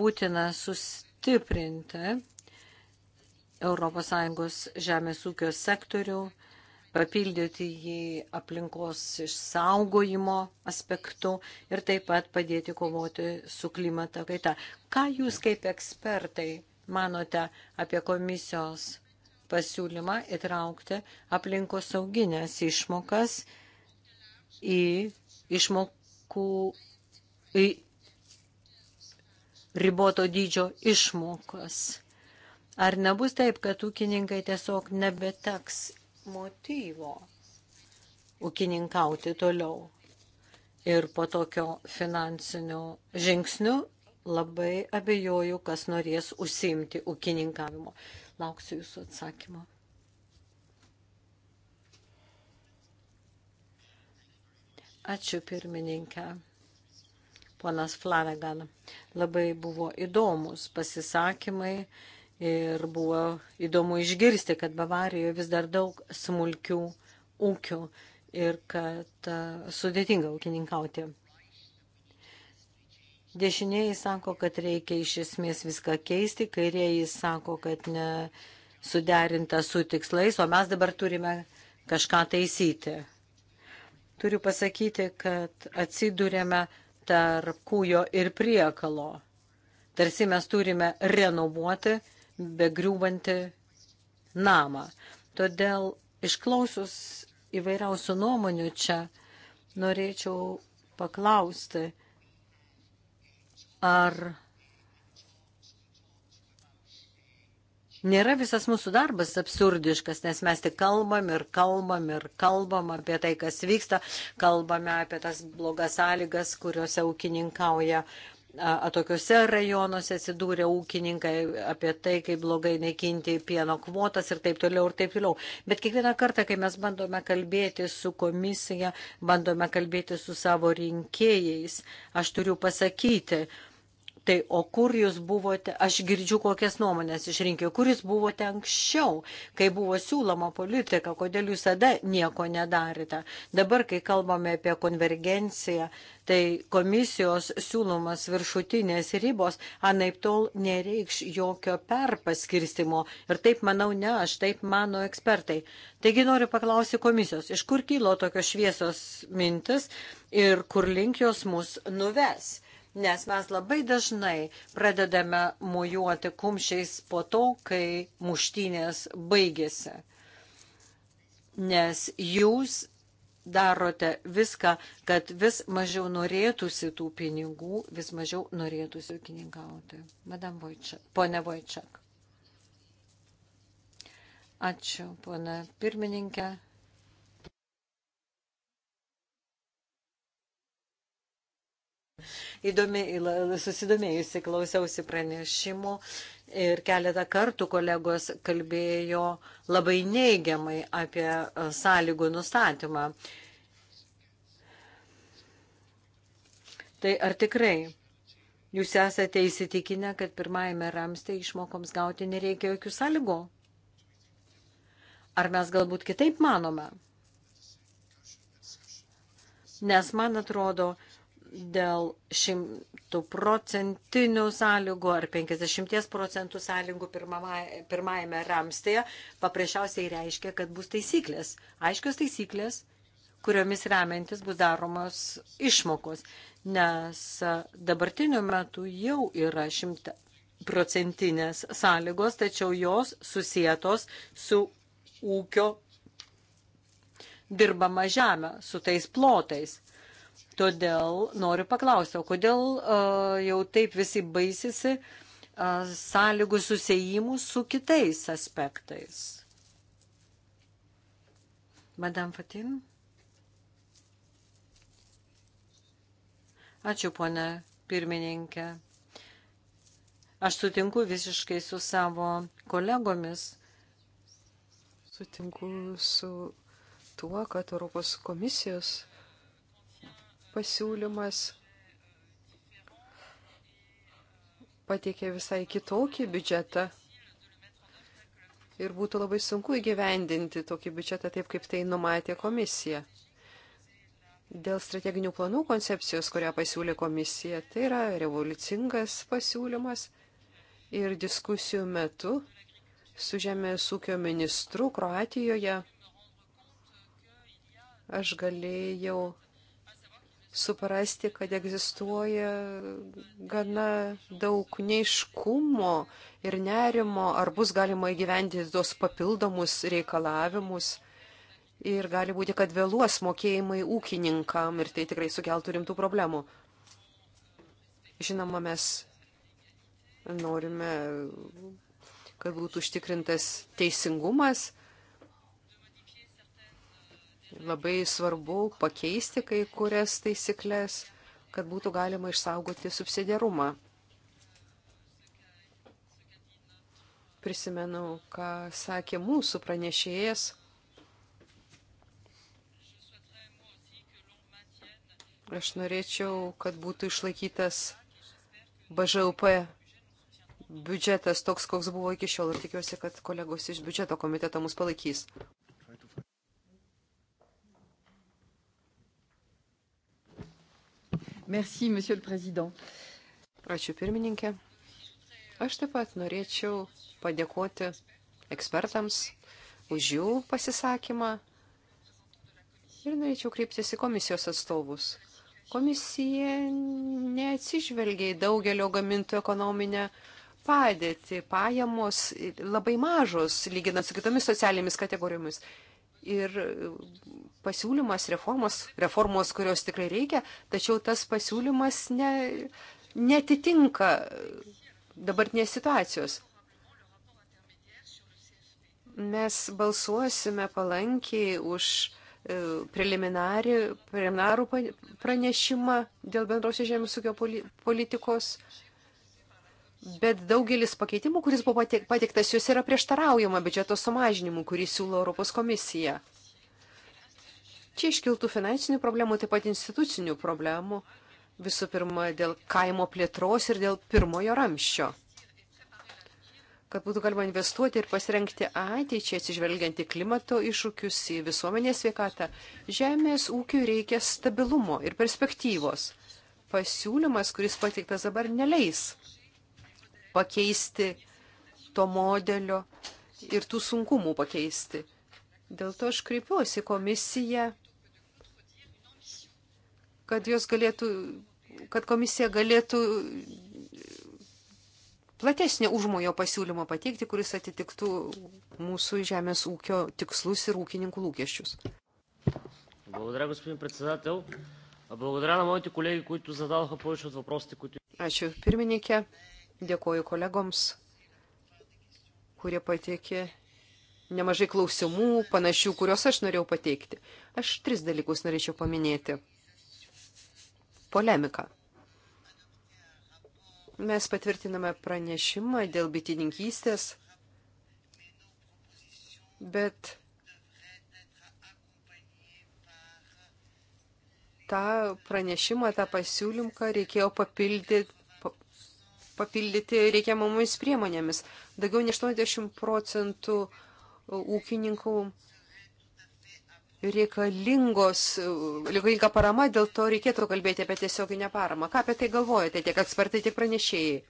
Būtina sustiprinti ES žemės ūkio sektorių, papildyti jį aplinkos išsaugojimo aspektu ir taip pat padėti kovoti su klimato kaita. Ką jūs kaip ekspertai manote apie komisijos pasiūlymą įtraukti aplinkos sauginės išmokas į išmokų, į riboto dydžio išmokas. Ar nebus taip, kad ūkininkai tiesiog nebeteks motyvo ūkininkauti toliau. Ir po tokio finansinių žingsnių labai abejoju, kas norės užsiimti ūkininkavimo. Lauksiu jūsų atsakymo. Ačiū pirmininkė. Ponas Flanagan, labai buvo įdomus pasisakymai Ir buvo įdomu išgirsti, kad Bavarijoje vis dar daug smulkių ūkių ir kad sudėtinga ūkininkauti. Dešiniai sako, kad reikia iš esmės viską keisti, kairieji sako, kad nesuderinta su tikslais, o mes dabar turime kažką taisyti. Turiu pasakyti, kad atsidūrėme tarp kūjo ir priekalo. Tarsi mes turime renovuoti begriūvantį namą. Todėl išklausus įvairiausių nuomonių čia norėčiau paklausti, ar nėra visas mūsų darbas absurdiškas, nes mes tik kalbam ir kalbam ir kalbam apie tai, kas vyksta, kalbame apie tas blogas sąlygas, kuriuose ūkininkauja atokiuose rajonuose atsidūrė ūkininkai, apie tai, kaip blogai nekinti pieno kvotas ir taip toliau ir taip toliau. Bet kiekvieną kartą, kai mes bandome kalbėti su komisija, bandome kalbėti su savo rinkėjais, aš turiu pasakyti, Tai o kur jūs buvote, aš girdžiu kokias nuomonės iš rinkėjų, kur jūs buvote anksčiau, kai buvo siūloma politika, kodėl jūs tada nieko nedarėte. Dabar, kai kalbame apie konvergenciją, tai komisijos siūlomas viršutinės ribos, anaip tol nereikš jokio perpaskirstimo. Ir taip manau ne aš, taip mano ekspertai. Taigi noriu paklausyti komisijos, iš kur kilo tokios šviesos mintis ir kur link jos mus nuves nes mes labai dažnai pradedame mojuoti kumščiais po to, kai muštynės baigėsi. Nes jūs darote viską, kad vis mažiau norėtųsi tų pinigų, vis mažiau norėtųsi ūkininkauti. Madam Vojčak, ponė Vojčak. Ačiū, ponė pirmininkė. įdomi, susidomėjusi klausiausi pranešimų ir keletą kartų kolegos kalbėjo labai neigiamai apie e, sąlygų nustatymą. Tai ar tikrai jūs esate įsitikinę, kad pirmajame ramste išmokoms gauti nereikia jokių sąlygų? Ar mes galbūt kitaip manome? Nes man atrodo, dėl šimtų procentinių sąlygų ar 50 procentų sąlygų pirmajame ramstėje paprasčiausiai reiškia, kad bus taisyklės, aiškios taisyklės, kuriomis remiantis bus daromos išmokos, nes dabartiniu metu jau yra šimta procentinės sąlygos, tačiau jos susijėtos su ūkio dirbama žemė, su tais plotais Todėl noriu paklausti, o kodėl uh, jau taip visi baisisi uh, sąlygų susijimų su kitais aspektais? Madame Fatim? Ačiū, ponė pirmininkė. Aš sutinku visiškai su savo kolegomis. Sutinku su tuo, kad Europos komisijos pasiūlymas patiekė visai kitokį biudžetą. Ir būtų labai sunku įgyvendinti tokį biudžetą taip, kaip tai numatė komisija. Dėl strateginių planų koncepcijos, kurią pasiūlė komisija, tai yra revoliucingas pasiūlymas. Ir diskusijų metu su žemės ūkio ministru Kroatijoje aš galėjau suprasti, kad egzistuoja gana daug neiškumo ir nerimo, ar bus galima įgyvendinti tos papildomus reikalavimus. Ir gali būti, kad vėluos mokėjimai ūkininkam ir tai tikrai sukeltų rimtų problemų. Žinoma, mes norime, kad būtų užtikrintas teisingumas Labai svarbu pakeisti kai kurias taisyklės, kad būtų galima išsaugoti subsidiarumą. Prisimenu, ką sakė mūsų pranešėjas. Aš norėčiau, kad būtų išlaikytas BŽUP biudžetas toks, koks buvo iki šiol ir tikiuosi, kad kolegos iš biudžeto komiteto mus palaikys. Merci, monsieur le président. Ačiū pirmininkė. Aš taip pat norėčiau padėkoti ekspertams už jų pasisakymą ir norėčiau kreiptis į komisijos atstovus. Komisija neatsižvelgia į daugelio gamintojų ekonominę padėtį, pajamos labai mažos, lyginant su kitomis socialinėmis kategorijomis ir e, pasiūlymas reformos, reformos, kurios tikrai reikia, tačiau tas pasiūlymas ne, netitinka e, dabartinės situacijos. Mes balsuosime palankiai už e, preliminarų pranešimą dėl bendrosios žemės ūkio politikos Bet daugelis pakeitimų, kuris buvo pateiktas, jūs yra prieštaraujama biudžeto sumažinimu, kurį siūlo Europos komisija. Čia iškiltų finansinių problemų, taip pat institucinių problemų. Visų pirma, dėl kaimo plėtros ir dėl pirmojo ramščio. Kad būtų galima investuoti ir pasirengti ateičiai, atsižvelgiant į klimato iššūkius, į visuomenės sveikatą, žemės ūkiui reikia stabilumo ir perspektyvos. Pasiūlymas, kuris pateiktas dabar, neleis pakeisti to modelio ir tų sunkumų pakeisti. Dėl to aš kreipiuosi komisiją, kad jos galėtų, kad komisija galėtų platesnį užmojo pasiūlymą pateikti, kuris atitiktų mūsų žemės ūkio tikslus ir ūkininkų lūkesčius. Благодаря, господин председател. Благодаря на моите колеги, които зададоха повече от въпросите, които... Ačiū, pirmininkė. Dėkoju kolegoms, kurie patiekė nemažai klausimų, panašių, kuriuos aš norėjau pateikti. Aš tris dalykus norėčiau paminėti. Polemika. Mes patvirtiname pranešimą dėl bitininkystės, bet tą pranešimą, tą pasiūlymą reikėjo papildyti papildyti reikiamomis priemonėmis. Daugiau nei 80 procentų ūkininkų reikalingos, reikalinga parama, dėl to reikėtų kalbėti apie tiesioginę paramą. Ką apie tai galvojate, tiek ekspertai, tiek pranešėjai?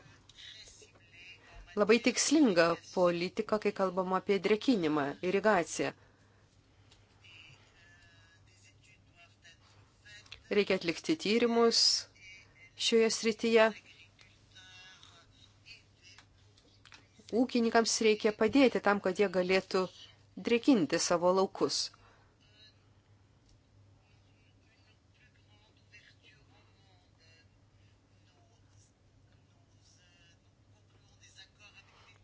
Labai tikslinga politika, kai kalbam apie drekinimą, irigaciją. Reikia atlikti tyrimus šioje srityje. ūkininkams reikia padėti tam, kad jie galėtų drėkinti savo laukus.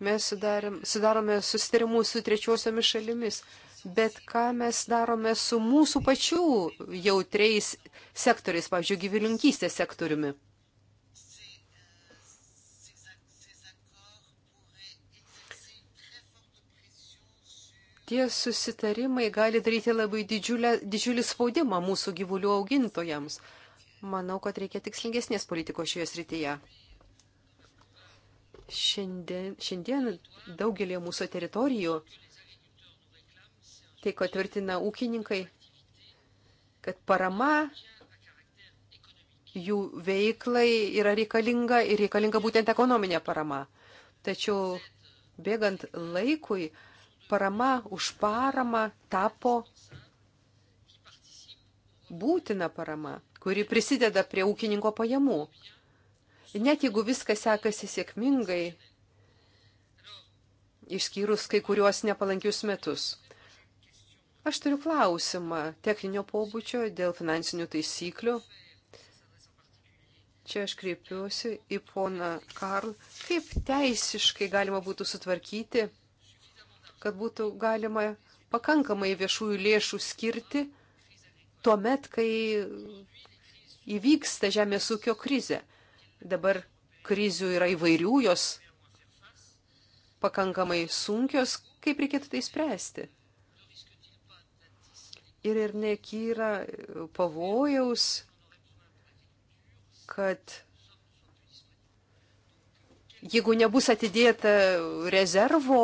Mes sudarim, sudarome susitarimus su trečiosiomis šalimis, bet ką mes darome su mūsų pačių jautriais sektoriais, pavyzdžiui, gyvulinkystės sektoriumi. tie susitarimai gali daryti labai didžiulę, didžiulį spaudimą mūsų gyvulių augintojams. Manau, kad reikia tikslingesnės politikos šioje srityje. Šiandien, šiandien daugelį mūsų teritorijų, tai ko tvirtina ūkininkai, kad parama jų veiklai yra reikalinga ir reikalinga būtent ekonominė parama. Tačiau bėgant laikui, parama už paramą tapo būtina parama, kuri prisideda prie ūkininko pajamų. Net jeigu viskas sekasi sėkmingai, išskyrus kai kuriuos nepalankius metus. Aš turiu klausimą techninio pobūdžio dėl finansinių taisyklių. Čia aš kreipiuosi į poną Karl. Kaip teisiškai galima būtų sutvarkyti kad būtų galima pakankamai viešųjų lėšų skirti tuo met, kai įvyksta žemės ūkio krizė. Dabar krizių yra įvairių, jos pakankamai sunkios, kaip reikėtų tai spręsti. Ir ir nekyra pavojaus, kad jeigu nebus atidėta rezervo,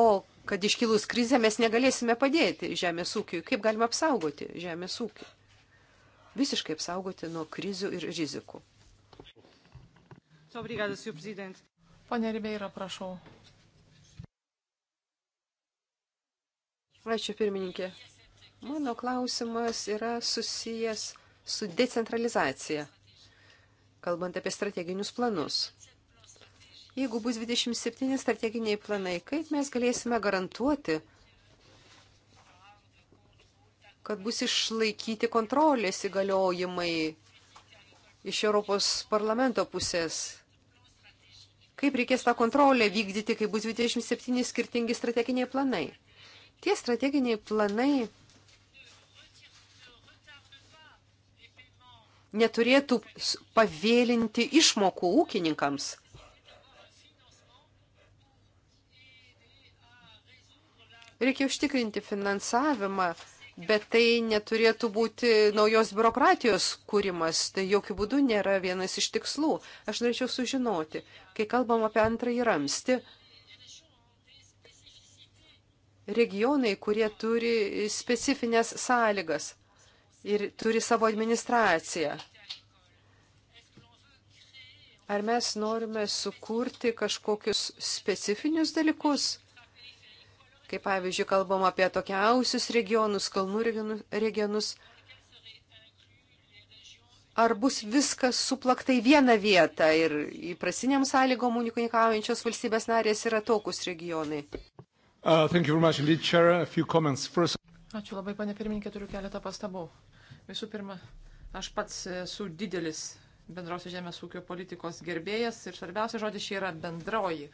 kad iškilus krizę mes negalėsime padėti žemės ūkiui. Kaip galima apsaugoti žemės ūkį? Visiškai apsaugoti nuo krizių ir rizikų. Pone Ribeira, prašau. Ačiū pirmininkė. Mano klausimas yra susijęs su decentralizacija, kalbant apie strateginius planus. Jeigu bus 27 strateginiai planai, kaip mes galėsime garantuoti, kad bus išlaikyti kontrolės įgaliojimai iš Europos parlamento pusės. Kaip reikės tą kontrolę vykdyti, kai bus 27 skirtingi strateginiai planai? Tie strateginiai planai neturėtų pavėlinti išmokų ūkininkams. Reikia užtikrinti finansavimą, bet tai neturėtų būti naujos biurokratijos kūrimas. Tai jokių būdų nėra vienas iš tikslų. Aš norėčiau sužinoti, kai kalbam apie antrąjį ramstį, regionai, kurie turi specifines sąlygas ir turi savo administraciją. Ar mes norime sukurti kažkokius specifinius dalykus? Kaip pavyzdžiui, kalbam apie tokiausius regionus, kalnų regionus. Ar bus viskas suplakta į vieną vietą ir įprasiniam sąlygom unikaujančios valstybės narės yra tokus regionai? Uh, indeed, First... Ačiū labai, pane pirmininkė, turiu keletą pastabų. Visų pirma, aš pats esu didelis bendrosios žemės ūkio politikos gerbėjas ir svarbiausia žodis čia yra bendroji,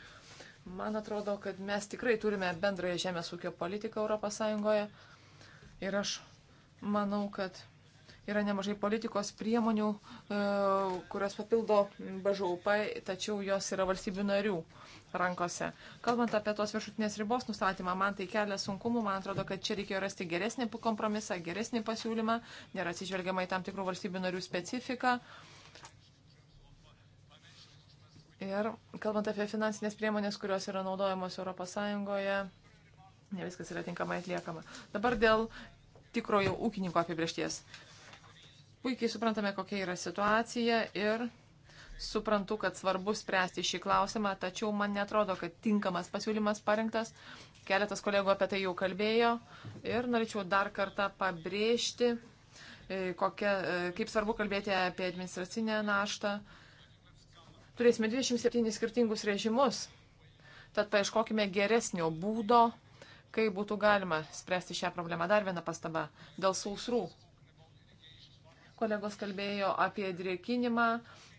Man atrodo, kad mes tikrai turime bendrąją žemės ūkio politiką ES ir aš manau, kad yra nemažai politikos priemonių, e, kurios papildo BŽUP, tačiau jos yra valstybių narių rankose. Kalbant apie tos viršutinės ribos nustatymą, man tai kelia sunkumų, man atrodo, kad čia reikėjo rasti geresnį kompromisą, geresnį pasiūlymą, nėra atsižvelgiama į tam tikrų valstybių narių specifiką. Uh, Ir kalbant apie finansinės priemonės, kurios yra naudojamos ES, ne viskas yra tinkamai atliekama. Dabar dėl tikrojo ūkininko apibriešties. Puikiai suprantame, kokia yra situacija ir suprantu, kad svarbu spręsti šį klausimą, tačiau man netrodo, kad tinkamas pasiūlymas parengtas. Keletas kolegų apie tai jau kalbėjo ir norėčiau dar kartą pabrėžti, e, kokia, e, kaip svarbu kalbėti apie administracinę naštą, turėsime 27 skirtingus režimus. Tad paieškokime geresnio būdo, kaip būtų galima spręsti šią problemą. Dar viena pastaba dėl sausrų. Kolegos kalbėjo apie drėkinimą,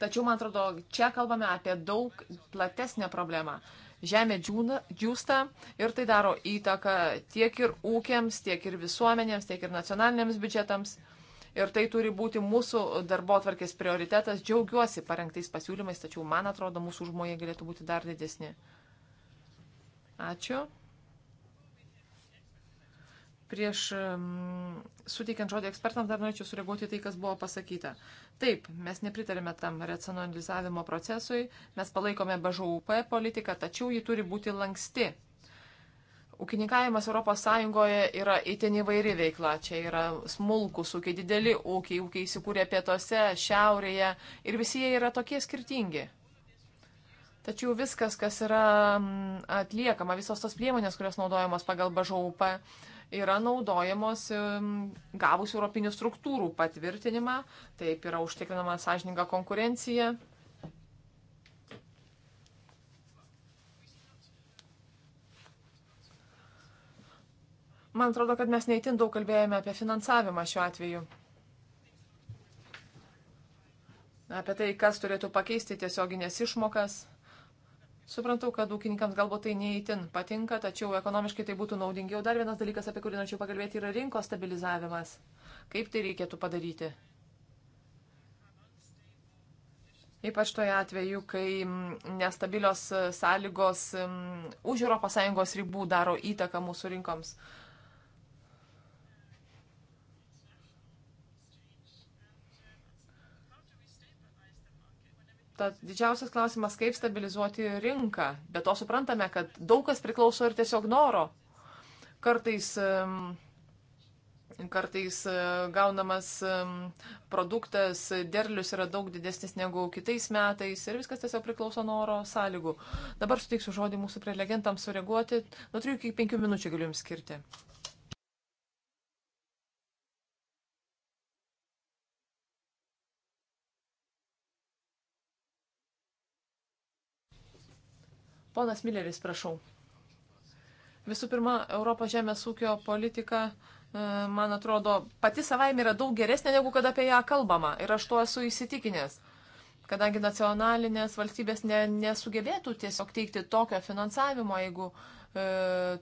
tačiau, man atrodo, čia kalbame apie daug platesnę problemą. Žemė džiūna, džiūsta ir tai daro įtaką tiek ir ūkiams, tiek ir visuomenėms, tiek ir nacionaliniams biudžetams ir tai turi būti mūsų darbo atvarkės prioritetas. Džiaugiuosi parengtais pasiūlymais, tačiau man atrodo, mūsų užmojai galėtų būti dar didesni. Ačiū. Prieš um, suteikiant žodį ekspertams dar norėčiau sureaguoti tai, kas buvo pasakyta. Taip, mes nepritarėme tam racionalizavimo procesui, mes palaikome BŽUP politiką, tačiau ji turi būti lanksti. Ūkininkavimas ES yra itin įvairi veikla. Čia yra smulkus ūkiai, dideli ūkiai, ūkiai įsikūrė pietuose, šiaurėje ir visi jie yra tokie skirtingi. Tačiau viskas, kas yra mm, atliekama, visos tos priemonės, kurios naudojamos pagal BŽUP, yra naudojamos mm, gavus Europinių struktūrų patvirtinimą, taip yra užtikrinama sąžininga konkurencija. Man atrodo, kad mes neįtin daug kalbėjome apie finansavimą šiuo atveju. Apie tai, kas turėtų pakeisti tiesioginės išmokas. Suprantu, kad ūkininkams galbūt tai neįtin patinka, tačiau ekonomiškai tai būtų naudingiau. Dar vienas dalykas, apie kurį norėčiau pakalbėti, yra rinkos stabilizavimas. Kaip tai reikėtų padaryti? Ypač toje atveju, kai mm, nestabilios e, sąlygos mm, už ES ribų daro įtaką mūsų rinkoms. Tad didžiausias klausimas, kaip stabilizuoti rinką. Bet to suprantame, kad daug kas priklauso ir tiesiog noro. Kartais, kartais e, gaunamas produktas, derlius yra daug didesnis negu kitais metais ir viskas tiesiog priklauso noro sąlygų. Dabar suteiksiu žodį mūsų prelegentams sureaguoti. Nuo 3 iki 5 minučių galiu jums skirti. Ponas Milleris, prašau. Visų pirma, Europos žemės ūkio politika, e, man atrodo, pati savaime yra daug geresnė, negu kad apie ją kalbama. Ir aš tuo esu įsitikinęs. Kadangi nacionalinės valstybės ne, nesugebėtų tiesiog teikti tokio finansavimo, jeigu e,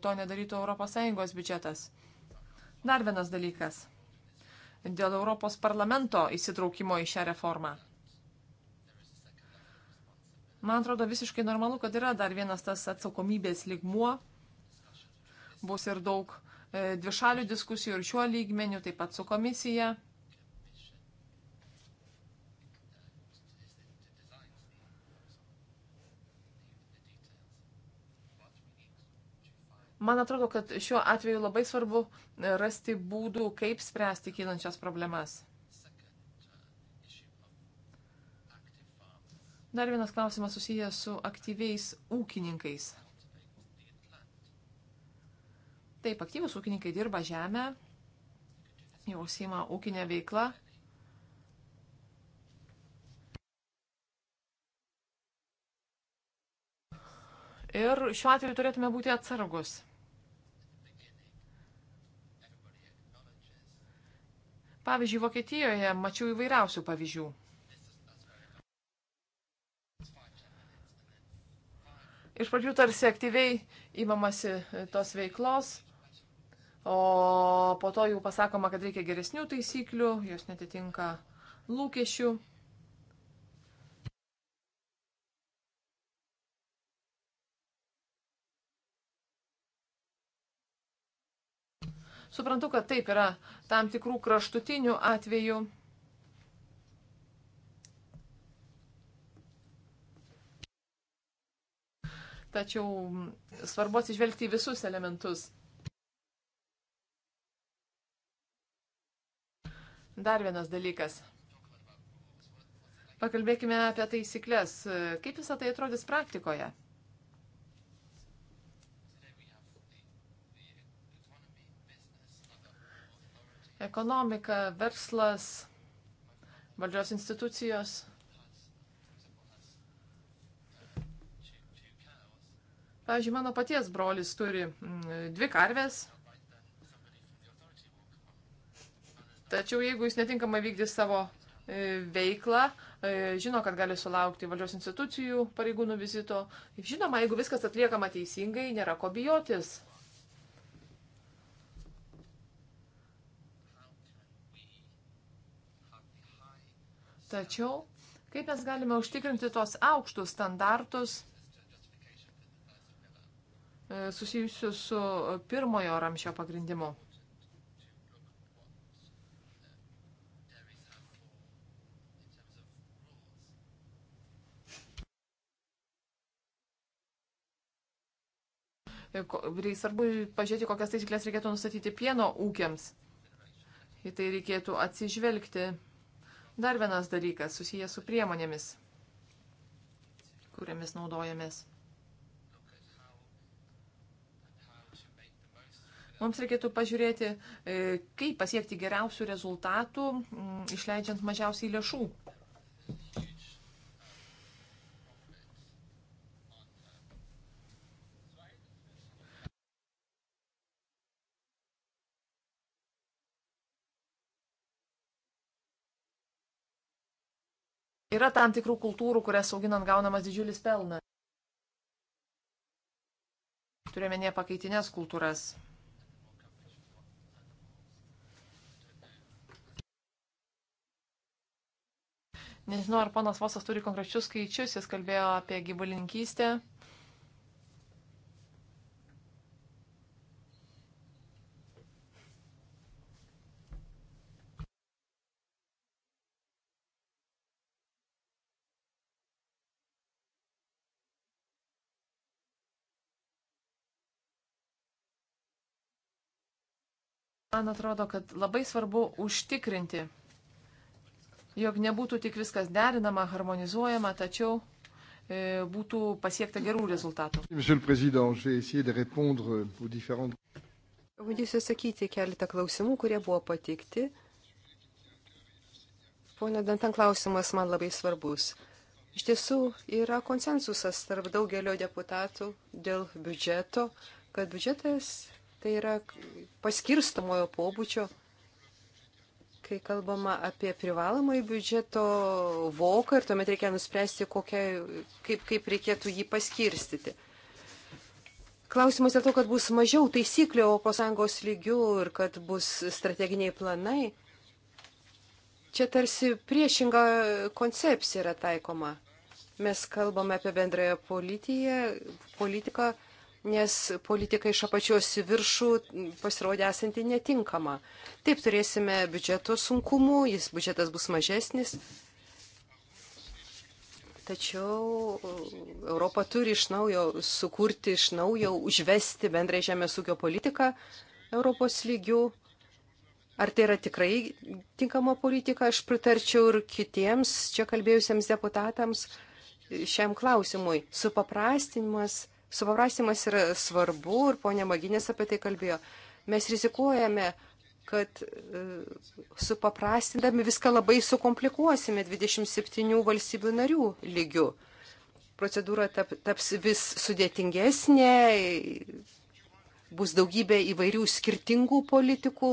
to nedarytų ES biudžetas. Dar vienas dalykas. Dėl Europos parlamento įsitraukimo į šią reformą. Man atrodo visiškai normalu, kad yra dar vienas tas atsakomybės ligmuo. Bus ir daug e, dvišalių diskusijų ir šiuo lygmeniu, taip pat su komisija. Man atrodo, kad šiuo atveju labai svarbu e, rasti būdų, kaip spręsti kylančias problemas. Dar vienas klausimas susijęs su aktyviais ūkininkais. Taip, aktyvus ūkininkai dirba žemę, jau užsima ūkinę veiklą. Ir šiuo atveju turėtume būti atsargus. Pavyzdžiui, Vokietijoje mačiau įvairiausių pavyzdžių. iš pradžių tarsi aktyviai įmamasi e, tos veiklos, o po to jau pasakoma, kad reikia geresnių taisyklių, jos netitinka lūkesčių. Suprantu, kad taip yra tam tikrų kraštutinių atvejų. tačiau svarbu atsižvelgti į visus elementus. Dar vienas dalykas. Pakalbėkime apie taisyklės. Kaip visą tai atrodys praktikoje? Ekonomika, verslas, valdžios institucijos. Pavyzdžiui, mano paties brolis turi mm, dvi karves. Tačiau jeigu jis netinkamai vykdys savo e, veiklą, e, žino, kad gali sulaukti valdžios institucijų pareigūnų vizito. Žinoma, jeigu viskas atliekama teisingai, nėra ko bijotis. Tačiau, kaip mes galime užtikrinti tos aukštus standartus E, susijusių su pirmojo ramšio pagrindimu. E, svarbu pažiūrėti, kokias taisyklės reikėtų nustatyti pieno ūkiams. Į tai reikėtų atsižvelgti. Dar vienas dalykas susijęs su priemonėmis, kuriamis naudojamės. Mums reikėtų pažiūrėti, e, kaip pasiekti geriausių rezultatų, išleidžiant mažiausiai lėšų. Yra tam tikrų kultūrų, kurias auginant gaunamas didžiulis pelnas. Turime ne pakaitinės kultūras. Nežinau, ar ponas Vosas turi konkrečius skaičius, jis kalbėjo apie gyvulininkystę. Man atrodo, kad labai svarbu užtikrinti jog nebūtų tik viskas derinama, harmonizuojama, tačiau e, būtų pasiekta gerų rezultatų. Bandysiu atsakyti keletą klausimų, kurie buvo patikti. Pone Dantan, klausimas man labai svarbus. Iš tiesų yra konsensusas tarp daugelio deputatų dėl biudžeto, kad biudžetas tai yra paskirstamojo pobūdžio kai kalbama apie privalomąjį biudžeto voką ir tuomet reikia nuspręsti, kokia, kaip, kaip reikėtų jį paskirstyti. Klausimas dėl to, kad bus mažiau taisyklių ES lygių ir kad bus strateginiai planai. Čia tarsi priešinga koncepcija yra taikoma. Mes kalbame apie bendrąją politiją, politiką, nes politika iš apačios į viršų pasirodė esanti netinkama. Taip turėsime biudžeto sunkumų, jis biudžetas bus mažesnis. Tačiau uh, Europa turi iš naujo sukurti, iš naujo užvesti bendrą žemės ūkio politiką Europos lygių. Ar tai yra tikrai tinkama politika? Aš pritarčiau ir kitiems čia kalbėjusiems deputatams šiam klausimui. Supaprastinimas Supaprastimas yra svarbu ir ponė Maginės apie tai kalbėjo. Mes rizikuojame, kad e, supaprastindami viską labai sukomplikuosime 27 valstybių narių lygių. Procedūra tap, taps vis sudėtingesnė, bus daugybė įvairių skirtingų politikų.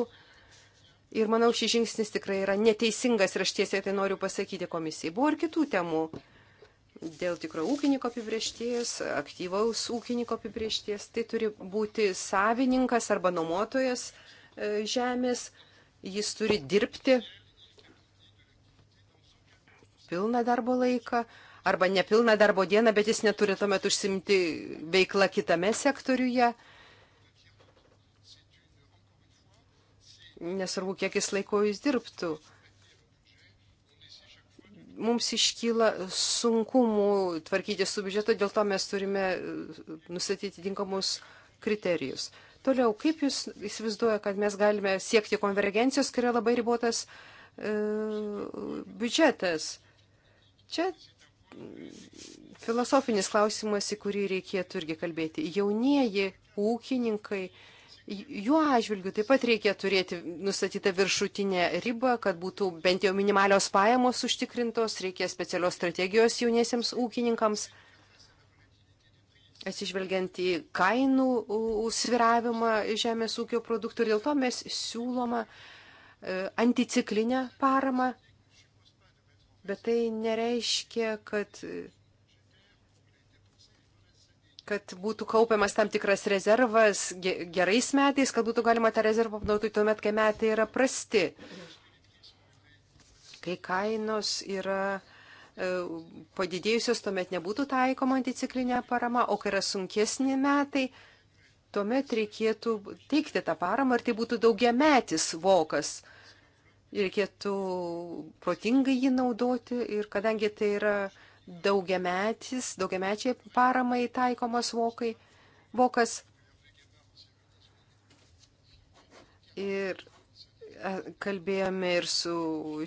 Ir manau, šis žingsnis tikrai yra neteisingas ir aš tiesiai tai noriu pasakyti komisijai. Buvo ir kitų temų, dėl tikro ūkininko apibriešties, aktyvaus ūkininko apibriešties, tai turi būti savininkas arba nuomotojas e, žemės, jis turi dirbti pilną darbo laiką arba nepilną darbo dieną, bet jis neturi tuomet užsimti veiklą kitame sektoriuje. Nesvarbu, kiek jis laiko jis dirbtų mums iškyla sunkumų tvarkyti su biudžetu, dėl to mes turime e, nustatyti tinkamus kriterijus. Toliau, kaip Jūs įsivaizduoja, kad mes galime siekti konvergencijos, kai yra labai ribotas e, biudžetas? Čia filosofinis klausimas, į kurį reikėtų irgi kalbėti. Jaunieji ūkininkai Juo atžvilgiu taip pat reikia turėti nustatytą viršutinę ribą, kad būtų bent jau minimalios pajamos užtikrintos, reikia specialios strategijos jauniesiems ūkininkams, atsižvelgiant į kainų sviravimą žemės ūkio produktų ir dėl to mes siūloma e, anticiklinę paramą, bet tai nereiškia, kad kad būtų kaupiamas tam tikras rezervas gerais metais, kad būtų galima tą rezervą panaudoti tuomet, kai metai yra prasti, kai kainos yra e, padidėjusios, tuomet nebūtų taikoma anticiklinė parama, o kai yra sunkesni metai, tuomet reikėtų teikti tą paramą ir tai būtų daugiametis vokas. Reikėtų protingai jį naudoti ir kadangi tai yra uh, daugiametis, daugiamečiai paramai taikomas vokai, vokas. Ir e, kalbėjome ir su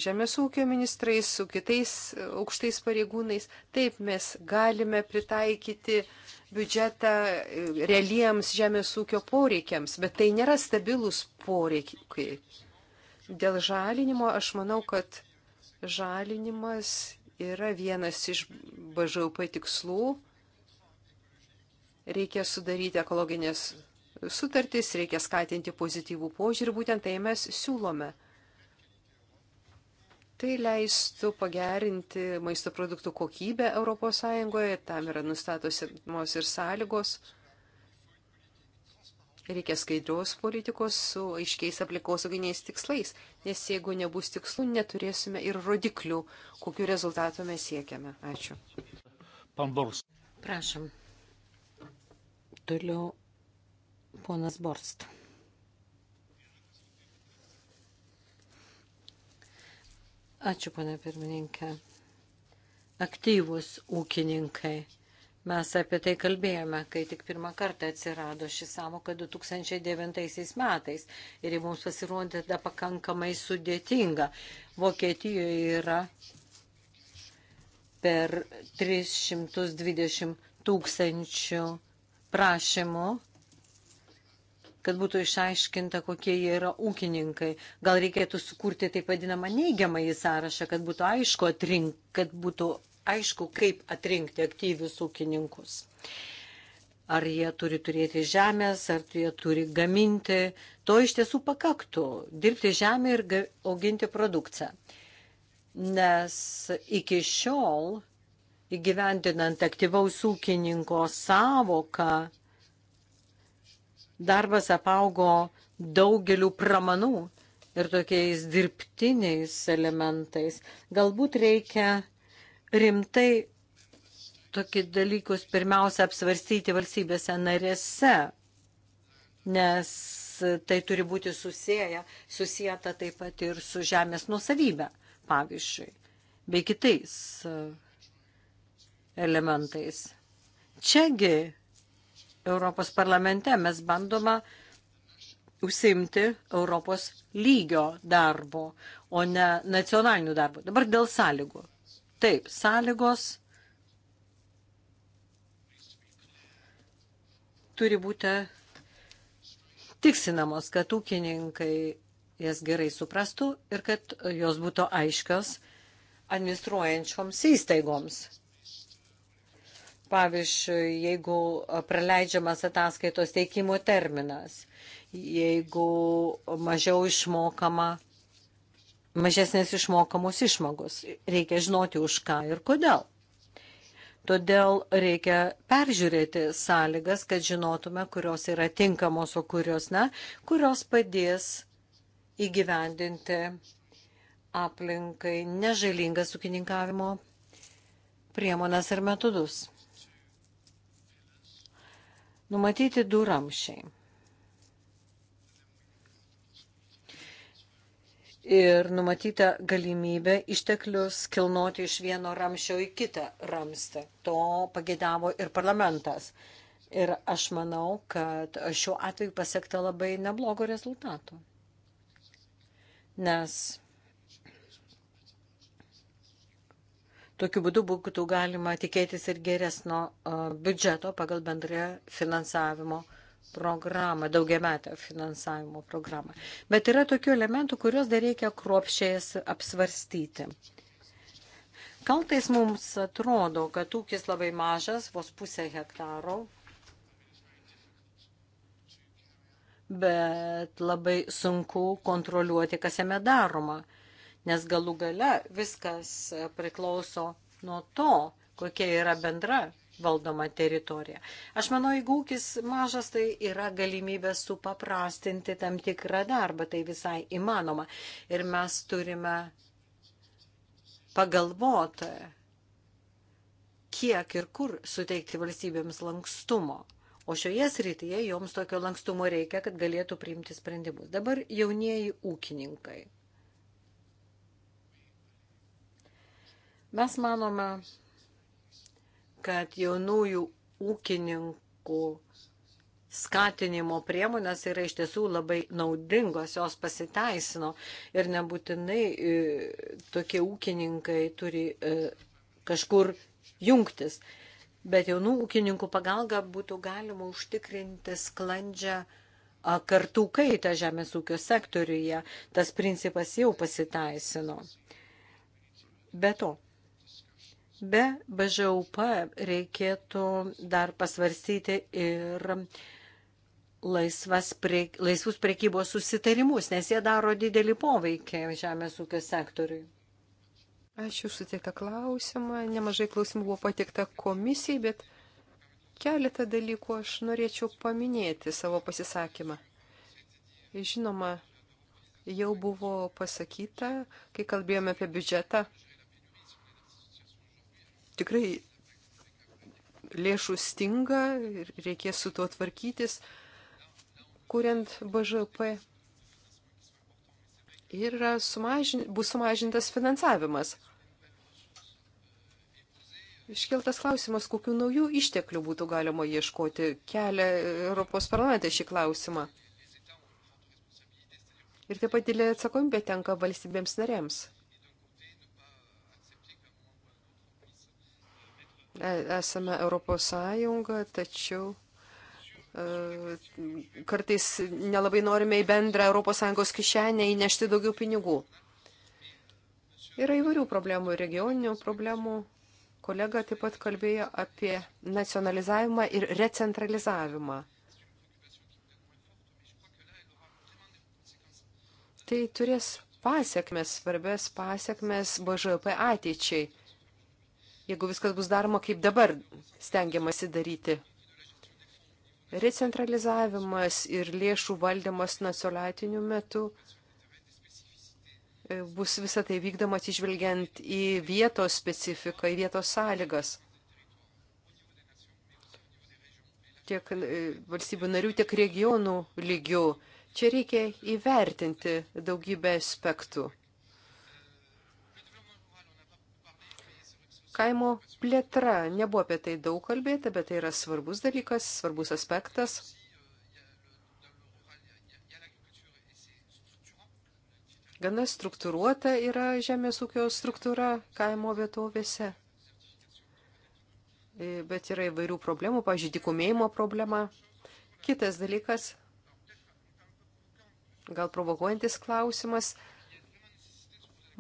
žemės ūkio ministrais, su kitais aukštais pareigūnais. Taip mes galime pritaikyti biudžetą e, realiems žemės ūkio poreikiams, bet tai nėra stabilus poreikiai. Dėl žalinimo aš manau, kad žalinimas yra vienas iš BŽP tikslų. Reikia sudaryti ekologinės sutartys, reikia skatinti pozityvų požiūrį, būtent tai mes siūlome. Tai leistų pagerinti maisto produktų kokybę ES, tam yra nustatomos ir sąlygos. Reikia skaidrios politikos su aiškiais aplikosauginiais tikslais, nes jeigu nebus tikslų, neturėsime ir rodiklių, kokiu rezultatu mes siekiame. Ačiū. Pambors. Prašom. Toliau ponas Borst. Ačiū, ponė pirmininkė. Aktyvus ūkininkai Mes apie tai kalbėjome, kai tik pirmą kartą atsirado ši samoka 2009 metais ir ji mums pasirodė tada pakankamai sudėtinga. Vokietijoje yra per 320 tūkstančių prašymų kad būtų išaiškinta, kokie jie yra ūkininkai. Gal reikėtų sukurti taip vadinamą neigiamąjį sąrašą, kad būtų aišku atrink, kad būtų aišku, kaip atrinkti aktyvius ūkininkus. Ar jie turi turėti žemės, ar jie turi gaminti. To iš tiesų pakaktų - dirbti žemę ir auginti produkciją. Nes iki šiol įgyvendinant aktyvaus ūkininko savoką, darbas apaugo daugeliu pramanų ir tokiais dirbtiniais elementais. Galbūt reikia rimtai tokį dalykus pirmiausia apsvarstyti valstybėse narėse, nes tai turi būti susiję, susijęta taip pat ir su žemės nusavybė, pavyzdžiui, bei kitais e, elementais. Čiagi Europos parlamente mes bandoma užsimti Europos lygio darbo, o ne nacionalinių darbo. Dabar dėl sąlygų. Taip, sąlygos turi būti tiksinamos, kad ūkininkai jas gerai suprastų ir kad jos būtų aiškios administruojančioms įstaigoms. Pavyzdžiui, jeigu praleidžiamas ataskaitos teikimo terminas, jeigu mažiau išmokama mažesnės išmokamos išmogos. Reikia žinoti už ką ir kodėl. Todėl reikia peržiūrėti sąlygas, kad žinotume, kurios yra tinkamos, o kurios ne, kurios padės įgyvendinti aplinkai nežalingas ūkininkavimo priemonas ir metodus. Numatyti du ramšiai. ir numatyta galimybė išteklius kilnoti iš vieno ramščio į kitą ramstą. To pagėdavo ir parlamentas. Ir aš manau, kad šiuo atveju pasiekta labai neblogo rezultato. Nes tokiu būdu būtų galima tikėtis ir geresno biudžeto pagal bendrą finansavimo uh, programą, daugiametę finansavimo programą. Bet yra tokių elementų, kuriuos dar reikia kruopščiais apsvarstyti. Kaltais mums atrodo, kad ūkis labai mažas, vos pusę hektaro, bet labai sunku kontroliuoti, kas jame daroma, nes galų gale viskas priklauso nuo to, kokia yra bendra valdoma teritorija. Aš manau, jeigu ūkis mažas, tai yra galimybė supaprastinti tam tikrą darbą, tai visai įmanoma. Ir mes turime pagalvoti, kiek ir kur suteikti valstybėms lankstumo. O šioje srityje joms tokio lankstumo reikia, kad galėtų priimti sprendimus. Dabar jaunieji ūkininkai. Mes manome, kad jaunųjų ūkininkų skatinimo priemonės yra iš tiesų labai naudingos, jos pasiteisino ir nebūtinai e, tokie ūkininkai turi e, kažkur jungtis. Bet jaunų ūkininkų pagalba būtų galima užtikrinti sklandžią kartų kaitą žemės ūkio sektoriuje. Tas principas jau pasiteisino. Be to, Be BŽUP reikėtų dar pasvarstyti ir prie, laisvus prekybos susitarimus, nes jie daro didelį poveikį žemės ūkio sektoriui. Ačiū užsitėktą klausimą. Nemažai klausimų buvo patikta komisijai, bet keletą dalykų aš norėčiau paminėti savo pasisakymą. Žinoma, jau buvo pasakyta, kai kalbėjome apie biudžetą, tikrai lėšų stinga ir reikės su tuo tvarkytis, kuriant BŽP. Ir sumažin, bus sumažintas finansavimas. Iškeltas klausimas, kokiu naujų išteklių būtų galima ieškoti, kelia Europos parlamentą šį klausimą. Ir taip pat dėlė atsakomybė tenka valstybėms narėms. E, esame Europos Sąjunga, tačiau e, kartais nelabai norime į bendrą ES kišenę įnešti daugiau pinigų. Yra įvairių problemų, regioninių problemų. Kolega taip pat kalbėjo apie nacionalizavimą ir recentralizavimą. Tai turės pasiekmes, svarbės pasiekmes BŽP ateičiai jeigu viskas bus daroma kaip dabar stengiamasi daryti. Recentralizavimas ir lėšų valdymas nacionaliniu metu e, bus visą tai vykdoma atsižvelgiant į vietos specifiką, į vietos sąlygas. Tiek e, valstybių narių, tiek regionų lygių. Čia reikia įvertinti daugybę aspektų. Kaimo plėtra, nebuvo apie tai daug kalbėta, bet tai yra svarbus dalykas, svarbus aspektas. Gana struktūruota yra žemės ūkio struktūra kaimo vietovėse, e, bet yra įvairių problemų, pažiūrėjau, dikumėjimo problema. Kitas dalykas, gal provokuojantis klausimas,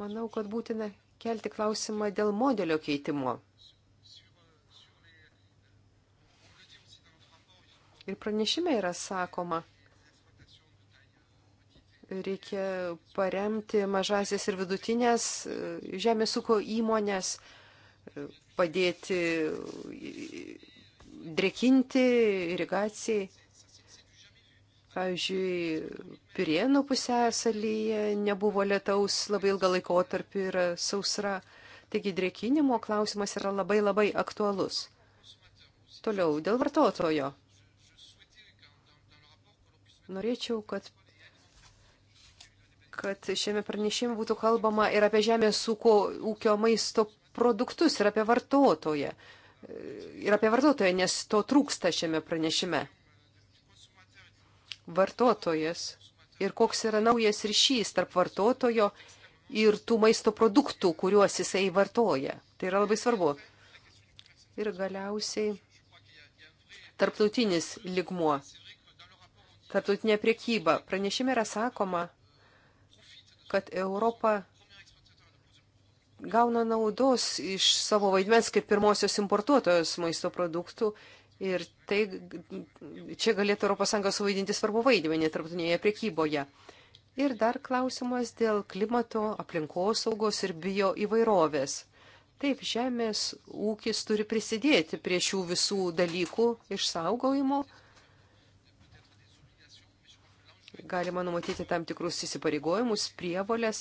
manau, kad būtina kelti klausimą dėl modelio keitimo. Ir pranešime yra sakoma, reikia paremti mažasis ir vidutinės e, žemės ūkio įmonės, e, padėti e, drekinti irigacijai. Pavyzdžiui, Pirienų pusėsalyje nebuvo lietaus labai ilgą laikotarpį ir sausra. Taigi drėkinimo klausimas yra labai labai aktualus. Toliau, dėl vartotojo. Norėčiau, kad, kad šiame pranešime būtų kalbama ir apie žemės ūkio, ūkio maisto produktus, ir apie vartotoją. Ir apie vartotoją, nes to trūksta šiame pranešime vartotojas ir koks yra naujas ryšys tarp vartotojo ir tų maisto produktų, kuriuos jisai vartoja. Tai yra labai svarbu. Ir galiausiai tarptautinis ligmuo, tarptautinė priekyba. Pranešime yra sakoma, kad Europa gauna naudos iš savo vaidmens kaip pirmosios importuotojos maisto produktų Ir tai čia galėtų ES suvaidinti svarbu vaidmenį tarptautinėje priekyboje. Ir dar klausimas dėl klimato, aplinkosaugos ir bio įvairovės. Taip, žemės ūkis turi prisidėti prie šių visų dalykų išsaugojimo. Galima numatyti tam tikrus įsipareigojimus, prievolės,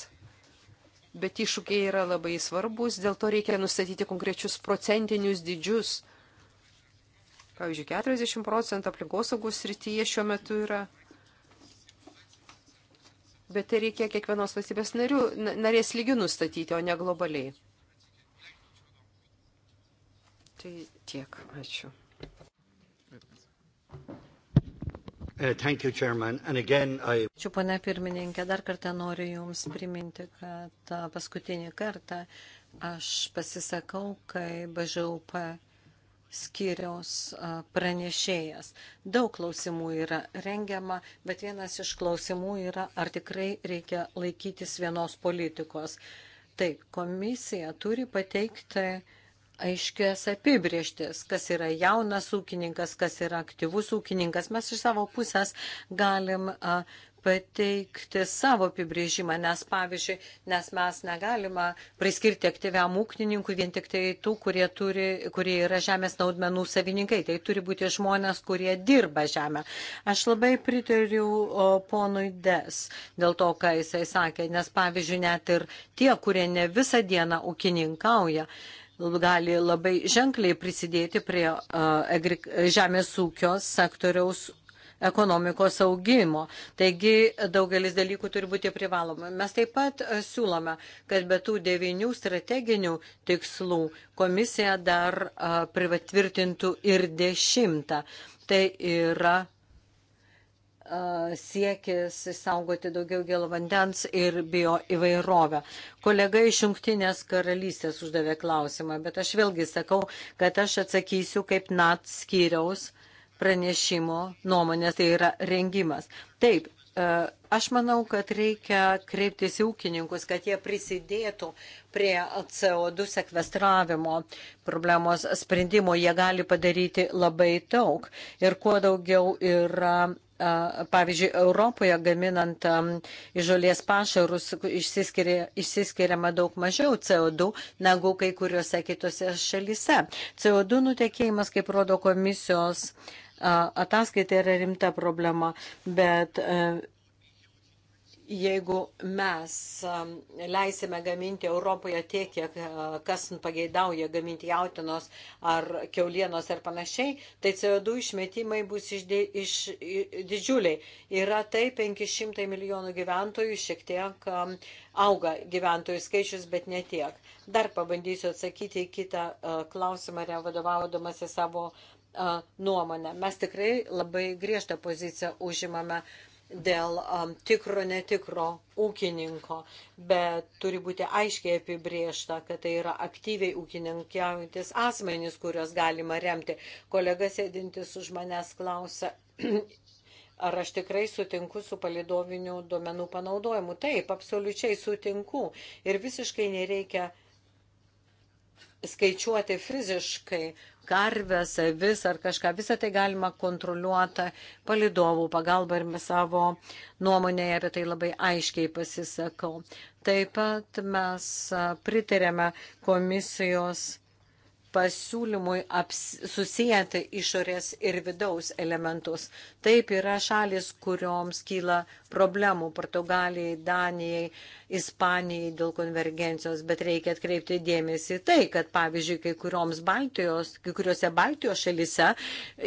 bet iššūkiai yra labai svarbus, dėl to reikia nustatyti konkrečius procentinius dydžius Pavyzdžiui, 40 procentų aplinkosaugos srityje šiuo metu yra. Bet tai reikia kiekvienos valstybės narių, narės lygių nustatyti, o ne globaliai. Tai tiek. Ačiū. Uh, Ačiū, pane pirmininkė. Dar kartą noriu Jums priminti, kad uh, paskutinį kartą aš pasisakau, kai BŽUP skyriaus pranešėjas. Daug klausimų yra rengiama, bet vienas iš klausimų yra, ar tikrai reikia laikytis vienos politikos. Taip, komisija turi pateikti aiškės apibrieštis, kas yra jaunas ūkininkas, kas yra aktyvus ūkininkas. Mes iš savo pusės galim pateikti savo apibrėžimą, nes pavyzdžiui, nes mes negalima priskirti aktyviam ūkininkui vien tik tai tų, kurie, turi, kurie yra žemės naudmenų savininkai. Tai turi būti žmonės, kurie dirba žemę. Aš labai pritariu o, ponui Des dėl to, ką jisai sakė, nes pavyzdžiui, net ir tie, kurie ne visą dieną ūkininkauja, gali labai ženkliai prisidėti prie uh, žemės ūkio sektoriaus ekonomikos augimo. Taigi daugelis dalykų turi būti privaloma. Mes taip pat e, siūlome, kad be tų devinių strateginių tikslų komisija dar e, privatvirtintų ir dešimtą. Tai yra e, siekis saugoti daugiau gėlo vandens ir bio įvairovę. Kolega iš Junktinės karalystės uždavė klausimą, bet aš vėlgi sakau, kad aš atsakysiu kaip NAT skyriaus uh, pranešimo nuomonės, tai yra rengimas. Taip, e, aš manau, kad reikia kreiptis į ūkininkus, kad jie prisidėtų prie CO2 sekvestravimo problemos sprendimo. Jie gali padaryti labai daug. Ir kuo daugiau yra. E, pavyzdžiui, Europoje gaminant įžolės e, pašarus išsiskiria, išsiskiriama daug mažiau CO2 negu kai kuriuose kitose šalyse. CO2 nutekėjimas, kaip rodo komisijos uh, ataskaita yra rimta problema, bet e, jeigu mes leisime gaminti Europoje tiek, kiek kas pageidauja gaminti jautinos ar keulienos ar panašiai, tai CO2 išmetimai bus iš, iš, didžiuliai. Yra tai 500 milijonų gyventojų, šiek tiek auga gyventojų skaičius, bet ne tiek. Dar pabandysiu atsakyti į kitą klausimą, vadovaudamasi savo nuomonę. Mes tikrai labai griežtą poziciją užimame dėl um, tikro, netikro ūkininko, bet turi būti aiškiai apibriešta, kad tai yra aktyviai ūkininkiaujantis asmenys, kuriuos galima remti. Kolega sėdintis už manęs klausia, ar aš tikrai sutinku su palidovinių duomenų panaudojimu. Taip, absoliučiai sutinku ir visiškai nereikia skaičiuoti fiziškai, karves, avis ar kažką. Visą tai galima kontroliuoti palidovų pagalba ir mes savo nuomonėje apie tai labai aiškiai pasisakau. Taip pat mes pritarėme komisijos pasiūlymui aps, susijęti išorės ir vidaus elementus. Taip yra šalis, kurioms kyla problemų - Portugalijai, Danijai, Ispanijai dėl konvergencijos, bet reikia atkreipti dėmesį tai, kad pavyzdžiui, kai, Baltijos, kai kuriuose Baltijos šalise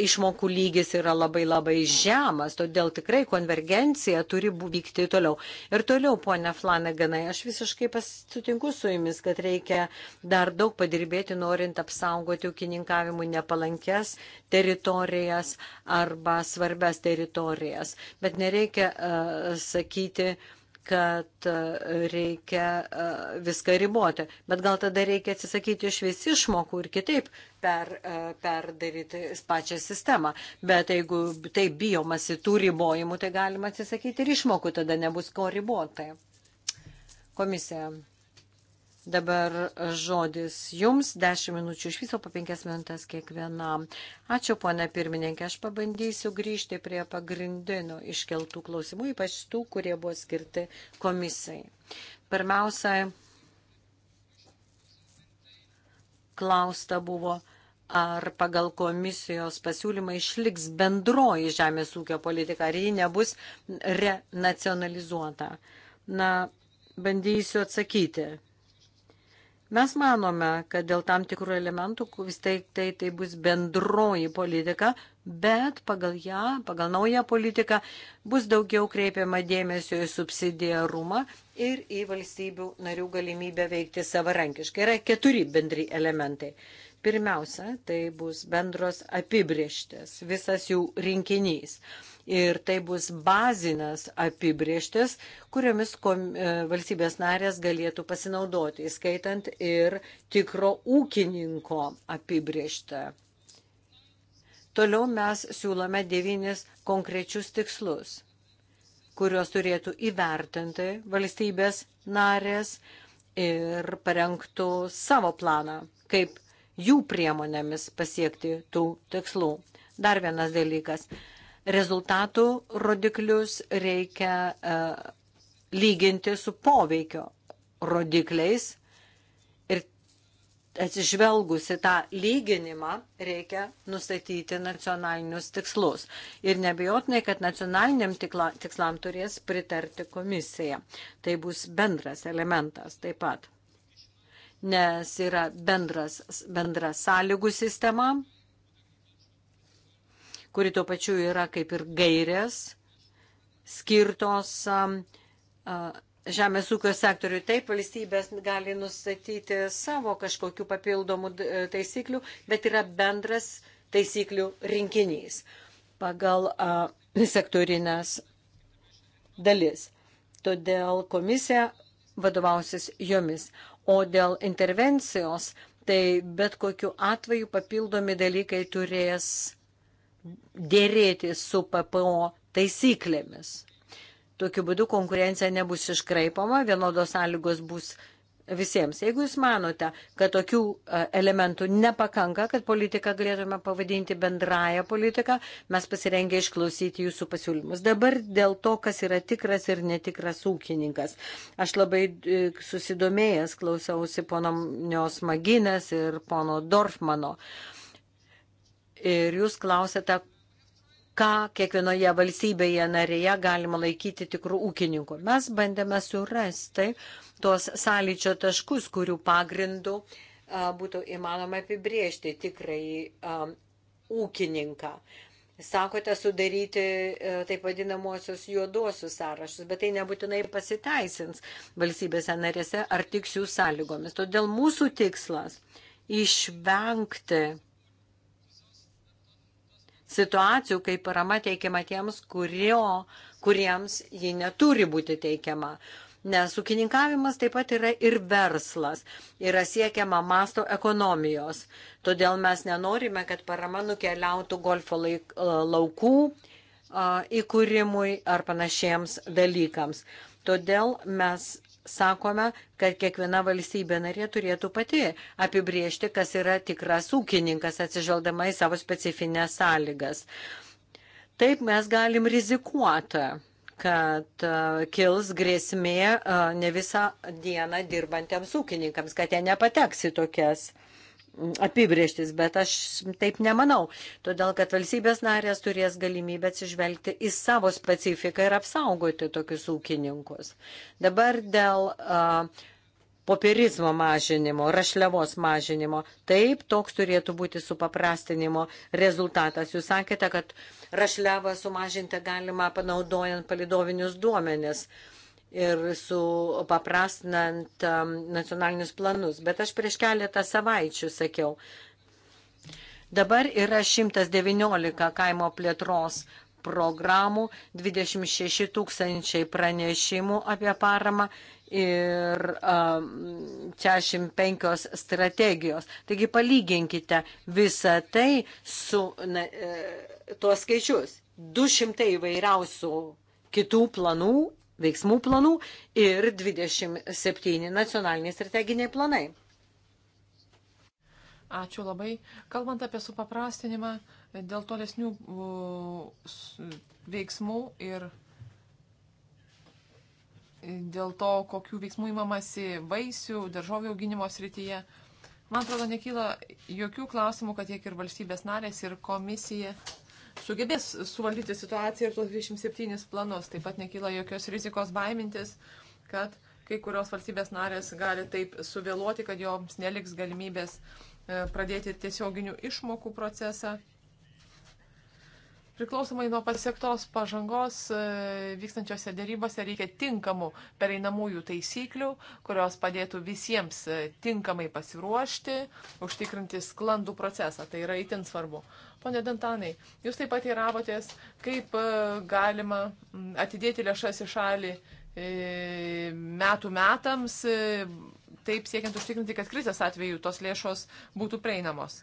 išmokų lygis yra labai labai žemas, todėl tikrai konvergencija turi vykti toliau. Ir toliau, ponia Flanaganai, aš visiškai pasitinku su jumis, kad reikia dar daug padirbėti, norint apsaugoti ūkininkavimui nepalankės teritorijas arba svarbes teritorijas. Bet nereikia uh, sakyti, uh, kad e, reikia e, viską riboti. Bet gal tada reikia atsisakyti iš visų išmokų ir kitaip per, e, perdaryti pačią sistemą. Bet jeigu tai bijomasi tų ribojimų, tai galima atsisakyti ir išmokų, tada nebus ko riboti. Komisija. Dabar žodis jums, 10 minučių iš viso, po 5 minutės kiekvienam. Ačiū, ponė pirmininkė, aš pabandysiu grįžti prie pagrindinių iškeltų klausimų, ypač tų, kurie buvo skirti komisai. Pirmiausia, klausta buvo, ar pagal komisijos pasiūlymą išliks bendroji žemės ūkio politika, ar ji nebus renacionalizuota. Na, bandysiu atsakyti Mes manome, kad dėl tam tikrų elementų vis tai, tai, tai bus bendroji politika, bet pagal ją, pagal naują politiką bus daugiau kreipiama dėmesio į subsidiarumą ir į valstybių narių galimybę veikti savarankiškai. Yra keturi bendri elementai. Pirmiausia, tai bus bendros apibrieštis, visas jų rinkinys ir tai bus bazinas apibrieštis, kuriomis kom, e, valstybės narės galėtų pasinaudoti, įskaitant ir tikro ūkininko apibrieštą. Toliau mes siūlome devynis konkrečius tikslus, kuriuos turėtų įvertinti valstybės narės ir parengtų savo planą, kaip jų priemonėmis pasiekti tų tikslų. Dar vienas dalykas rezultatų rodiklius reikia e, lyginti su poveikio rodikliais ir atsižvelgusi tą lyginimą reikia nustatyti nacionalinius tikslus. Ir nebejotinai, kad nacionaliniam tikla, tikslam turės pritarti komisija. Tai bus bendras elementas taip pat. Nes yra bendras, bendra sąlygų sistema, kuri tuo pačiu yra kaip ir gairės skirtos um, žemės ūkio sektoriui. Taip, valstybės gali nustatyti savo kažkokių papildomų e, taisyklių, bet yra bendras taisyklių rinkinys pagal sektorinės dalis. Todėl komisija vadovausis jomis. O dėl intervencijos, tai bet kokiu atveju papildomi dalykai turės dėrėti su PPO taisyklėmis. Tokiu būdu konkurencija nebus iškraipama, vienodos sąlygos bus visiems. Jeigu jūs manote, kad tokių e, elementų nepakanka, kad politiką galėtume pavadinti bendrają politiką, mes pasirengę išklausyti jūsų pasiūlymus. Dabar dėl to, kas yra tikras ir netikras ūkininkas. Aš labai e, susidomėjęs klausiausi pono Nios Maginės ir pono Dorfmano. Uh, Ir jūs klausėte, ką kiekvienoje valstybėje narėje galima laikyti tikrų ūkininkų. Mes bandėme surasti tuos sąlyčio taškus, kurių pagrindų būtų įmanoma apibriežti tikrai um, ūkininką. Sakote sudaryti e, taip vadinamosius juodosius sąrašus, bet tai nebūtinai pasiteisins valstybėse narėse ar tik jų sąlygomis. Todėl mūsų tikslas išvengti situacijų, kai parama teikiama tiems, kurio, kuriems ji neturi būti teikiama. Nes ūkininkavimas taip pat yra ir verslas, yra siekiama masto ekonomijos. Todėl mes nenorime, kad parama nukeliautų golfo laik, e, laukų e, įkūrimui ar panašiems dalykams. Todėl mes sakome, kad kiekviena valstybė narė turėtų pati apibriežti, kas yra tikras ūkininkas, atsižvelgdama į savo specifines sąlygas. Taip mes galim rizikuoti, kad e, kils grėsmė e, ne visą dieną dirbantiems ūkininkams, kad jie nepateks į tokias uh, apibrieštis, bet aš taip nemanau, todėl kad valstybės narės turės galimybę atsižvelgti į savo specifiką ir apsaugoti tokius ūkininkus. Dabar dėl uh, popierizmo mažinimo, rašliavos mažinimo. Taip, toks turėtų būti supaprastinimo rezultatas. Jūs sakėte, kad rašliavą sumažinti galima panaudojant palidovinius duomenis. Uh, ir su paprastinant um, nacionalinius planus. Bet aš prieš keletą savaičių sakiau, dabar yra 119 kaimo plėtros programų, 26 tūkstančiai pranešimų apie paramą ir um, 65 strategijos. Taigi palyginkite visą tai su na, e, tuos skaičius. 200 įvairiausių kitų planų veiksmų planų ir 27 nacionaliniai strateginiai planai. Ačiū labai. Kalbant apie supaprastinimą dėl tolesnių veiksmų ir dėl to, kokių veiksmų įmamasi vaisių, daržovių auginimo srityje, man atrodo, nekyla jokių klausimų, kad tiek ir valstybės narės, ir komisija sugebės suvaldyti situaciją ir tuos 27 planus. Taip pat nekyla jokios rizikos baimintis, kad kai kurios valstybės narės gali taip suvėluoti, kad joms neliks galimybės e, pradėti tiesioginių išmokų procesą. Priklausomai nuo pasiektos pažangos e, vykstančiose dėrybose reikia tinkamų pereinamųjų taisyklių, kurios padėtų visiems e, tinkamai pasiruošti, užtikrinti sklandų procesą. Tai yra itin svarbu. Pone Dantanai, jūs taip pat įravotės, kaip e, galima atidėti lėšas į šalį metų metams, taip siekiant užtikrinti, kad krizės atveju tos lėšos būtų prieinamos.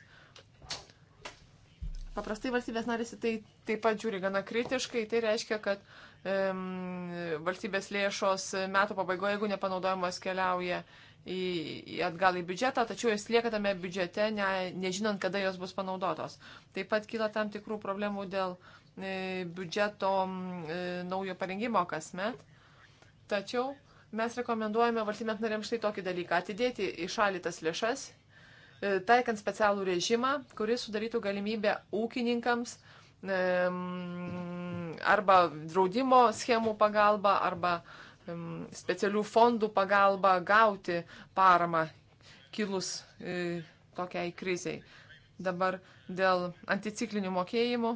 Paprastai valstybės narys į tai taip pat žiūri gana kritiškai, tai reiškia, kad um, valstybės lėšos metų pabaigoje, jeigu nepanaudojamos, keliauja į, į atgal į biudžetą, tačiau jos lieka tame biudžete, ne, nežinant, kada jos bus panaudotos. Taip pat kyla tam tikrų problemų dėl e, biudžeto e, naujo parengimo kasmet. Tačiau mes rekomenduojame valstybėms narėms štai tokį dalyką - atidėti į šalį tas lėšas E, taikant specialų režimą, kuris sudarytų galimybę ūkininkams arba draudimo schemų pagalba, arba specialių fondų pagalba gauti paramą kilus e, tokiai kriziai. Dabar dėl anticiklinių mokėjimų.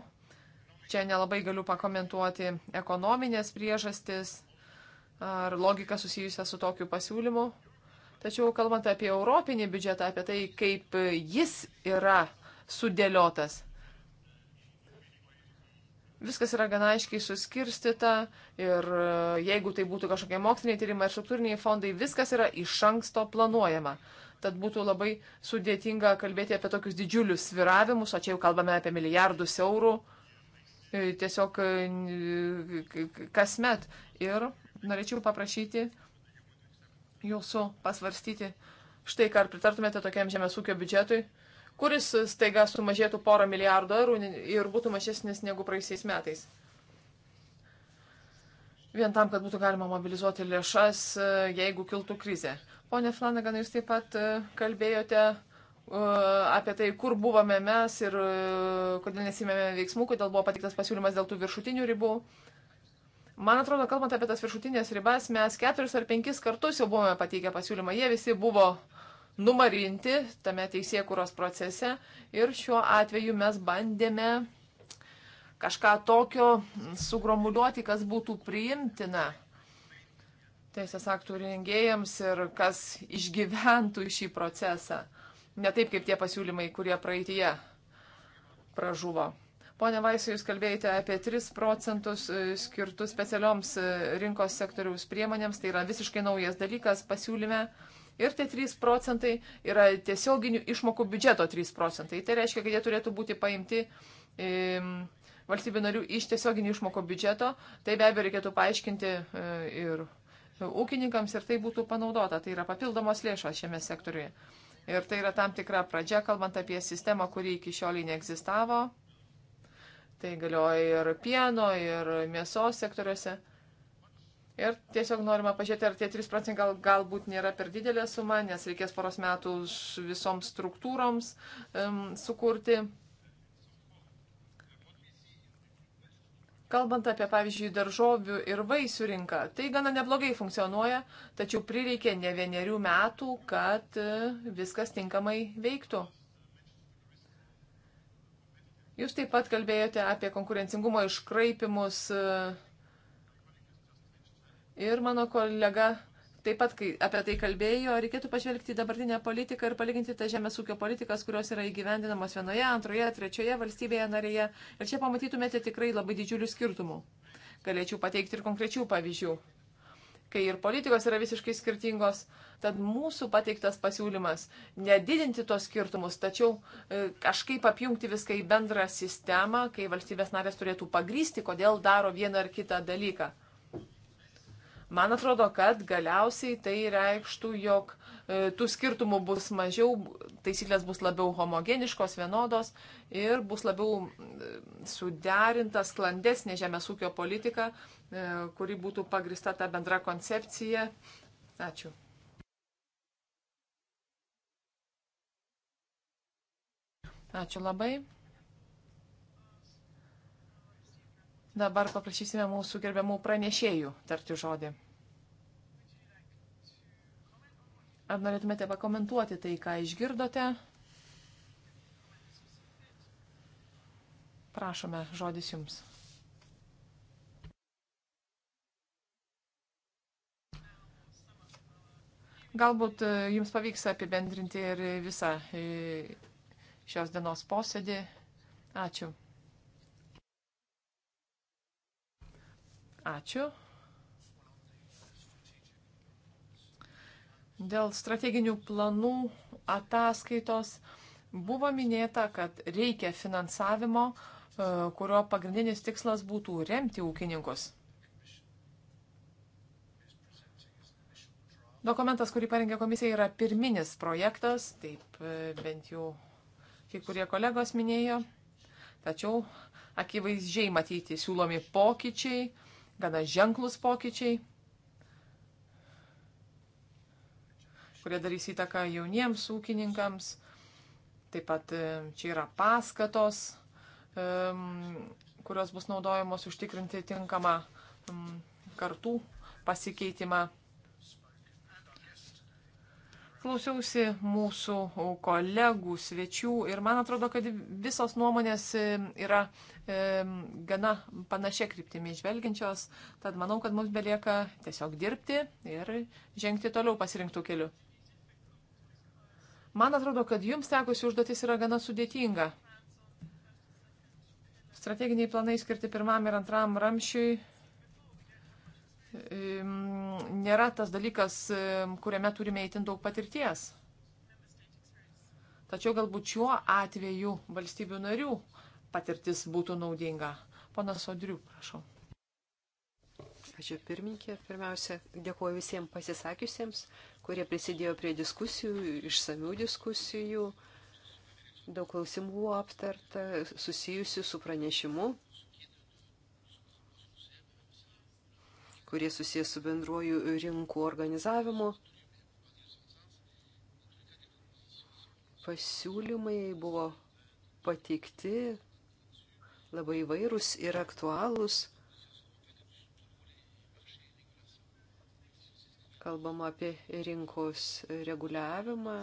Čia nelabai galiu pakomentuoti ekonominės priežastis ar logiką susijusią su tokiu pasiūlymu. Tačiau kalbant apie europinį biudžetą, apie tai, kaip jis yra sudėliotas, viskas yra gana aiškiai suskirstita ir e, jeigu tai būtų kažkokie moksliniai tyrimai ar struktūriniai fondai, viskas yra iš anksto planuojama. Tad būtų labai sudėtinga kalbėti apie tokius didžiulius sviravimus, o čia jau kalbame apie milijardus eurų e, tiesiog kasmet. Ir norėčiau paprašyti jūsų pasvarstyti štai, ar pritartumėte tokiam žemės ūkio biudžetui, kuris staiga sumažėtų porą milijardų eurų ir būtų mažesnis negu praeisiais metais. Vien tam, kad būtų galima mobilizuoti lėšas, e, jeigu kiltų krizė. Pone Flanagan, jūs taip pat e, kalbėjote e, apie tai, kur buvome mes ir kodėl nesimėme veiksmų, kodėl buvo patiktas pasiūlymas dėl tų viršutinių ribų. Man atrodo, kalbant apie tas viršutinės ribas, mes keturis ar penkis kartus jau buvome pateikę pasiūlymą. Jie visi buvo numarinti tame teisėkuros procese ir šiuo atveju mes bandėme kažką tokio sugromuliuoti, kas būtų priimtina teisės aktų rengėjams ir kas išgyventų šį procesą. Ne taip kaip tie pasiūlymai, kurie praeitie pražuvo. Pone Vaisai, jūs kalbėjote apie 3 procentus e, skirtus specialioms e, rinkos sektoriaus priemonėms, tai yra visiškai naujas dalykas pasiūlyme. Ir tie 3 procentai yra tiesioginių išmokų biudžeto 3 procentai. Tai reiškia, kad jie turėtų būti paimti e, valstybių narių iš tiesioginių išmokų biudžeto. Tai be abejo reikėtų paaiškinti e, ir ūkininkams ir tai būtų panaudota. Tai yra papildomos lėšos šiame sektoriuje. Ir tai yra tam tikra pradžia, kalbant apie sistemą, kuri iki šioliai neegzistavo. Tai galioja ir pieno, ir mėsos sektoriuose. Ir tiesiog norime pažiūrėti, ar tie 3 procentai gal, galbūt nėra per didelė suma, nes reikės poros metų visoms struktūroms um, sukurti. Kalbant apie, pavyzdžiui, daržovių ir vaisių rinką, tai gana neblogai funkcionuoja, tačiau prireikė ne vienerių metų, kad e, viskas tinkamai veiktų. Jūs taip pat kalbėjote apie konkurencingumo iškraipimus e, ir mano kolega taip pat kai apie tai kalbėjo, reikėtų pažvelgti į dabartinę politiką ir palyginti tą žemės ūkio politikas, kurios yra įgyvendinamos vienoje, antroje, trečioje valstybėje narėje. Ir čia pamatytumėte tikrai labai didžiulių skirtumų. Galėčiau pateikti ir konkrečių pavyzdžių kai ir politikos yra visiškai skirtingos. Tad mūsų pateiktas pasiūlymas nedidinti tos skirtumus, tačiau e, kažkaip apjungti viską į bendrą sistemą, kai valstybės narės turėtų pagrysti, kodėl daro vieną ar kitą dalyką. Man atrodo, kad galiausiai tai reikštų, jog e, tų skirtumų bus mažiau, taisyklės bus labiau homogeniškos, vienodos ir bus labiau suderinta sklandesnė žemės ūkio politika, E, kuri būtų pagrista ta bendra koncepcija. Ačiū. Ačiū labai. Dabar paprašysime mūsų gerbiamų pranešėjų tarti žodį. Ar norėtumėte pakomentuoti tai, ką išgirdote? Prašome, žodis jums. Galbūt e, jums pavyks apibendrinti ir visą e, šios dienos posėdį. Ačiū. Ačiū. Dėl strateginių planų ataskaitos buvo minėta, kad reikia finansavimo, e, kurio pagrindinis tikslas būtų remti ūkininkus. Dokumentas, kurį parengė komisija, yra pirminis projektas, taip e, bent jau kai kurie kolegos minėjo. Tačiau akivaizdžiai matyti siūlomi pokyčiai, gana ženklus pokyčiai, kurie darys įtaką jauniems ūkininkams. Taip pat e, čia yra paskatos, kurios bus naudojamos užtikrinti tinkamą kartų pasikeitimą. Klausiausi mūsų kolegų, svečių ir man atrodo, kad visos nuomonės e, yra e, gana panašia kryptimi žvelgiančios, tad manau, kad mums belieka tiesiog dirbti ir žengti toliau pasirinktų kelių. Man atrodo, kad jums tekusi užduotis yra gana sudėtinga. Strateginiai planai skirti pirmam ir antram ramšiui. E, nėra tas dalykas, e, kuriame turime įtin daug patirties. Tačiau galbūt šiuo atveju valstybių narių patirtis būtų naudinga. Panas Odriu, prašau. Ačiū pirmininkė. Pirmiausia, dėkuoju visiems pasisakiusiems, kurie prisidėjo prie diskusijų, išsamių diskusijų. Daug klausimų buvo aptarta, susijusių su pranešimu. kurie susijęs su bendruoju rinkų organizavimu. Pasiūlymai buvo pateikti labai vairūs ir aktualūs. Kalbama apie rinkos reguliavimą,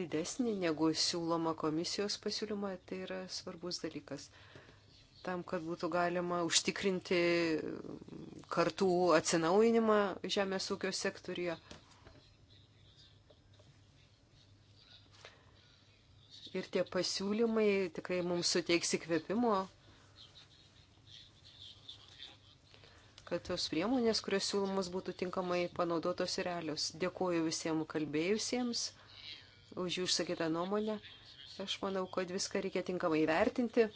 didesnį negu siūloma komisijos pasiūlymą, tai yra svarbus dalykas tam, kad būtų galima užtikrinti kartų atsinaujinimą žemės ūkio sektorija. Ir tie pasiūlymai tikrai mums suteiks įkvėpimo, kad tos priemonės, kurios siūlomos, būtų tinkamai panaudotos ir realios. Dėkuoju visiems kalbėjusiems už jų išsakytą nuomonę. Aš manau, kad viską reikia tinkamai vertinti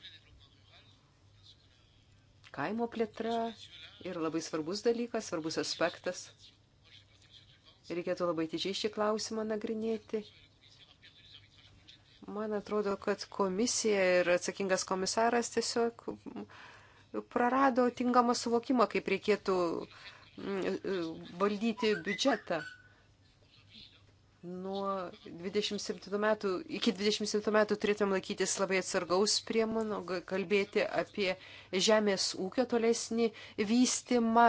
kaimo plėtra yra labai svarbus dalykas, svarbus aspektas. Reikėtų labai didžiai šį klausimą nagrinėti. Man atrodo, kad komisija ir atsakingas komisaras tiesiog prarado tinkamą suvokimą, kaip reikėtų mm, valdyti biudžetą. Nuo 27 metų, iki 27 metų turėtum laikytis labai atsargaus priemonų, kalbėti apie žemės ūkio tolesnį vystimą,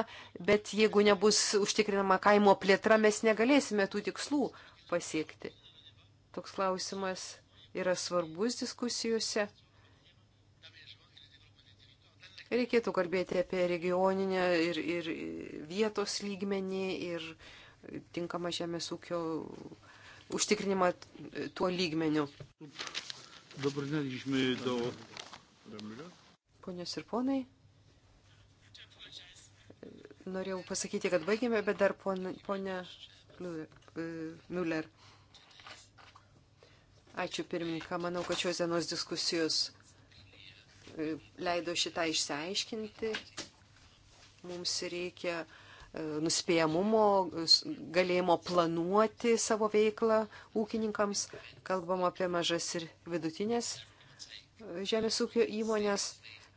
bet jeigu nebus užtikrinama kaimo plėtra, mes negalėsime tų tikslų pasiekti. Toks klausimas yra svarbus diskusijose. Reikėtų kalbėti apie regioninę ir, ir vietos lygmenį ir tinkamą žemės ūkio užtikrinimą tuo lygmeniu. Ponios ir ponai, norėjau pasakyti, kad baigėme, bet dar ponia e, Müller. Ačiū pirmininką, manau, kad šios dienos diskusijos e, leido šitą išsiaiškinti. Mums reikia uh, E, nuspėjamumo, galėjimo planuoti savo veiklą ūkininkams. Kalbam apie mažas ir vidutinės e, žemės ūkio įmonės.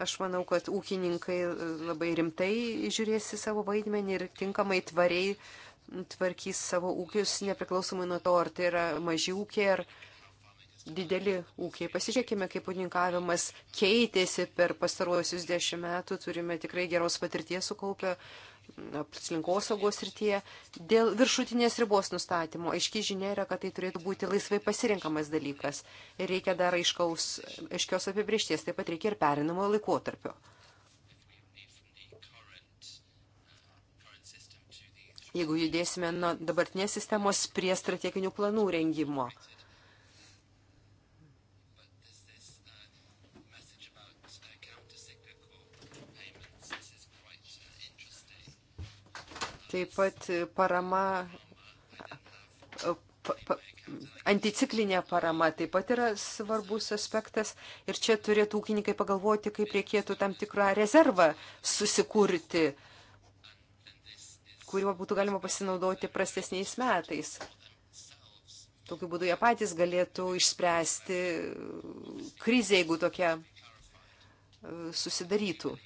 Aš manau, kad ūkininkai e, labai rimtai žiūrėsi savo vaidmenį ir tinkamai tvariai tvarkys savo ūkius, nepriklausomai nuo to, ar tai yra maži ūkiai ar dideli ūkiai. Pasižiūrėkime, kaip ūkininkavimas keitėsi per pastaruosius dešimt metų. Turime tikrai geros patirties sukaupę aplinkosaugos rytyje dėl viršutinės ribos nustatymo. Aiški žinia yra, kad tai turėtų būti laisvai pasirinkamas dalykas. Reikia dar aiškaus, aiškios apibriešties, taip pat reikia ir perinamojo laikotarpio. Jeigu judėsime nuo dabartinės sistemos prie strateginių planų rengimo Taip pat parama, pa, pa, anticiklinė parama taip pat yra svarbus aspektas ir čia turėtų ūkininkai pagalvoti, kaip reikėtų tam tikrą rezervą susikurti, kuriuo būtų galima pasinaudoti prastesniais metais. Tokiu būdu jie patys galėtų išspręsti krizę, jeigu tokia e, susidarytų.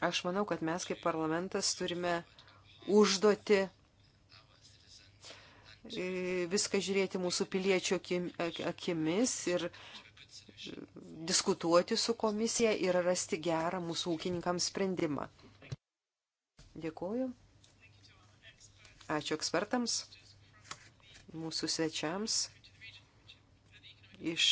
Aš manau, kad mes kaip parlamentas turime užduoti e, viską žiūrėti mūsų piliečių akimis ir diskutuoti su komisija ir rasti gerą mūsų ūkininkams sprendimą. Dėkuoju. Ačiū ekspertams, mūsų svečiams iš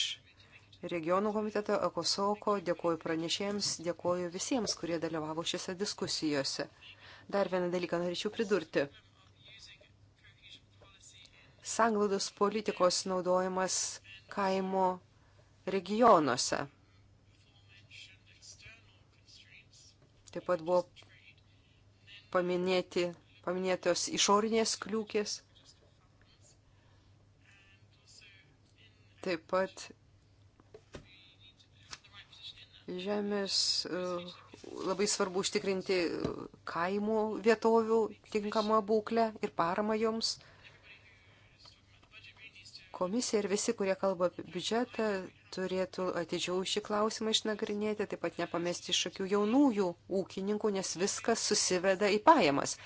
regionų komiteto Ekosoko, dėkoju pranešėjams, dėkoju visiems, kurie dalyvavo šiose diskusijose. Dar vieną dalyką norėčiau pridurti. Sanglaudos politikos naudojimas kaimo regionuose. Taip pat buvo paminėti, paminėtos išorinės kliūkės. Taip pat žemės e, labai svarbu užtikrinti kaimų vietovių tinkamą būklę ir paramą joms. Komisija ir visi, kurie kalba apie biudžetą, turėtų atidžiau šį klausimą išnagrinėti, taip pat nepamesti iš akių jaunųjų ūkininkų, nes viskas susiveda į pajamas.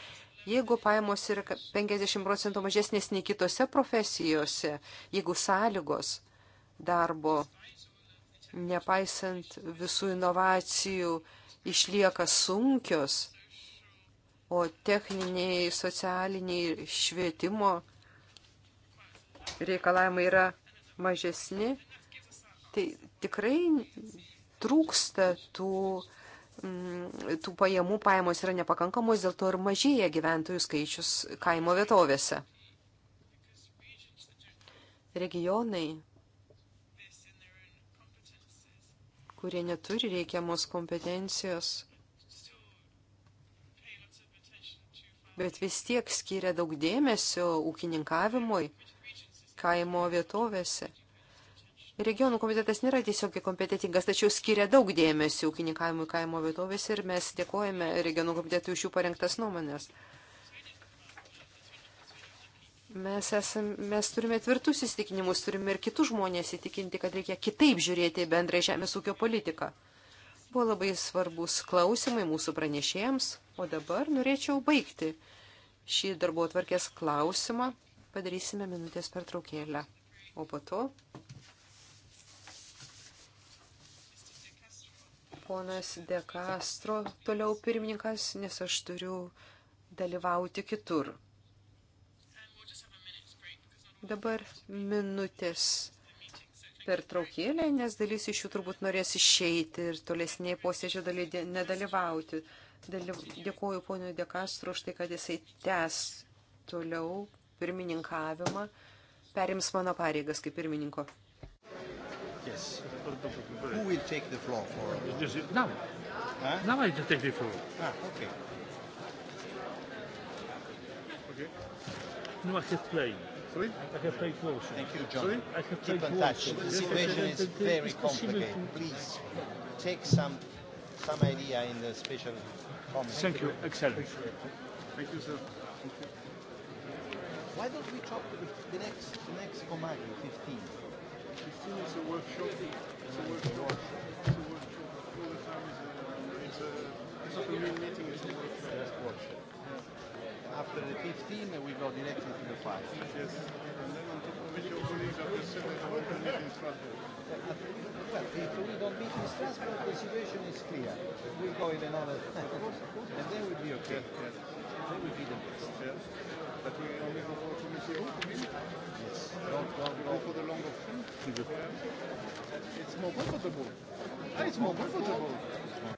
Jeigu pajamos yra 50 procentų mažesnės nei kitose profesijose, jeigu sąlygos darbo nepaisant visų inovacijų, išlieka sunkios, o techniniai, socialiniai švietimo reikalavimai yra mažesni, tai tikrai trūksta tų, mm, tų pajamų, pajamos yra nepakankamos, dėl to ir mažėja gyventojų skaičius kaimo vietovėse. Regionai kurie neturi reikiamos kompetencijos, bet vis tiek skiria daug dėmesio ūkininkavimui kaimo vietovėse. Regionų komitetas nėra tiesiogiai kompetitingas, tačiau skiria daug dėmesio ūkininkavimui kaimo vietovėse ir mes dėkojame regionų komitetui už jų parengtas nuomonės. Mes, esam, mes turime tvirtus įsitikinimus, turime ir kitus žmonės įtikinti, kad reikia kitaip žiūrėti į bendrą žemės ūkio politiką. Buvo labai svarbus klausimai mūsų pranešėjams, o dabar norėčiau baigti šį darbo atvarkės klausimą. Padarysime minutės pertraukėlę. O po to ponas De Castro toliau pirmininkas, nes aš turiu dalyvauti kitur. Dabar minutės pertraukėlė, nes dalis iš jų turbūt norės išeiti ir tolesnėje posėdžio dalyje nedalyvauti. Dalyv... Dėkuoju ponui Dekastro už tai, kad jisai tęs toliau pirmininkavimą, perims mano pareigas kaip pirmininko. Yes. Who will take the floor for? Now. Huh? Now I take the floor. Ah, okay. Okay. No, I have played. Sorry? I can play closer. Thank you, John. Sorry? I can play Keep in touch. The situation is very complicated. Please take some, some idea in the special comment. Thank you. Excellent. Thank you, sir. Thank you. Why don't we talk the next, the next Comagri, 15? 15 is a workshop. It's a workshop. It's a workshop. All the time is a, it's a, it's a meeting. It's a workshop after the 15, we go directly to the 5. Yes, and then on top of it, your colleagues after 7 want to meet in Strasbourg. Well, if we don't meet in Strasbourg, the situation is clear. We go in another, and then we'll be okay. Yeah, yeah. Then we'll be the best. Yeah. But we only go for Committee O, Yes. Don't, don't go for the long option. It's more comfortable. It's more comfortable.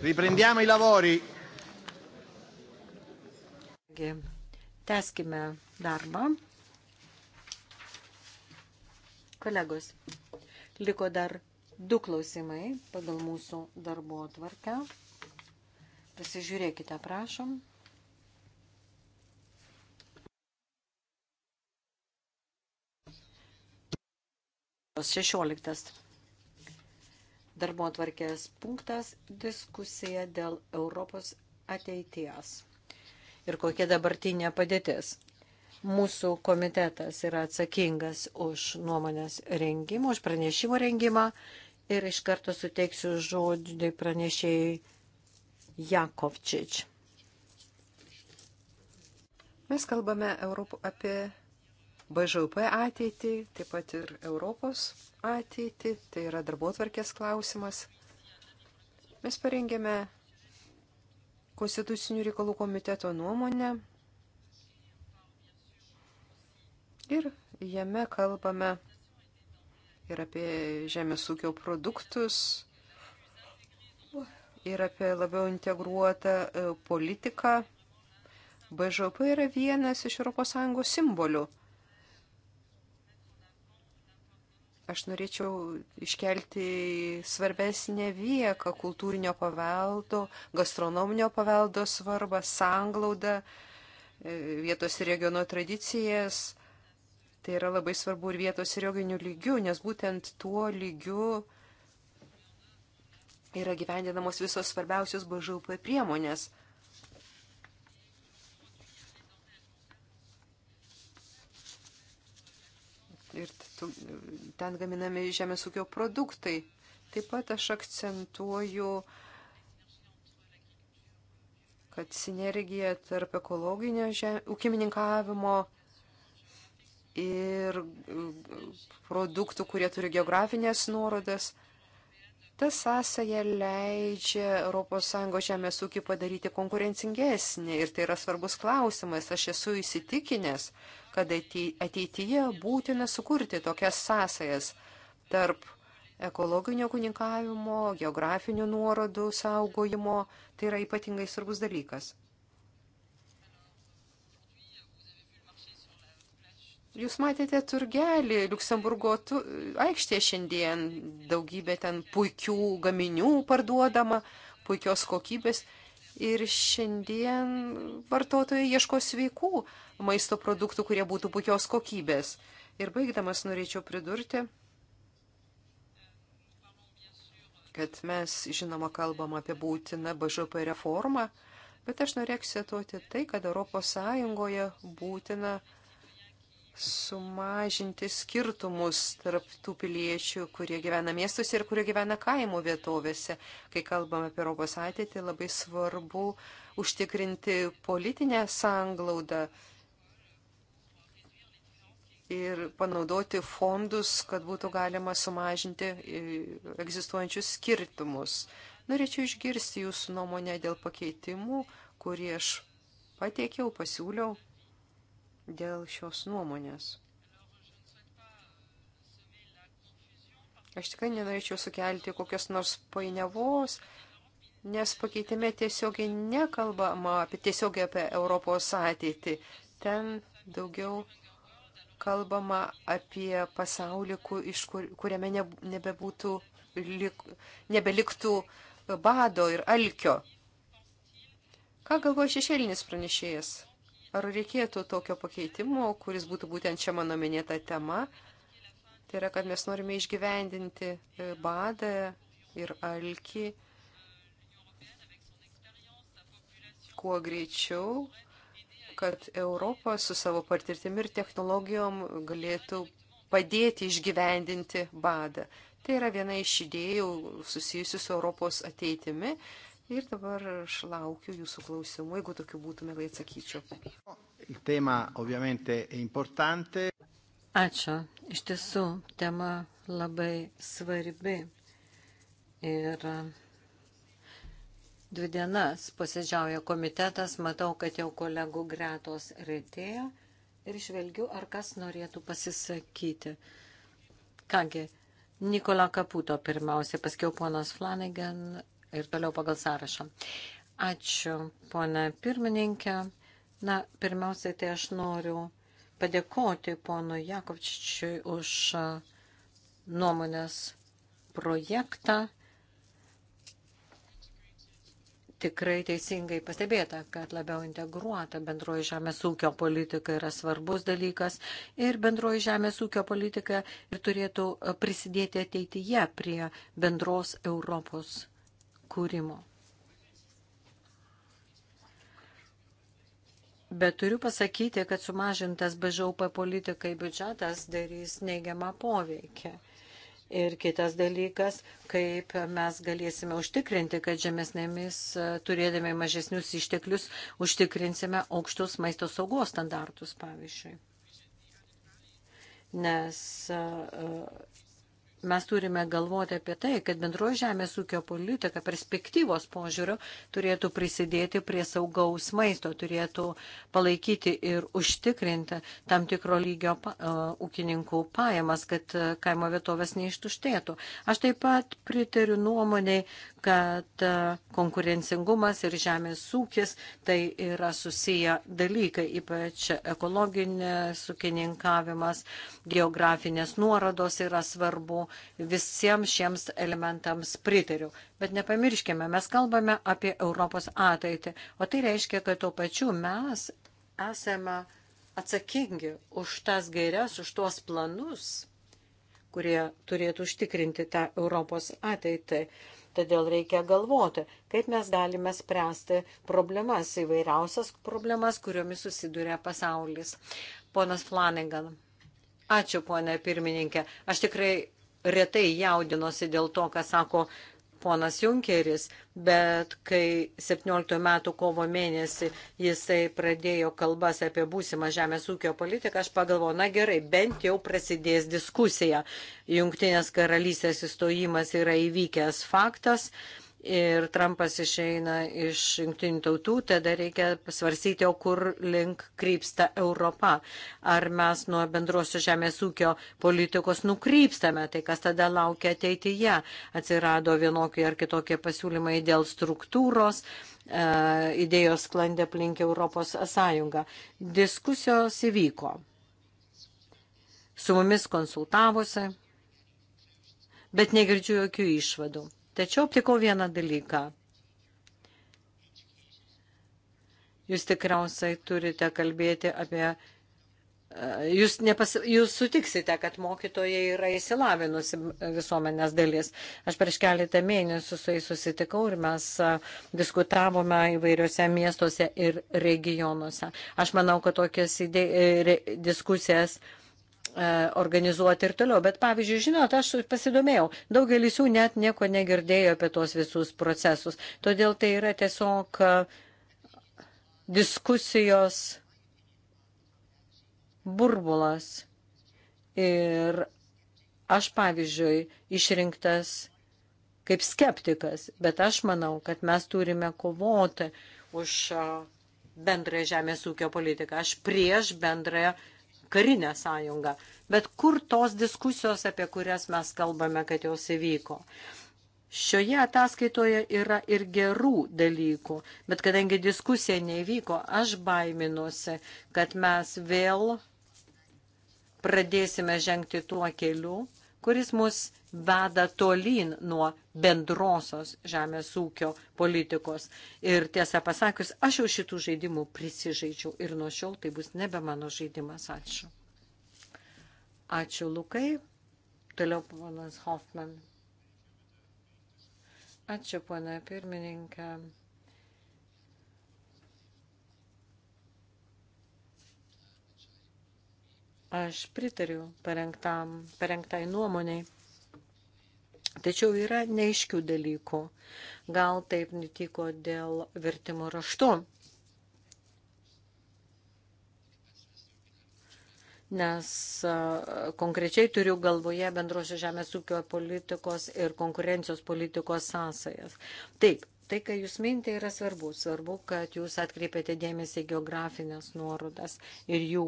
Riprendiamo i lavori. Teskime darbą. Kolegos, liko dar du klausimai pagal mūsų darbo tvarkę. Pasižiūrėkite, prašom. Šešioliktas darbo atvarkės punktas - diskusija dėl Europos ateities ir kokia dabartinė padėtis. Mūsų komitetas yra atsakingas už nuomonės rengimą, už pranešimų rengimą ir iš karto suteiksiu žodį pranešėjai Jakovčič. Mes kalbame Europų, apie BŽP ateitį, taip pat ir Europos ateitį, tai yra darbotvarkės klausimas. Mes parengėme Konstitucinių reikalų komiteto nuomonę ir jame kalbame ir apie žemės ūkio produktus, ir apie labiau integruotą e, politiką. BŽP yra vienas iš ES simbolių. Aš norėčiau iškelti svarbesnę vietą kultūrinio paveldo, gastronominio paveldo svarbą, sanglaudą, e, vietos ir regiono tradicijas. Tai yra labai svarbu ir vietos ir regionių lygių, nes būtent tuo lygiu yra gyvendinamos visos svarbiausios BŽUP priemonės. Ir ten gaminami žemės ūkio produktai. Taip pat aš akcentuoju, kad sinergija tarp ekologinio žem... ūkininkavimo ir produktų, kurie turi geografinės nuorodas – Ta sąsaja leidžia ES žemės ūkį padaryti konkurencingesnį ir tai yra svarbus klausimas. Aš esu įsitikinęs, kad ateityje būtina sukurti tokias sąsajas tarp ekologinio kunikavimo, geografinių nuorodų saugojimo. Tai yra ypatingai svarbus dalykas. Jūs matėte turgelį Luksemburgo tu, aikštėje šiandien, daugybė ten puikių gaminių parduodama, puikios kokybės. Ir šiandien vartotojai ieško sveikų maisto produktų, kurie būtų puikios kokybės. Ir baigdamas norėčiau pridurti, kad mes, žinoma, kalbam apie būtiną BŽP reformą, bet aš norėksiu atuoti tai, kad ES būtina sumažinti skirtumus tarp tų piliečių, kurie gyvena miestuose ir kurie gyvena kaimo vietovėse. Kai kalbame apie Europos ateitį, labai svarbu užtikrinti politinę sanglaudą ir panaudoti fondus, kad būtų galima sumažinti e, egzistuojančius skirtumus. Norėčiau išgirsti jūsų nuomonę dėl pakeitimų, kurį aš pateikiau, pasiūliau dėl šios nuomonės. Aš tikrai nenorėčiau sukelti kokios nors painiavos, nes pakeitime tiesiogiai nekalbama apie, tiesiogiai apie Europos ateitį. Ten daugiau kalbama apie pasaulį, iš kur, kuriame ne, nebebūtų, lik, nebeliktų bado ir alkio. Ką galvoja šešėlinis pranešėjas? Ar reikėtų tokio pakeitimo, kuris būtų būtent čia mano minėta tema? Tai yra, kad mes norime išgyvendinti e, badą ir alkį kuo greičiau, kad Europa su savo patirtimi ir technologijom galėtų padėti išgyvendinti badą. Tai yra viena iš idėjų susijusių su Europos ateitimi Ir dabar aš laukiu jūsų klausimų, jeigu tokių būtų, mielai atsakyčiau. Tema, ovviamente, importante. Ačiū. Iš tiesų, tema labai svarbi. Ir e, dvi dienas posėdžiauja komitetas, matau, kad jau kolegų gretos rytėjo ir išvelgiu, ar kas norėtų pasisakyti. Kągi, Nikola Kaputo pirmiausia, paskiau ponas Flanagan ir toliau pagal sąrašą. Ačiū, ponė pirmininkė. Na, pirmiausiai, tai aš noriu padėkoti ponui Jakovčičiui už nuomonės projektą. Tikrai teisingai pastebėta, kad labiau integruota bendroji žemės ūkio politika yra svarbus dalykas ir bendroji žemės ūkio politika ir turėtų prisidėti ateityje prie bendros Europos kūrimo. Bet turiu pasakyti, kad sumažintas BŽUP politikai biudžetas darys neigiamą poveikį. Ir kitas dalykas, kaip mes galėsime užtikrinti, kad žemesnėmis, turėdami mažesnius išteklius, užtikrinsime aukštus maisto saugos standartus, pavyzdžiui. Nes mes turime galvoti apie tai, kad bendro žemės ūkio politika perspektyvos požiūriu turėtų prisidėti prie saugaus maisto, turėtų palaikyti ir užtikrinti tam tikro lygio pa, uh, ūkininkų pajamas, kad e, kaimo vietovės neištuštėtų. Aš taip pat pritariu nuomoniai, kad e, konkurencingumas ir žemės ūkis tai yra susiję dalykai, ypač ekologinės sukininkavimas, geografinės nuorodos yra svarbu, visiems šiems elementams pritariu. Bet nepamirškime, mes kalbame apie Europos ateitį, o tai reiškia, kad tuo pačiu mes esame atsakingi už tas gairias, už tuos planus kurie turėtų užtikrinti tą Europos ateitį. Todėl reikia galvoti, kaip mes galime spręsti problemas, įvairiausias problemas, kuriomis susiduria pasaulis. Ponas Flanagan. Ačiū, ponė pirmininkė. Aš tikrai retai jaudinuosi dėl to, ką sako ponas Junkeris, bet kai 17 metų kovo mėnesį jisai pradėjo kalbas apie būsimą žemės ūkio politiką, aš pagalvojau, na gerai, bent jau prasidės diskusija. Junktinės karalystės įstojimas yra įvykęs faktas. Uh, ir Trumpas išeina iš jungtinių tautų, tada reikia svarsyti, o kur link krypsta Europa. Ar mes nuo bendrosios žemės ūkio politikos nukrypstame, tai kas tada laukia ateityje. Atsirado vienokie ar kitokie pasiūlymai dėl struktūros, e, idėjos sklandė aplink Europos sąjungą. Diskusijos įvyko. Su mumis konsultavosi, bet negirdžiu jokių išvadų Tačiau aptikau vieną dalyką. Jūs tikriausiai turite kalbėti apie e, Jūs, nepas, jūs sutiksite, kad mokytojai yra įsilavinusi visuomenės dalis. Aš prieš keletą mėnesių su jais susitikau ir mes e, diskutavome įvairiuose miestuose ir regionuose. Aš manau, kad tokias idė, e, diskusijas uh, E, organizuoti ir toliau. Bet pavyzdžiui, žinot, aš pasidomėjau, daugelis jų net nieko negirdėjo apie tos visus procesus. Todėl tai yra tiesiog e, diskusijos burbulas. Ir aš, pavyzdžiui, išrinktas kaip skeptikas, bet aš manau, kad mes turime kovoti už e, bendrąją žemės ūkio politiką. Aš prieš bendrąją karinę sąjungą. Bet kur tos diskusijos, apie kurias mes kalbame, kad jos įvyko? Šioje ataskaitoje yra ir gerų dalykų, bet kadangi diskusija nevyko, aš baiminuosi, kad mes vėl pradėsime žengti tuo keliu, kuris mus veda tolyn nuo bendrosios žemės ūkio politikos. Ir tiesą pasakius, aš jau šitų žaidimų prisižaidžiau ir nuo šiol tai bus nebe mano žaidimas. Ačiū. Ačiū Lukai. Toliau ponas Hoffman. Ačiū, pana pirmininkė. Aš pritariu parengtam, parengtai nuomoniai. Tačiau yra neiškių dalykų. Gal taip nutiko dėl vertimo raštu. Nes konkrečiai turiu galvoje bendrosios žemės ūkio politikos ir konkurencijos politikos sąsajas. Taip, tai, ką jūs mintė, yra svarbu. Svarbu, kad jūs atkreipėte dėmesį geografinės nuorodas ir jų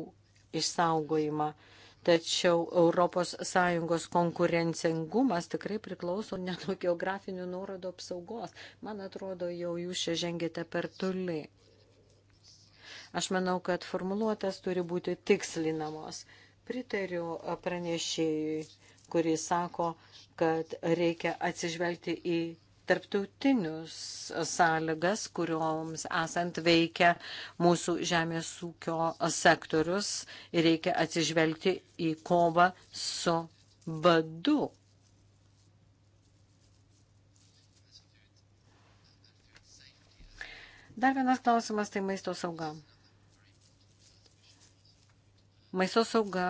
išsaugojimą. Uh, tačiau ES konkurencingumas tikrai priklauso ne nuo geografinių nuorodų apsaugos. Man atrodo, jau jūs čia žengėte per toli. Aš manau, kad formuluotės turi būti tikslinamos. Pritariu pranešėjui, kuris sako, kad reikia atsižvelgti į tarptautinius sąlygas, kurioms esant veikia mūsų žemės ūkio sektorius ir reikia atsižvelgti į kovą su badu. Dar vienas klausimas tai maisto sauga. Maisto sauga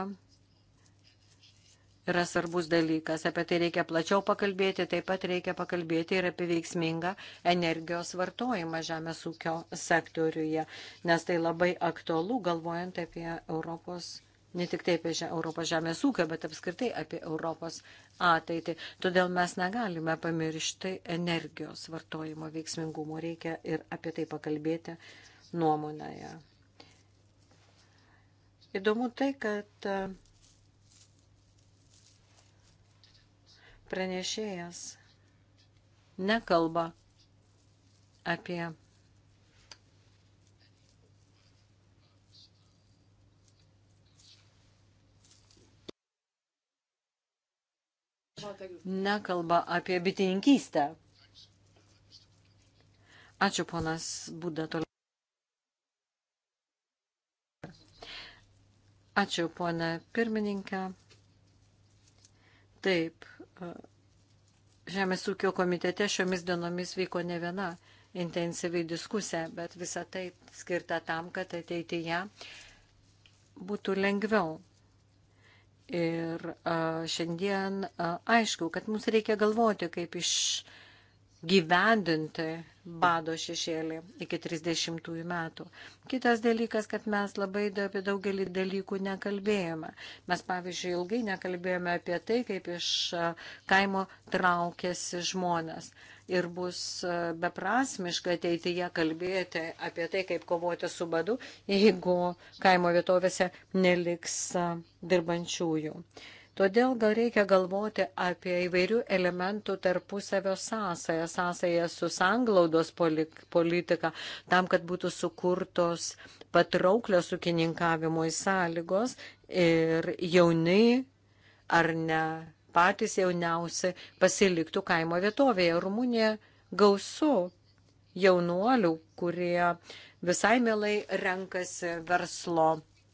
yra svarbus dalykas. Apie tai reikia plačiau pakalbėti, taip pat reikia pakalbėti ir apie veiksmingą energijos vartojimą žemės ūkio sektoriuje, nes tai labai aktualu, galvojant apie Europos ne tik tai apie Europos žemės ūkio, bet apskritai apie Europos ateitį. Todėl mes negalime pamiršti energijos vartojimo veiksmingumo. Reikia ir apie tai pakalbėti nuomonėje. Įdomu tai, kad pranešėjas nekalba apie nekalba apie bitininkystę. Ačiū, ponas Būda. Ačiū, ponė pirmininkė. Taip, Žemės ūkio komitete šiomis dienomis vyko ne viena intensyviai diskusija, bet visa tai skirta tam, kad ateityje būtų lengviau. Ir šiandien aišku, kad mums reikia galvoti, kaip iš gyvendinti bado šešėlį iki 30 metų. Kitas dalykas, kad mes labai apie daugelį dalykų nekalbėjome. Mes, pavyzdžiui, ilgai nekalbėjome apie tai, kaip iš kaimo traukėsi žmonės. Ir bus beprasmiška ateityje kalbėti apie tai, kaip kovoti su badu, jeigu kaimo vietovėse neliks dirbančiųjų. Uh, Todėl gal reikia galvoti apie įvairių elementų tarpusavio sąsąją, sąsąją su sanglaudos politika, tam, kad būtų sukurtos patrauklios ūkininkavimo sąlygos ir jauni ar ne patys jauniausi pasiliktų kaimo vietovėje. Rumunija gausu jaunuolių, kurie visai mielai renkasi verslo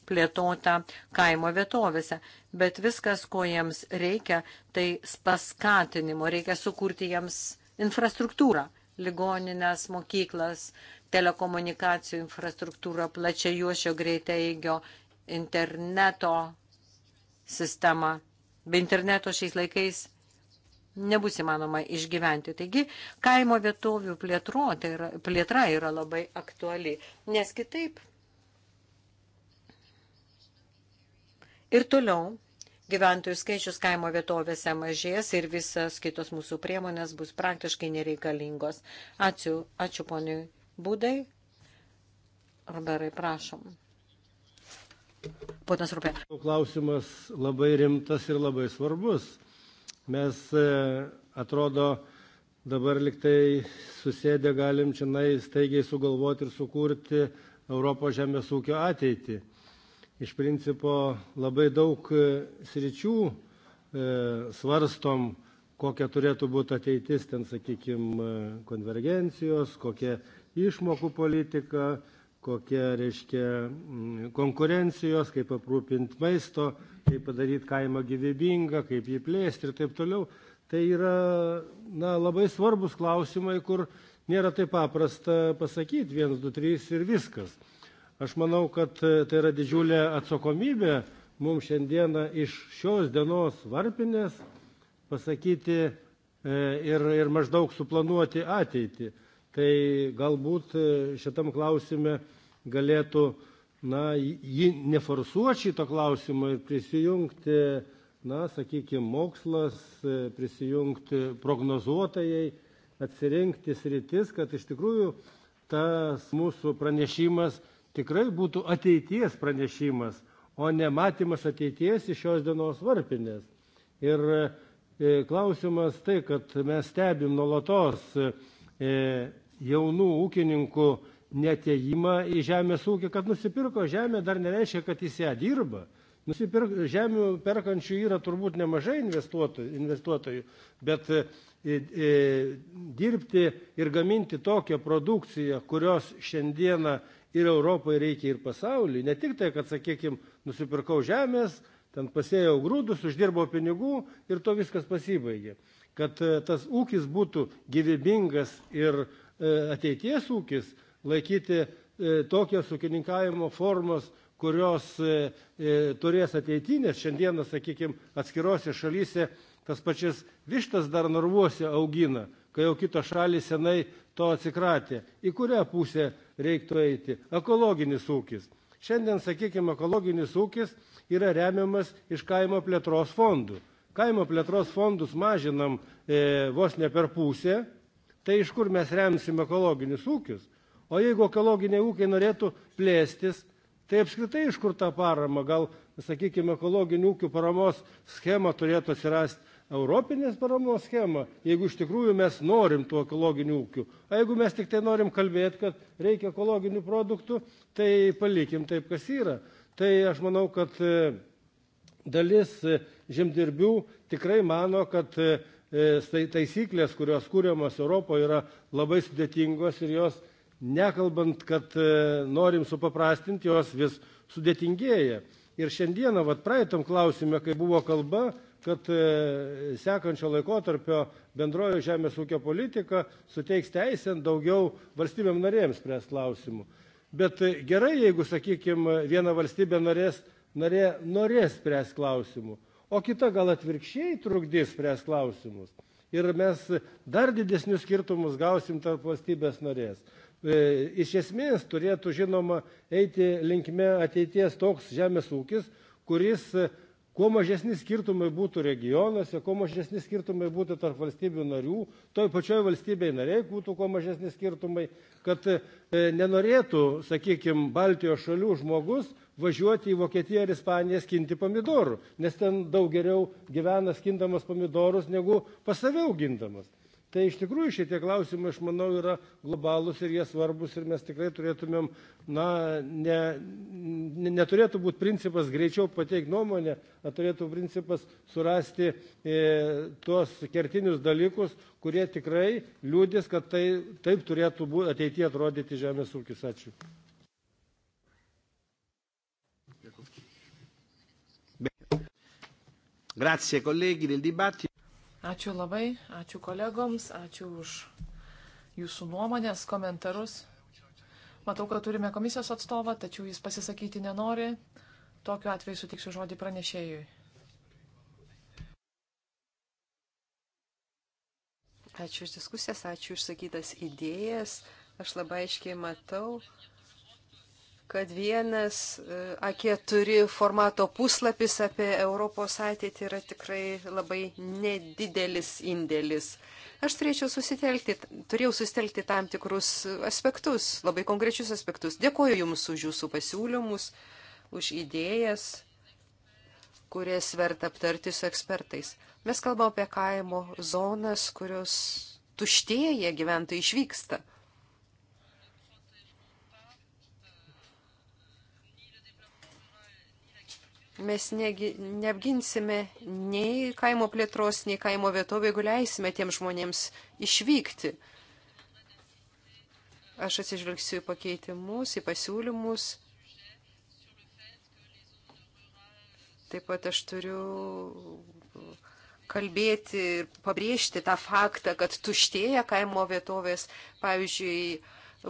plėtota kaimo vietovėse. Bet viskas, ko jiems reikia, tai paskatinimo, reikia sukurti jiems infrastruktūrą ligoninės, mokyklas, telekomunikacijų infrastruktūrą, plačia juošio greiteigio, interneto sistemą. Be interneto šiais laikais nebus įmanoma išgyventi. Taigi kaimo vietovių plėtra tai yra, plėtra yra labai aktuali, nes kitaip Ir toliau gyventojų skaičius kaimo vietovėse mažės ir visas kitos mūsų priemonės bus praktiškai nereikalingos. Ačiū, ačiū poniai Būdai. Roberai, prašom. Ponas Rupė. Klausimas labai rimtas ir labai svarbus. Mes e, atrodo dabar liktai susėdę galim čia staigiai sugalvoti ir sukurti Europos žemės ūkio ateitį iš principo labai daug e, sričių e, svarstom, kokia turėtų būti ateitis ten, sakykime, konvergencijos, kokia išmokų politika, kokia, reiškia, mm, konkurencijos, kaip aprūpinti maisto, kaip padaryti kaimą gyvybingą, kaip jį plėsti ir taip toliau. Tai yra na, labai svarbus klausimai, kur nėra taip paprasta pasakyti 1, 2, 3 ir viskas. Aš manau, kad e, tai yra didžiulė atsakomybė mums šiandieną iš šios dienos varpinės pasakyti e, ir, ir maždaug suplanuoti ateitį. Tai galbūt e, šitam klausime galėtų, na, jį neforsuoti šito klausimo ir prisijungti, na, sakykime, mokslas, prisijungti prognozuotojai, atsirinkti sritis, kad iš tikrųjų tas mūsų pranešimas tikrai būtų ateities pranešimas, o ne matymas ateities iš šios dienos varpinės. Ir e, klausimas tai, kad mes stebim nuolatos e, e, jaunų ūkininkų netėjimą į žemės ūkį, kad nusipirko žemę dar nereiškia, kad jis ją dirba. Nusipirk, žemių perkančių yra turbūt nemažai investuotojų, investuotojų bet e, e, dirbti ir gaminti tokią produkciją, kurios šiandieną ir Europai reikia ir pasauliui. Ne tik tai, kad, sakykime, nusipirkau žemės, ten pasėjau grūdus, uždirbau pinigų ir to viskas pasibaigė. Kad e, tas ūkis būtų gyvybingas ir e, ateities ūkis, laikyti e, tokias ūkininkavimo formas, kurios turės ateitinės. Šiandieną, sakykime, atskirose šalyse tas pačias vištas dar narvuose augina kai jau kitos šalys senai to atsikratė į kurią pusę reiktų eiti ekologinis ūkis šiandien sakykime ekologinis ūkis yra remiamas iš kaimo plėtros fondų kaimo plėtros fondus mažinam e, vos ne per pusę tai iš kur mes remsim ekologinius ūkius o jeigu ekologiniai ūkiai norėtų plėstis tai apskritai iš kur ta parama gal sakykime ekologinių ūkių paramos schema turėtų atsirasti europinės paramos schemą jeigu iš tikrųjų mes norim tų ekologinių ūkių o jeigu mes tiktai norim kalbėt kad reikia ekologinių produktų tai palikim taip kas yra tai aš manau kad e, dalis e, žemdirbių tikrai mano kad e, tai taisyklės kurios kuriamos europoje yra labai sudėtingos ir jos nekalbant kad norim supaprastint jos vis sudėtingėja ir šiandieną vat praeitam klausime kai buvo kalba kad e, sekančio laikotarpio bendrojo žemės ūkio politika suteiks teisę daugiau valstybėm narėms spręst klausimų. Bet gerai, jeigu, sakykime, viena valstybė norės, narė norės spręst klausimų, o kita gal atvirkščiai trukdys spręst klausimus. Ir mes dar didesnius skirtumus gausim tarp valstybės narės. E, iš esmės turėtų, žinoma, eiti linkme ateities toks žemės ūkis, kuris kuo mažesni skirtumai būtų regionuose kuo mažesni skirtumai būtų tarp valstybių narių toj pačioj valstybėj narėj būtų kuo mažesni skirtumai kad e, nenorėtų sakykim baltijos šalių žmogus važiuoti į vokietiją ar ispaniją skinti pomidorų nes ten daug geriau gyvena skindamas pomidorus negu pas save augindamas tai iš tikrųjų šitie klausimai aš manau yra globalūs ir jie svarbūs ir mes tikrai turėtumėm na ne, ne neturėtų būti principas greičiau pateikti nuomonę o turėtų principas surasti e, tuos kertinius dalykus kurie tikrai liūdės kad tai taip turėtų būti ateityje atrodyti žemės ūkis ačiū Grazie colleghi del dibattito. Ačiū labai, ačiū kolegoms, ačiū už jūsų nuomonės, komentarus. Matau, kad turime komisijos atstovą, tačiau jis pasisakyti nenori. Tokiu atveju sutiksiu žodį pranešėjui. Ačiū už diskusijas, ačiū išsakytas idėjas. Aš labai aiškiai matau, kad vienas e, A4 formato puslapis apie Europos ateitį yra tikrai labai nedidelis indėlis. Aš turėčiau susitelkti, turėjau susitelkti tam tikrus aspektus, labai konkrečius aspektus. Dėkuoju Jums už Jūsų pasiūlymus, už idėjas kurias verta aptarti su ekspertais. Mes kalbame apie kaimo zonas, kurios tuštėja, gyventojai išvyksta. Mes negi, neapginsime nei kaimo plėtros, nei kaimo vietovė, jeigu leisime tiem žmonėms išvykti. Aš atsižvelgsiu į pakeitimus, į pasiūlymus. Taip pat aš turiu kalbėti ir pabrėžti tą faktą, kad tuštėja kaimo vietovės. Pavyzdžiui,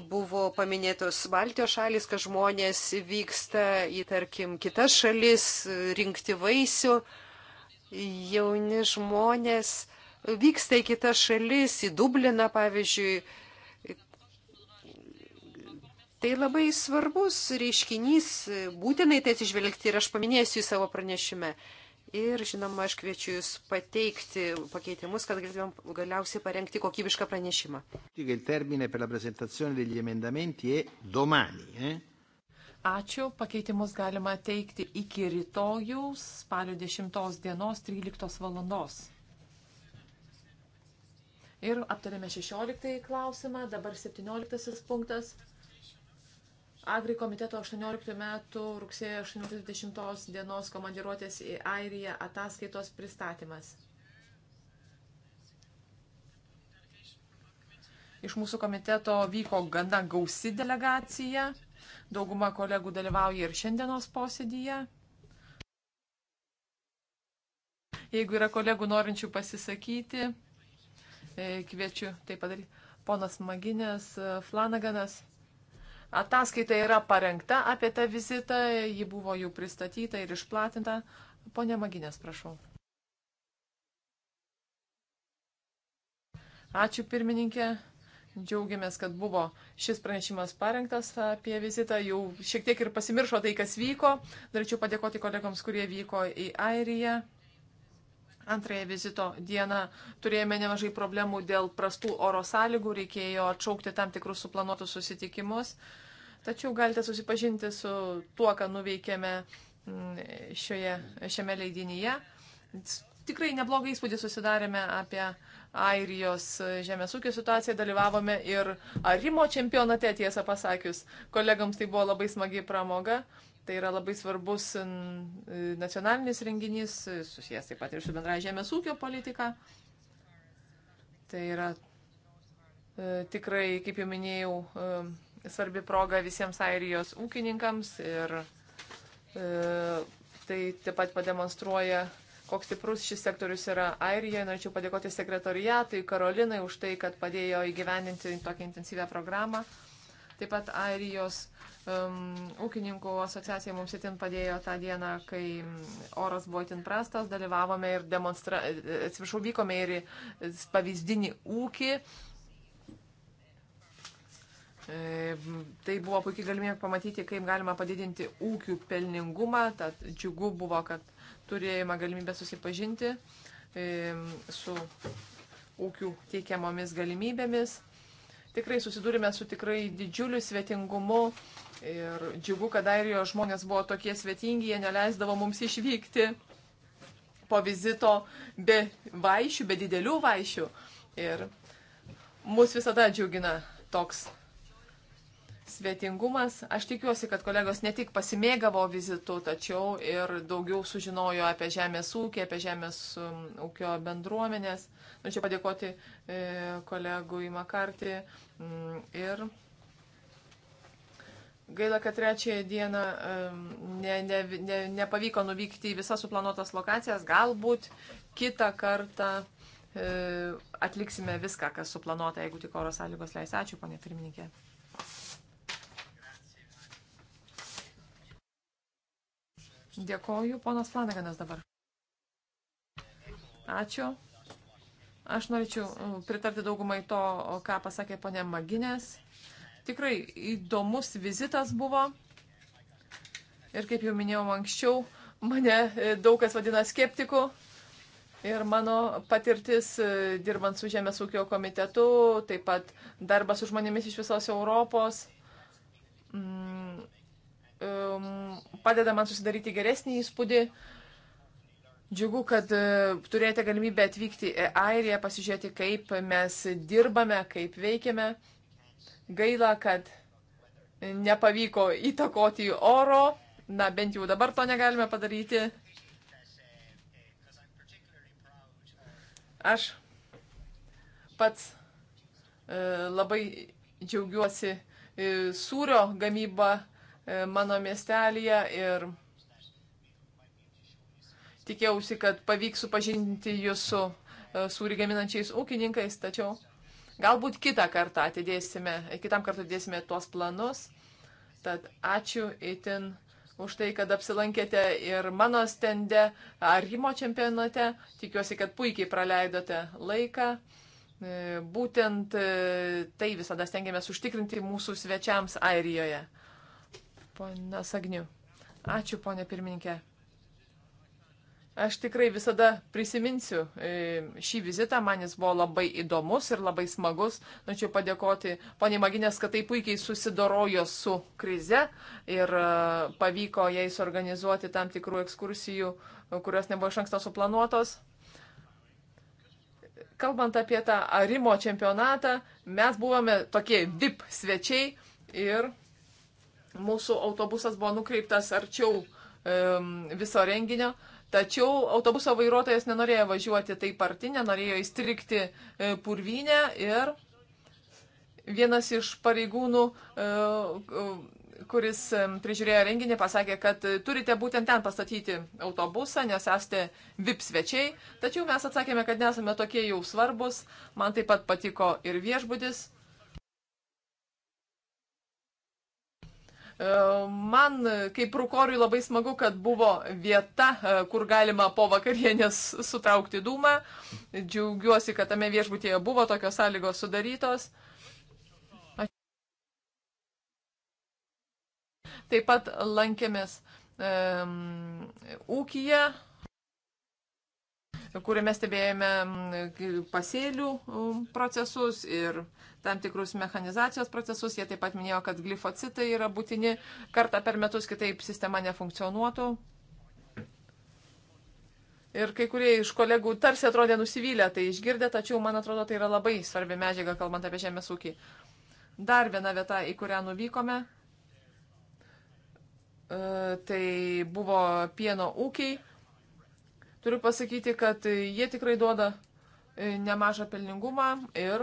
Buvo paminėtos Baltijos šalis, kad žmonės vyksta į, tarkim, kitas šalis rinkti vaisių. Jauni žmonės vyksta į kitas šalis, į Dubliną, pavyzdžiui, Tai labai svarbus reiškinys, būtinai tai atsižvelgti ir aš paminėsiu į savo pranešimą. Ir, žinoma, aš kviečiu Jūs pateikti pakeitimus, kad galėtumėm galiausiai parengti kokybišką pranešimą. Eh? Ačiū. Pakeitimus galima teikti iki rytojaus, spalio 10 dienos, 13 valandos. Ir aptarėme 16 klausimą, dabar 17 punktas. Agri komiteto 18 metų rugsėjo 18-20 dienos komandiruotės į Airiją ataskaitos pristatymas. Iš mūsų komiteto vyko gana gausi delegacija. Dauguma kolegų dalyvauja ir šiandienos posėdyje. Jeigu yra kolegų norinčių pasisakyti, e, kviečiu tai padaryti. Ponas Maginės, e, Flanaganas. Ataskaita yra parengta apie tą vizitą, ji buvo jau pristatyta ir išplatinta. Pone Maginės, prašau. Ačiū pirmininkė. Džiaugiamės, kad buvo šis pranešimas parengtas apie vizitą. Jau šiek tiek ir pasimiršo tai, kas vyko. Norėčiau padėkoti kolegoms, kurie vyko į Airiją. Antrąją vizito dieną turėjome nemažai problemų dėl prastų oro sąlygų, reikėjo atšaukti tam tikrus suplanuotus susitikimus. Tačiau galite susipažinti su tuo, ką nuveikėme mm, šioje, šiame leidinyje. Tikrai neblogą įspūdį susidarėme apie Airijos žemės ūkio situaciją, dalyvavome ir Arimo čempionate, tiesą pasakius. Kolegams tai buvo labai smagi pramoga. Tai yra labai svarbus e, nacionalinis renginys, susijęs taip pat ir su bendra žemės ūkio politika. Tai yra e, tikrai, kaip jau minėjau, e, svarbi proga visiems airijos ūkininkams ir tai taip pat pademonstruoja, koks stiprus šis sektorius yra Airijoje. Norėčiau padėkoti sekretoriatui Karolinai už tai, kad padėjo įgyvendinti tokią intensyvę programą. Taip pat Airijos um, ūkininkų asociacija mums itin padėjo tą dieną, kai oras buvo itin prastas, dalyvavome ir demonstra... E, e, atsiprašau, vykome ir e, pavyzdinį ūkį. E, tai buvo puikiai galimybė pamatyti, kaip galima padidinti ūkių pelningumą. Tad džiugu buvo, kad turėjome galimybę susipažinti e, su ūkių teikiamomis galimybėmis. Tikrai susidūrime su tikrai didžiuliu svetingumu ir džiugu, kad airijos žmonės buvo tokie svetingi, jie neleisdavo mums išvykti po vizito be vaišių, be didelių vaišių. Ir mus visada džiugina toks svetingumas. Aš tikiuosi, kad kolegos ne tik pasimėgavo vizitu, tačiau ir daugiau sužinojo apie žemės ūkį, apie žemės um, ūkio bendruomenės. Norėčiau nu, padėkoti e, kolegui Makartį mm, ir Gaila, kad trečiąją dieną ne, ne, ne, nepavyko nuvykti į visas suplanuotas lokacijas. Galbūt kitą kartą e, atliksime viską, kas suplanuota, jeigu tik oro sąlygos leis. Ačiū, ponė pirmininkė. Dėkoju, ponas Flanaganas dabar. Ačiū. Aš norėčiau mm, pritarti daugumai to, ką pasakė ponė Maginės. Tikrai įdomus vizitas buvo. Ir kaip jau minėjau anksčiau, mane e, daug kas vadina skeptiku. Ir mano patirtis e, dirbant su Žemės ūkio komitetu, taip pat darbas su žmonėmis iš visos Europos, mm, e, padeda man susidaryti geresnį įspūdį. Džiugu, kad e, turėjote galimybę atvykti į Airiją, pasižiūrėti, kaip mes dirbame, kaip veikiame. Gaila, kad nepavyko įtakoti oro. Na, bent jau dabar to negalime padaryti. Aš pats e, labai džiaugiuosi e, sūrio gamyba E, mano miestelėje ir tikėjausi, kad pavyks supažinti jūs su e, sūrį gaminančiais ūkininkais, tačiau galbūt kitą kartą atidėsime, e, kitam kartą atidėsime tuos planus. Tad ačiū itin už tai, kad apsilankėte ir mano stende Arimo čempionate. Tikiuosi, kad puikiai praleidote laiką. Būtent tai visada stengiamės užtikrinti mūsų svečiams Airijoje. Pone Sagniu. Ačiū, ponė pirmininkė. Aš tikrai visada prisiminsiu e, šį vizitą, man jis buvo labai įdomus ir labai smagus. Norėčiau padėkoti poniai Maginės, kad tai puikiai susidorojo su krize ir e, pavyko jai suorganizuoti tam tikrų ekskursijų, kurios nebuvo iš anksto suplanuotos. Kalbant apie tą Arimo čempionatą, mes buvome tokie VIP svečiai ir Mūsų autobusas buvo nukreiptas arčiau um, viso renginio, tačiau autobuso vairuotojas nenorėjo važiuoti taip arti, nenorėjo įstrikti e, purvynę ir vienas iš pareigūnų, e, e kuris prižiūrėjo renginį, pasakė, kad turite būtent ten pastatyti autobusą, nes esate VIP svečiai. Tačiau mes atsakėme, kad nesame tokie jau svarbus. Man taip pat patiko ir viešbudis E, man, kaip rūkoriui, labai smagu, kad buvo vieta, e, kur galima po vakarienės sutraukti dūmą. Džiaugiuosi, kad tame viešbutyje buvo tokios sąlygos sudarytos. Taip pat lankėmės um, ūkija kuriame stebėjome pasėlių procesus ir tam tikrus mechanizacijos procesus. Jie taip pat minėjo, kad glifocitai yra būtini kartą per metus, kitaip sistema nefunkcionuotų. Ir kai kurie iš kolegų tarsi atrodė nusivylę, tai išgirdę, tačiau man atrodo, tai yra labai svarbi medžiaga, kalbant apie žemės ūkį. Dar viena vieta, į kurią nuvykome, e, tai buvo pieno ūkiai Turiu pasakyti, kad jie tikrai duoda e, nemažą pelningumą ir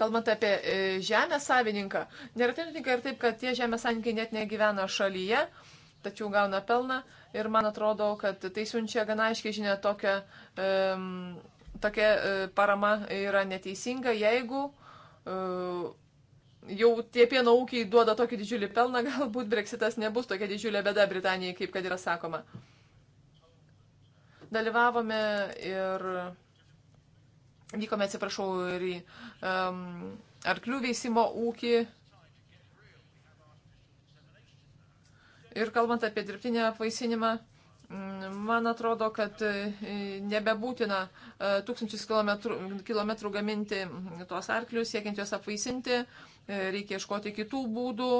kalbant apie e, žemės savininką, neretai nutinka ir taip, kad tie žemės savininkai net negyvena šalyje, tačiau gauna pelną ir man atrodo, kad tai siunčia gana aiškiai žinia tokia, um, tokia e, parama yra neteisinga, jeigu um, jau tie pieno ūkiai duoda tokį didžiulį pelną, galbūt breksitas nebus tokia didžiulė bėda Britanijai, kaip kad yra sakoma. Uh, Dalyvavome ir vykome, atsiprašau, ir į um, arklių veisimo ūkį. Ir kalbant apie dirbtinę apvaisinimą, man atrodo, kad e, nebebūtina e, tūkstančius kilometrų, kilometrų gaminti tuos arklius, siekiant juos apvaisinti, e, reikia iškoti kitų būdų.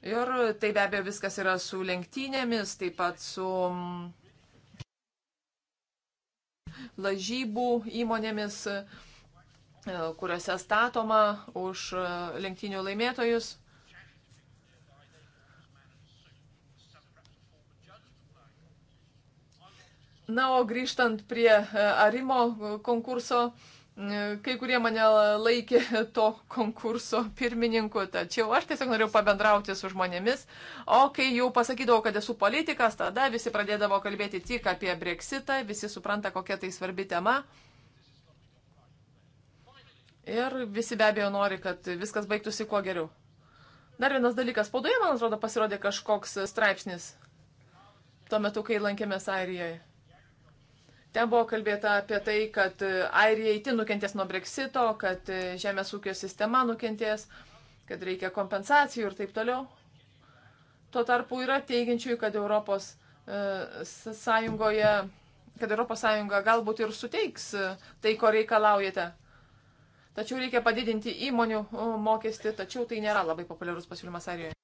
Ir tai be abejo viskas yra su lenktynėmis, taip pat su mm, lažybų įmonėmis, e, kuriuose statoma už e, lenktynių laimėtojus. Na, o grįžtant prie e, arimo konkurso, Kai kurie mane laikė to konkurso pirmininku, tačiau aš tiesiog norėjau pabendrauti su žmonėmis, o kai jau pasakydavau, kad esu politikas, tada visi pradėdavo kalbėti tik apie breksitą, visi supranta, kokia tai svarbi tema. Ir visi be abejo nori, kad viskas baigtųsi kuo geriau. Dar vienas dalykas, spaudoje, man atrodo, pasirodė kažkoks straipsnis tuo metu, kai lankėmės Airijoje. Ten buvo kalbėta apie tai, kad e, Airija įtin nukentės nuo breksito, kad e, žemės ūkio sistema nukentės, kad reikia kompensacijų ir taip toliau. Tuo tarpu yra teigiančiųjų, kad Europos e, sąjungoje, kad Europos sąjunga galbūt ir suteiks tai, ko reikalaujate. Tačiau reikia padidinti įmonių mokestį, tačiau tai nėra labai populiarus pasiūlymas Airijoje.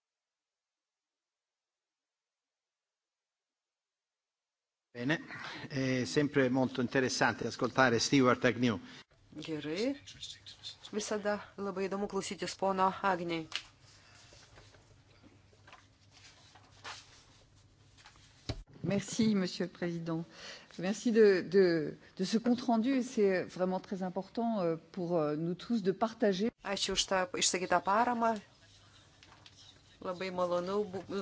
Bene, è sempre molto interessante ascoltare Stewart Agnew. Gerai, visada labai įdomu klausytis pono Agniai. Merci, Monsieur le Président. Merci de, de, de ce compte-rendu. C'est vraiment très important euh, pour euh, nous tous de partager. Ačiū už tą išsakytą paramą. Labai malonu,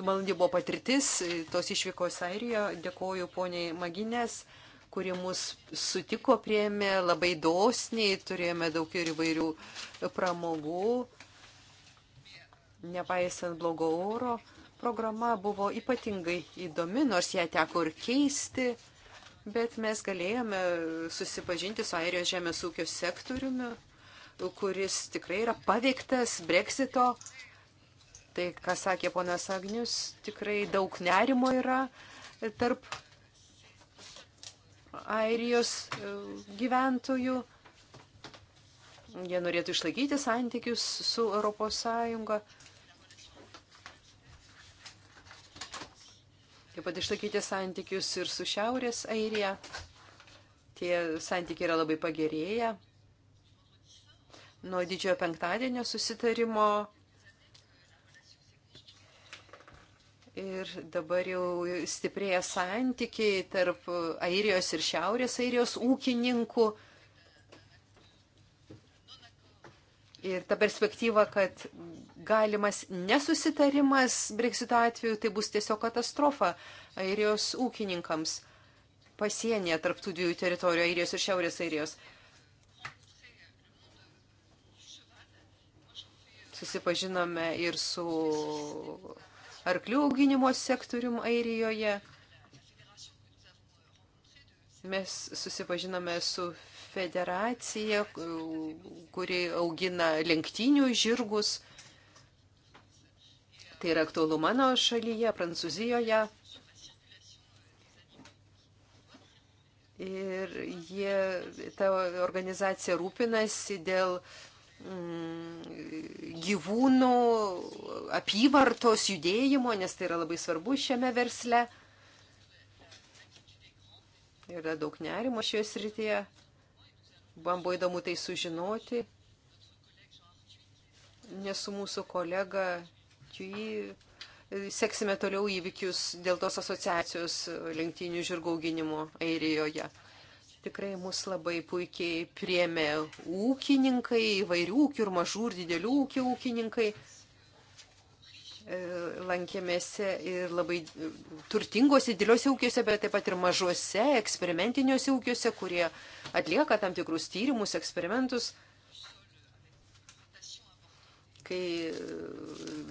maloni buvo patirtis tos išvykos Airijoje. Dėkoju poniai Maginės, kuri mus sutiko prieimė labai dosniai, turėjome daug ir įvairių pramogų. Nepaisant blogo oro, programa buvo ypatingai įdomi, nors ją teko ir keisti, bet mes galėjome susipažinti su Airijos žemės ūkio sektoriumi, kuris tikrai yra paveiktas Brexito Tai, ką sakė ponas Agnius, tikrai daug nerimo yra tarp Airijos e, gyventojų. Jie norėtų išlaikyti santykius su ES. Taip pat išlaikyti santykius ir su Šiaurės Airija. Tie santykiai yra labai pagerėję. Nuo didžiojo penktadienio susitarimo Ir dabar jau stiprėja santykiai tarp Airijos ir Šiaurės Airijos ūkininkų. Ir ta perspektyva, kad galimas nesusitarimas Brexito atveju, tai bus tiesiog katastrofa Airijos ūkininkams pasienyje tarptų dviejų teritorijų Airijos ir Šiaurės Airijos. Susipažinome ir su arklių auginimo sektorium Airijoje. Mes susipažinome su federacija, kuri augina lenktynių žirgus. Tai yra aktualu mano šalyje, Prancūzijoje. Ir jie, ta organizacija rūpinasi dėl uh, Mm, gyvūnų apyvartos judėjimo, nes tai yra labai svarbu šiame versle. Yra daug nerimo šioje srityje. Man buvo įdomu tai sužinoti, nes su mūsų kolega Čiui e, seksime toliau įvykius dėl tos asociacijos lenktinių žirgauginimo Airijoje. Tikrai mus labai puikiai priemė ūkininkai, įvairių ūkių ir mažų ir didelių ūkių ūkininkai. E, lankėmėse ir labai turtingose, dideliuose ūkiuose, bet taip pat ir mažuose, eksperimentiniuose ūkiuose, kurie atlieka tam tikrus tyrimus, eksperimentus kai e,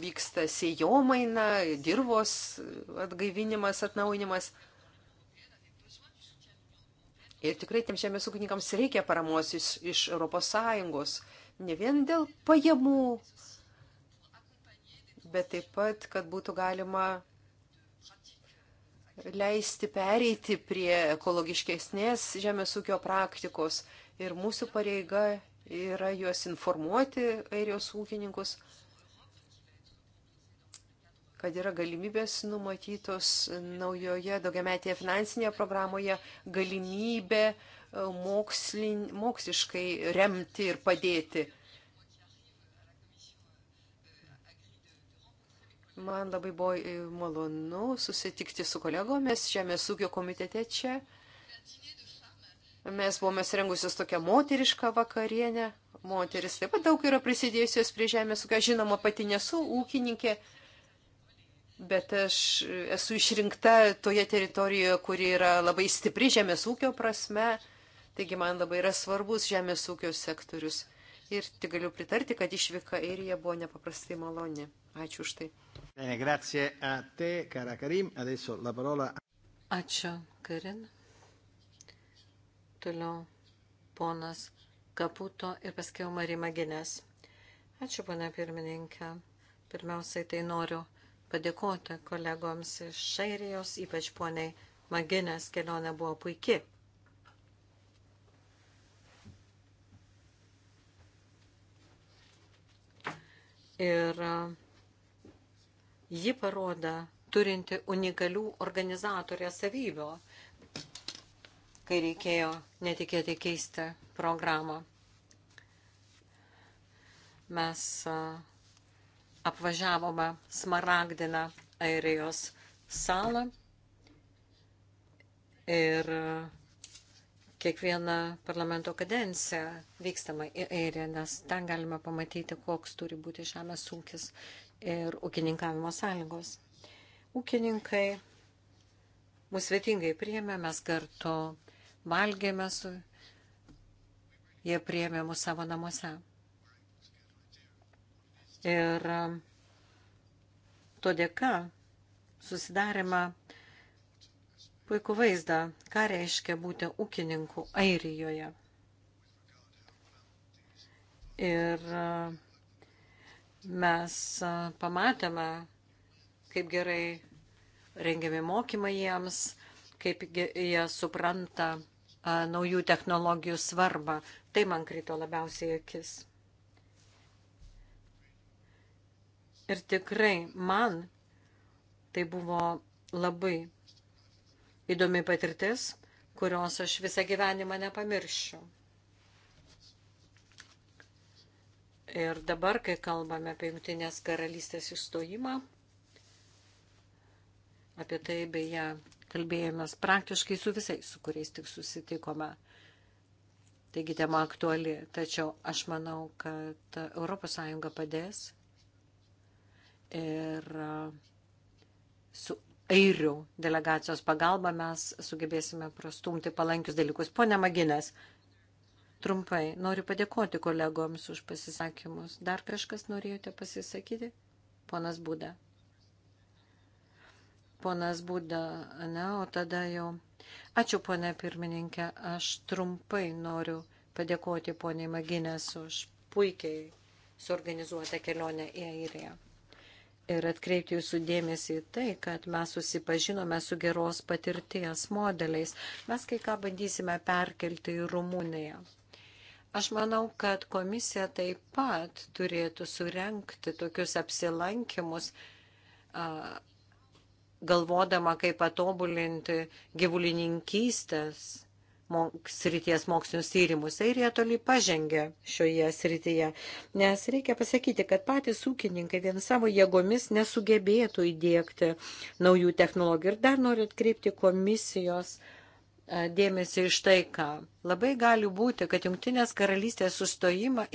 vyksta sėjomaina, dirvos atgaivinimas, atnaujinimas. Ir tikrai tiem žemės ūkininkams reikia paramos iš, iš ES, ne vien dėl pajamų, bet taip pat, kad būtų galima leisti pereiti prie ekologiškesnės žemės ūkio praktikos. Ir mūsų pareiga yra juos informuoti, airijos ūkininkus, kad yra galimybės numatytos naujoje daugiametėje finansinėje programoje galimybė e, mokslin, moksliškai remti ir padėti. Man labai buvo e, malonu susitikti su kolegomis Žemės ūkio komitete čia. Mes buvome surengusios tokią moterišką vakarienę. Moteris taip pat daug yra prisidėjusios prie Žemės ūkio. Žinoma, pati nesu ūkininkė bet aš esu išrinkta toje teritorijoje, kuri yra labai stipri žemės ūkio prasme, taigi man labai yra svarbus žemės ūkio sektorius. Ir tik galiu pritarti, kad išvyka Airija buvo nepaprastai maloni. Ačiū už tai. Bene, grazie a te, cara Karim. Adesso la parola. Ačiū, Karin. Toliau ponas Kaputo ir paskiau Marima Gines. Ačiū, pana pirmininkė. Pirmiausiai tai noriu padėkoti kolegoms iš Šairijos, ypač poniai Maginės kelionė buvo puiki. Ir ji parodo turinti unikalių organizatorės savybių, kai reikėjo netikėtai keisti programą. Mes apvažiavome Smaragdiną Airijos salą ir kiekvieną parlamento kadenciją vykstama į Airiją, nes ten galima pamatyti, koks turi būti žemės ūkis ir ūkininkavimo sąlygos. Ūkininkai mūsų svetingai priėmė, mes kartu valgėme su, jie priėmė mūsų savo namuose. Ir um, to dėka susidarėma puikų vaizdą, ką reiškia būti ūkininku Airijoje. Ir uh, mes uh, pamatėme, kaip gerai rengiami mokymai jiems, kaip jie supranta uh, naujų technologijų svarbą. Tai man krito labiausiai akis. Ir tikrai man tai buvo labai įdomi patirtis, kurios aš visą gyvenimą nepamiršiu. Ir dabar, kai kalbame apie Jungtinės karalystės išstojimą, apie tai beje kalbėjomės praktiškai su visais, su kuriais tik susitikome. Taigi tema aktuali, tačiau aš manau, kad ES padės ir e, su airių delegacijos pagalba mes sugebėsime prastumti palankius dalykus. Pone Maginės, trumpai noriu padėkoti kolegoms už pasisakymus. Dar kažkas norėjote pasisakyti? Ponas Būda. Ponas Būda, ne, o tada jau. Ačiū, ponė pirmininkė. Aš trumpai noriu padėkoti poniai Maginės už puikiai suorganizuotą kelionę į Airiją ir atkreipti jūsų dėmesį į tai, kad mes susipažinome su geros patirties modeliais. Mes kai ką bandysime perkelti į Rumuniją. Aš manau, kad komisija taip pat turėtų surenkti tokius apsilankimus, galvodama, kaip patobulinti gyvulininkystės srities mokslinius tyrimus. Airija toli pažengė šioje srityje, nes reikia pasakyti, kad patys ūkininkai vien savo jėgomis nesugebėtų įdėkti naujų technologijų. Ir dar noriu atkreipti komisijos e, dėmesį iš tai, ką labai gali būti, kad jungtinės karalystės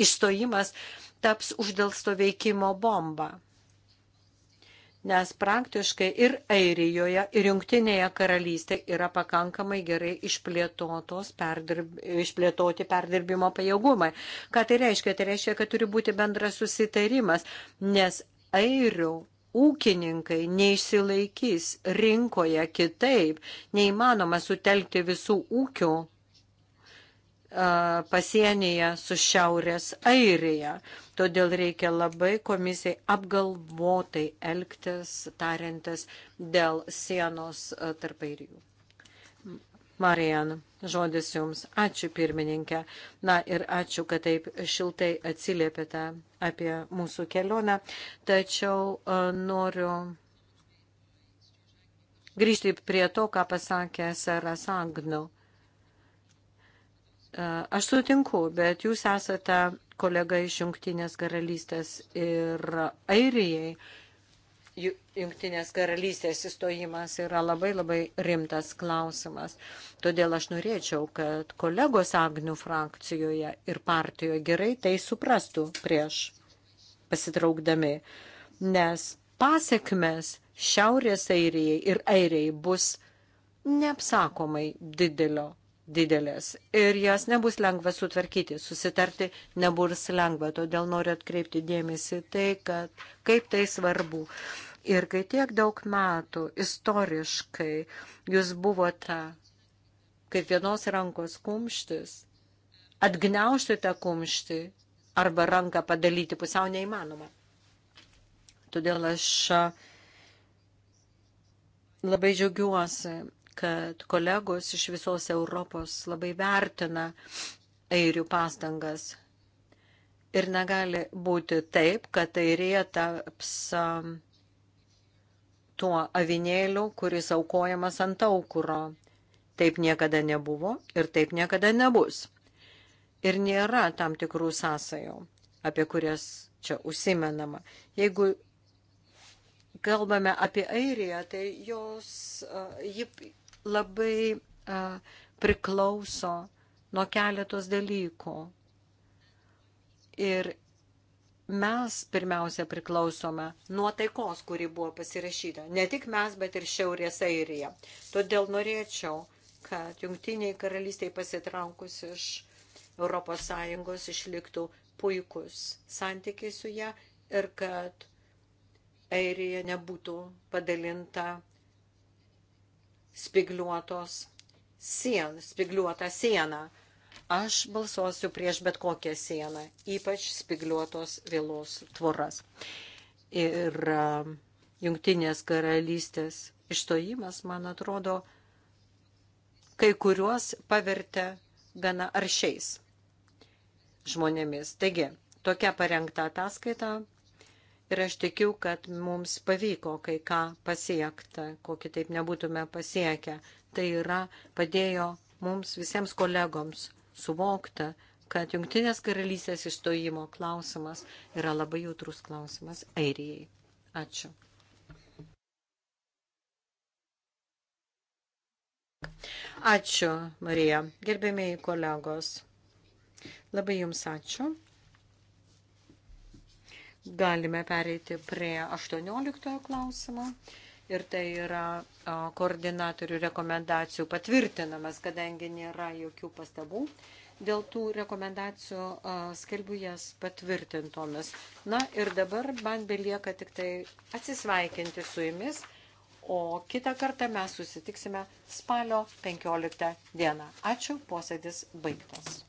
išstojimas taps uždėlsto veikimo bomba nes praktiškai ir Airijoje, ir Junktinėje karalystėje yra pakankamai gerai perdirb, išplėtoti perdirbimo pajėgumai. Ką tai reiškia? Tai reiškia, kad turi būti bendras susitarimas, nes airių ūkininkai neišsilaikys rinkoje kitaip, neįmanoma sutelkti visų ūkių pasienyje su Šiaurės Airija. Todėl reikia labai komisijai apgalvotai elgtis, tariantis dėl sienos tarp airijų. Marijan, žodis Jums. Ačiū pirmininkė. Na ir ačiū, kad taip šiltai atsiliepėte apie mūsų kelionę. Tačiau uh, noriu grįžti prie to, ką pasakė Seras Agnu. Aš sutinku, bet jūs esate kolega iš Junktinės karalystės ir Airijai. Junktinės karalystės įstojimas yra labai labai rimtas klausimas. Todėl aš norėčiau, kad kolegos Agnių frakcijoje ir partijoje gerai tai suprastų prieš pasitraukdami, nes pasiekmes Šiaurės Airijai ir Airijai bus neapsakomai didelio didelės ir jas nebus lengva sutvarkyti, susitarti nebus lengva. Todėl noriu atkreipti dėmesį tai, kad kaip tai svarbu. Ir kai tiek daug metų istoriškai jūs buvote kaip vienos rankos kumštis, atgneušti tą kumštį arba ranką padalyti pusiau neįmanoma. Todėl aš labai džiaugiuosi kad kolegos iš visos Europos labai vertina airių pastangas. Ir negali būti taip, kad airija taps um, tuo avinėliu, kuris aukojamas ant aukuro. Taip niekada nebuvo ir taip niekada nebus. Ir nėra tam tikrų sąsajų, apie kurias čia užsimenama. Jeigu kalbame apie Airiją, tai jos, uh, ji labai a, priklauso nuo keletos dalykų. Ir mes pirmiausia priklausome nuo taikos, kuri buvo pasirašyta. Ne tik mes, bet ir Šiaurės Airija. Todėl norėčiau, kad jungtiniai karalystiai pasitraukus iš ES išliktų puikus santykiai su ją ir kad Airija nebūtų padalinta spigliuotos sien, spigliuotą sieną. Aš balsuosiu prieš bet kokią sieną, ypač spigliuotos vėlos tvoras. Ir um, jungtinės karalystės išstojimas, man atrodo, kai kuriuos pavertė gana aršiais žmonėmis. Taigi, tokia parengta ataskaita Ir aš tikiu, kad mums pavyko kai ką pasiekti, kokį taip nebūtume pasiekę. Tai yra padėjo mums visiems kolegoms suvokti, kad Junktinės karalystės išstojimo klausimas yra labai jautrus klausimas Airijai. Ačiū. Ačiū, Marija. Gerbėmiai kolegos. Labai Jums ačiū. Galime pereiti prie 18 klausimo. Ir tai yra koordinatorių rekomendacijų patvirtinamas, kadangi nėra jokių pastabų. Dėl tų rekomendacijų skelbiu jas patvirtintomis. Na ir dabar man belieka tik tai atsisveikinti su jumis, o kitą kartą mes susitiksime spalio 15 dieną. Ačiū, posėdis baigtas.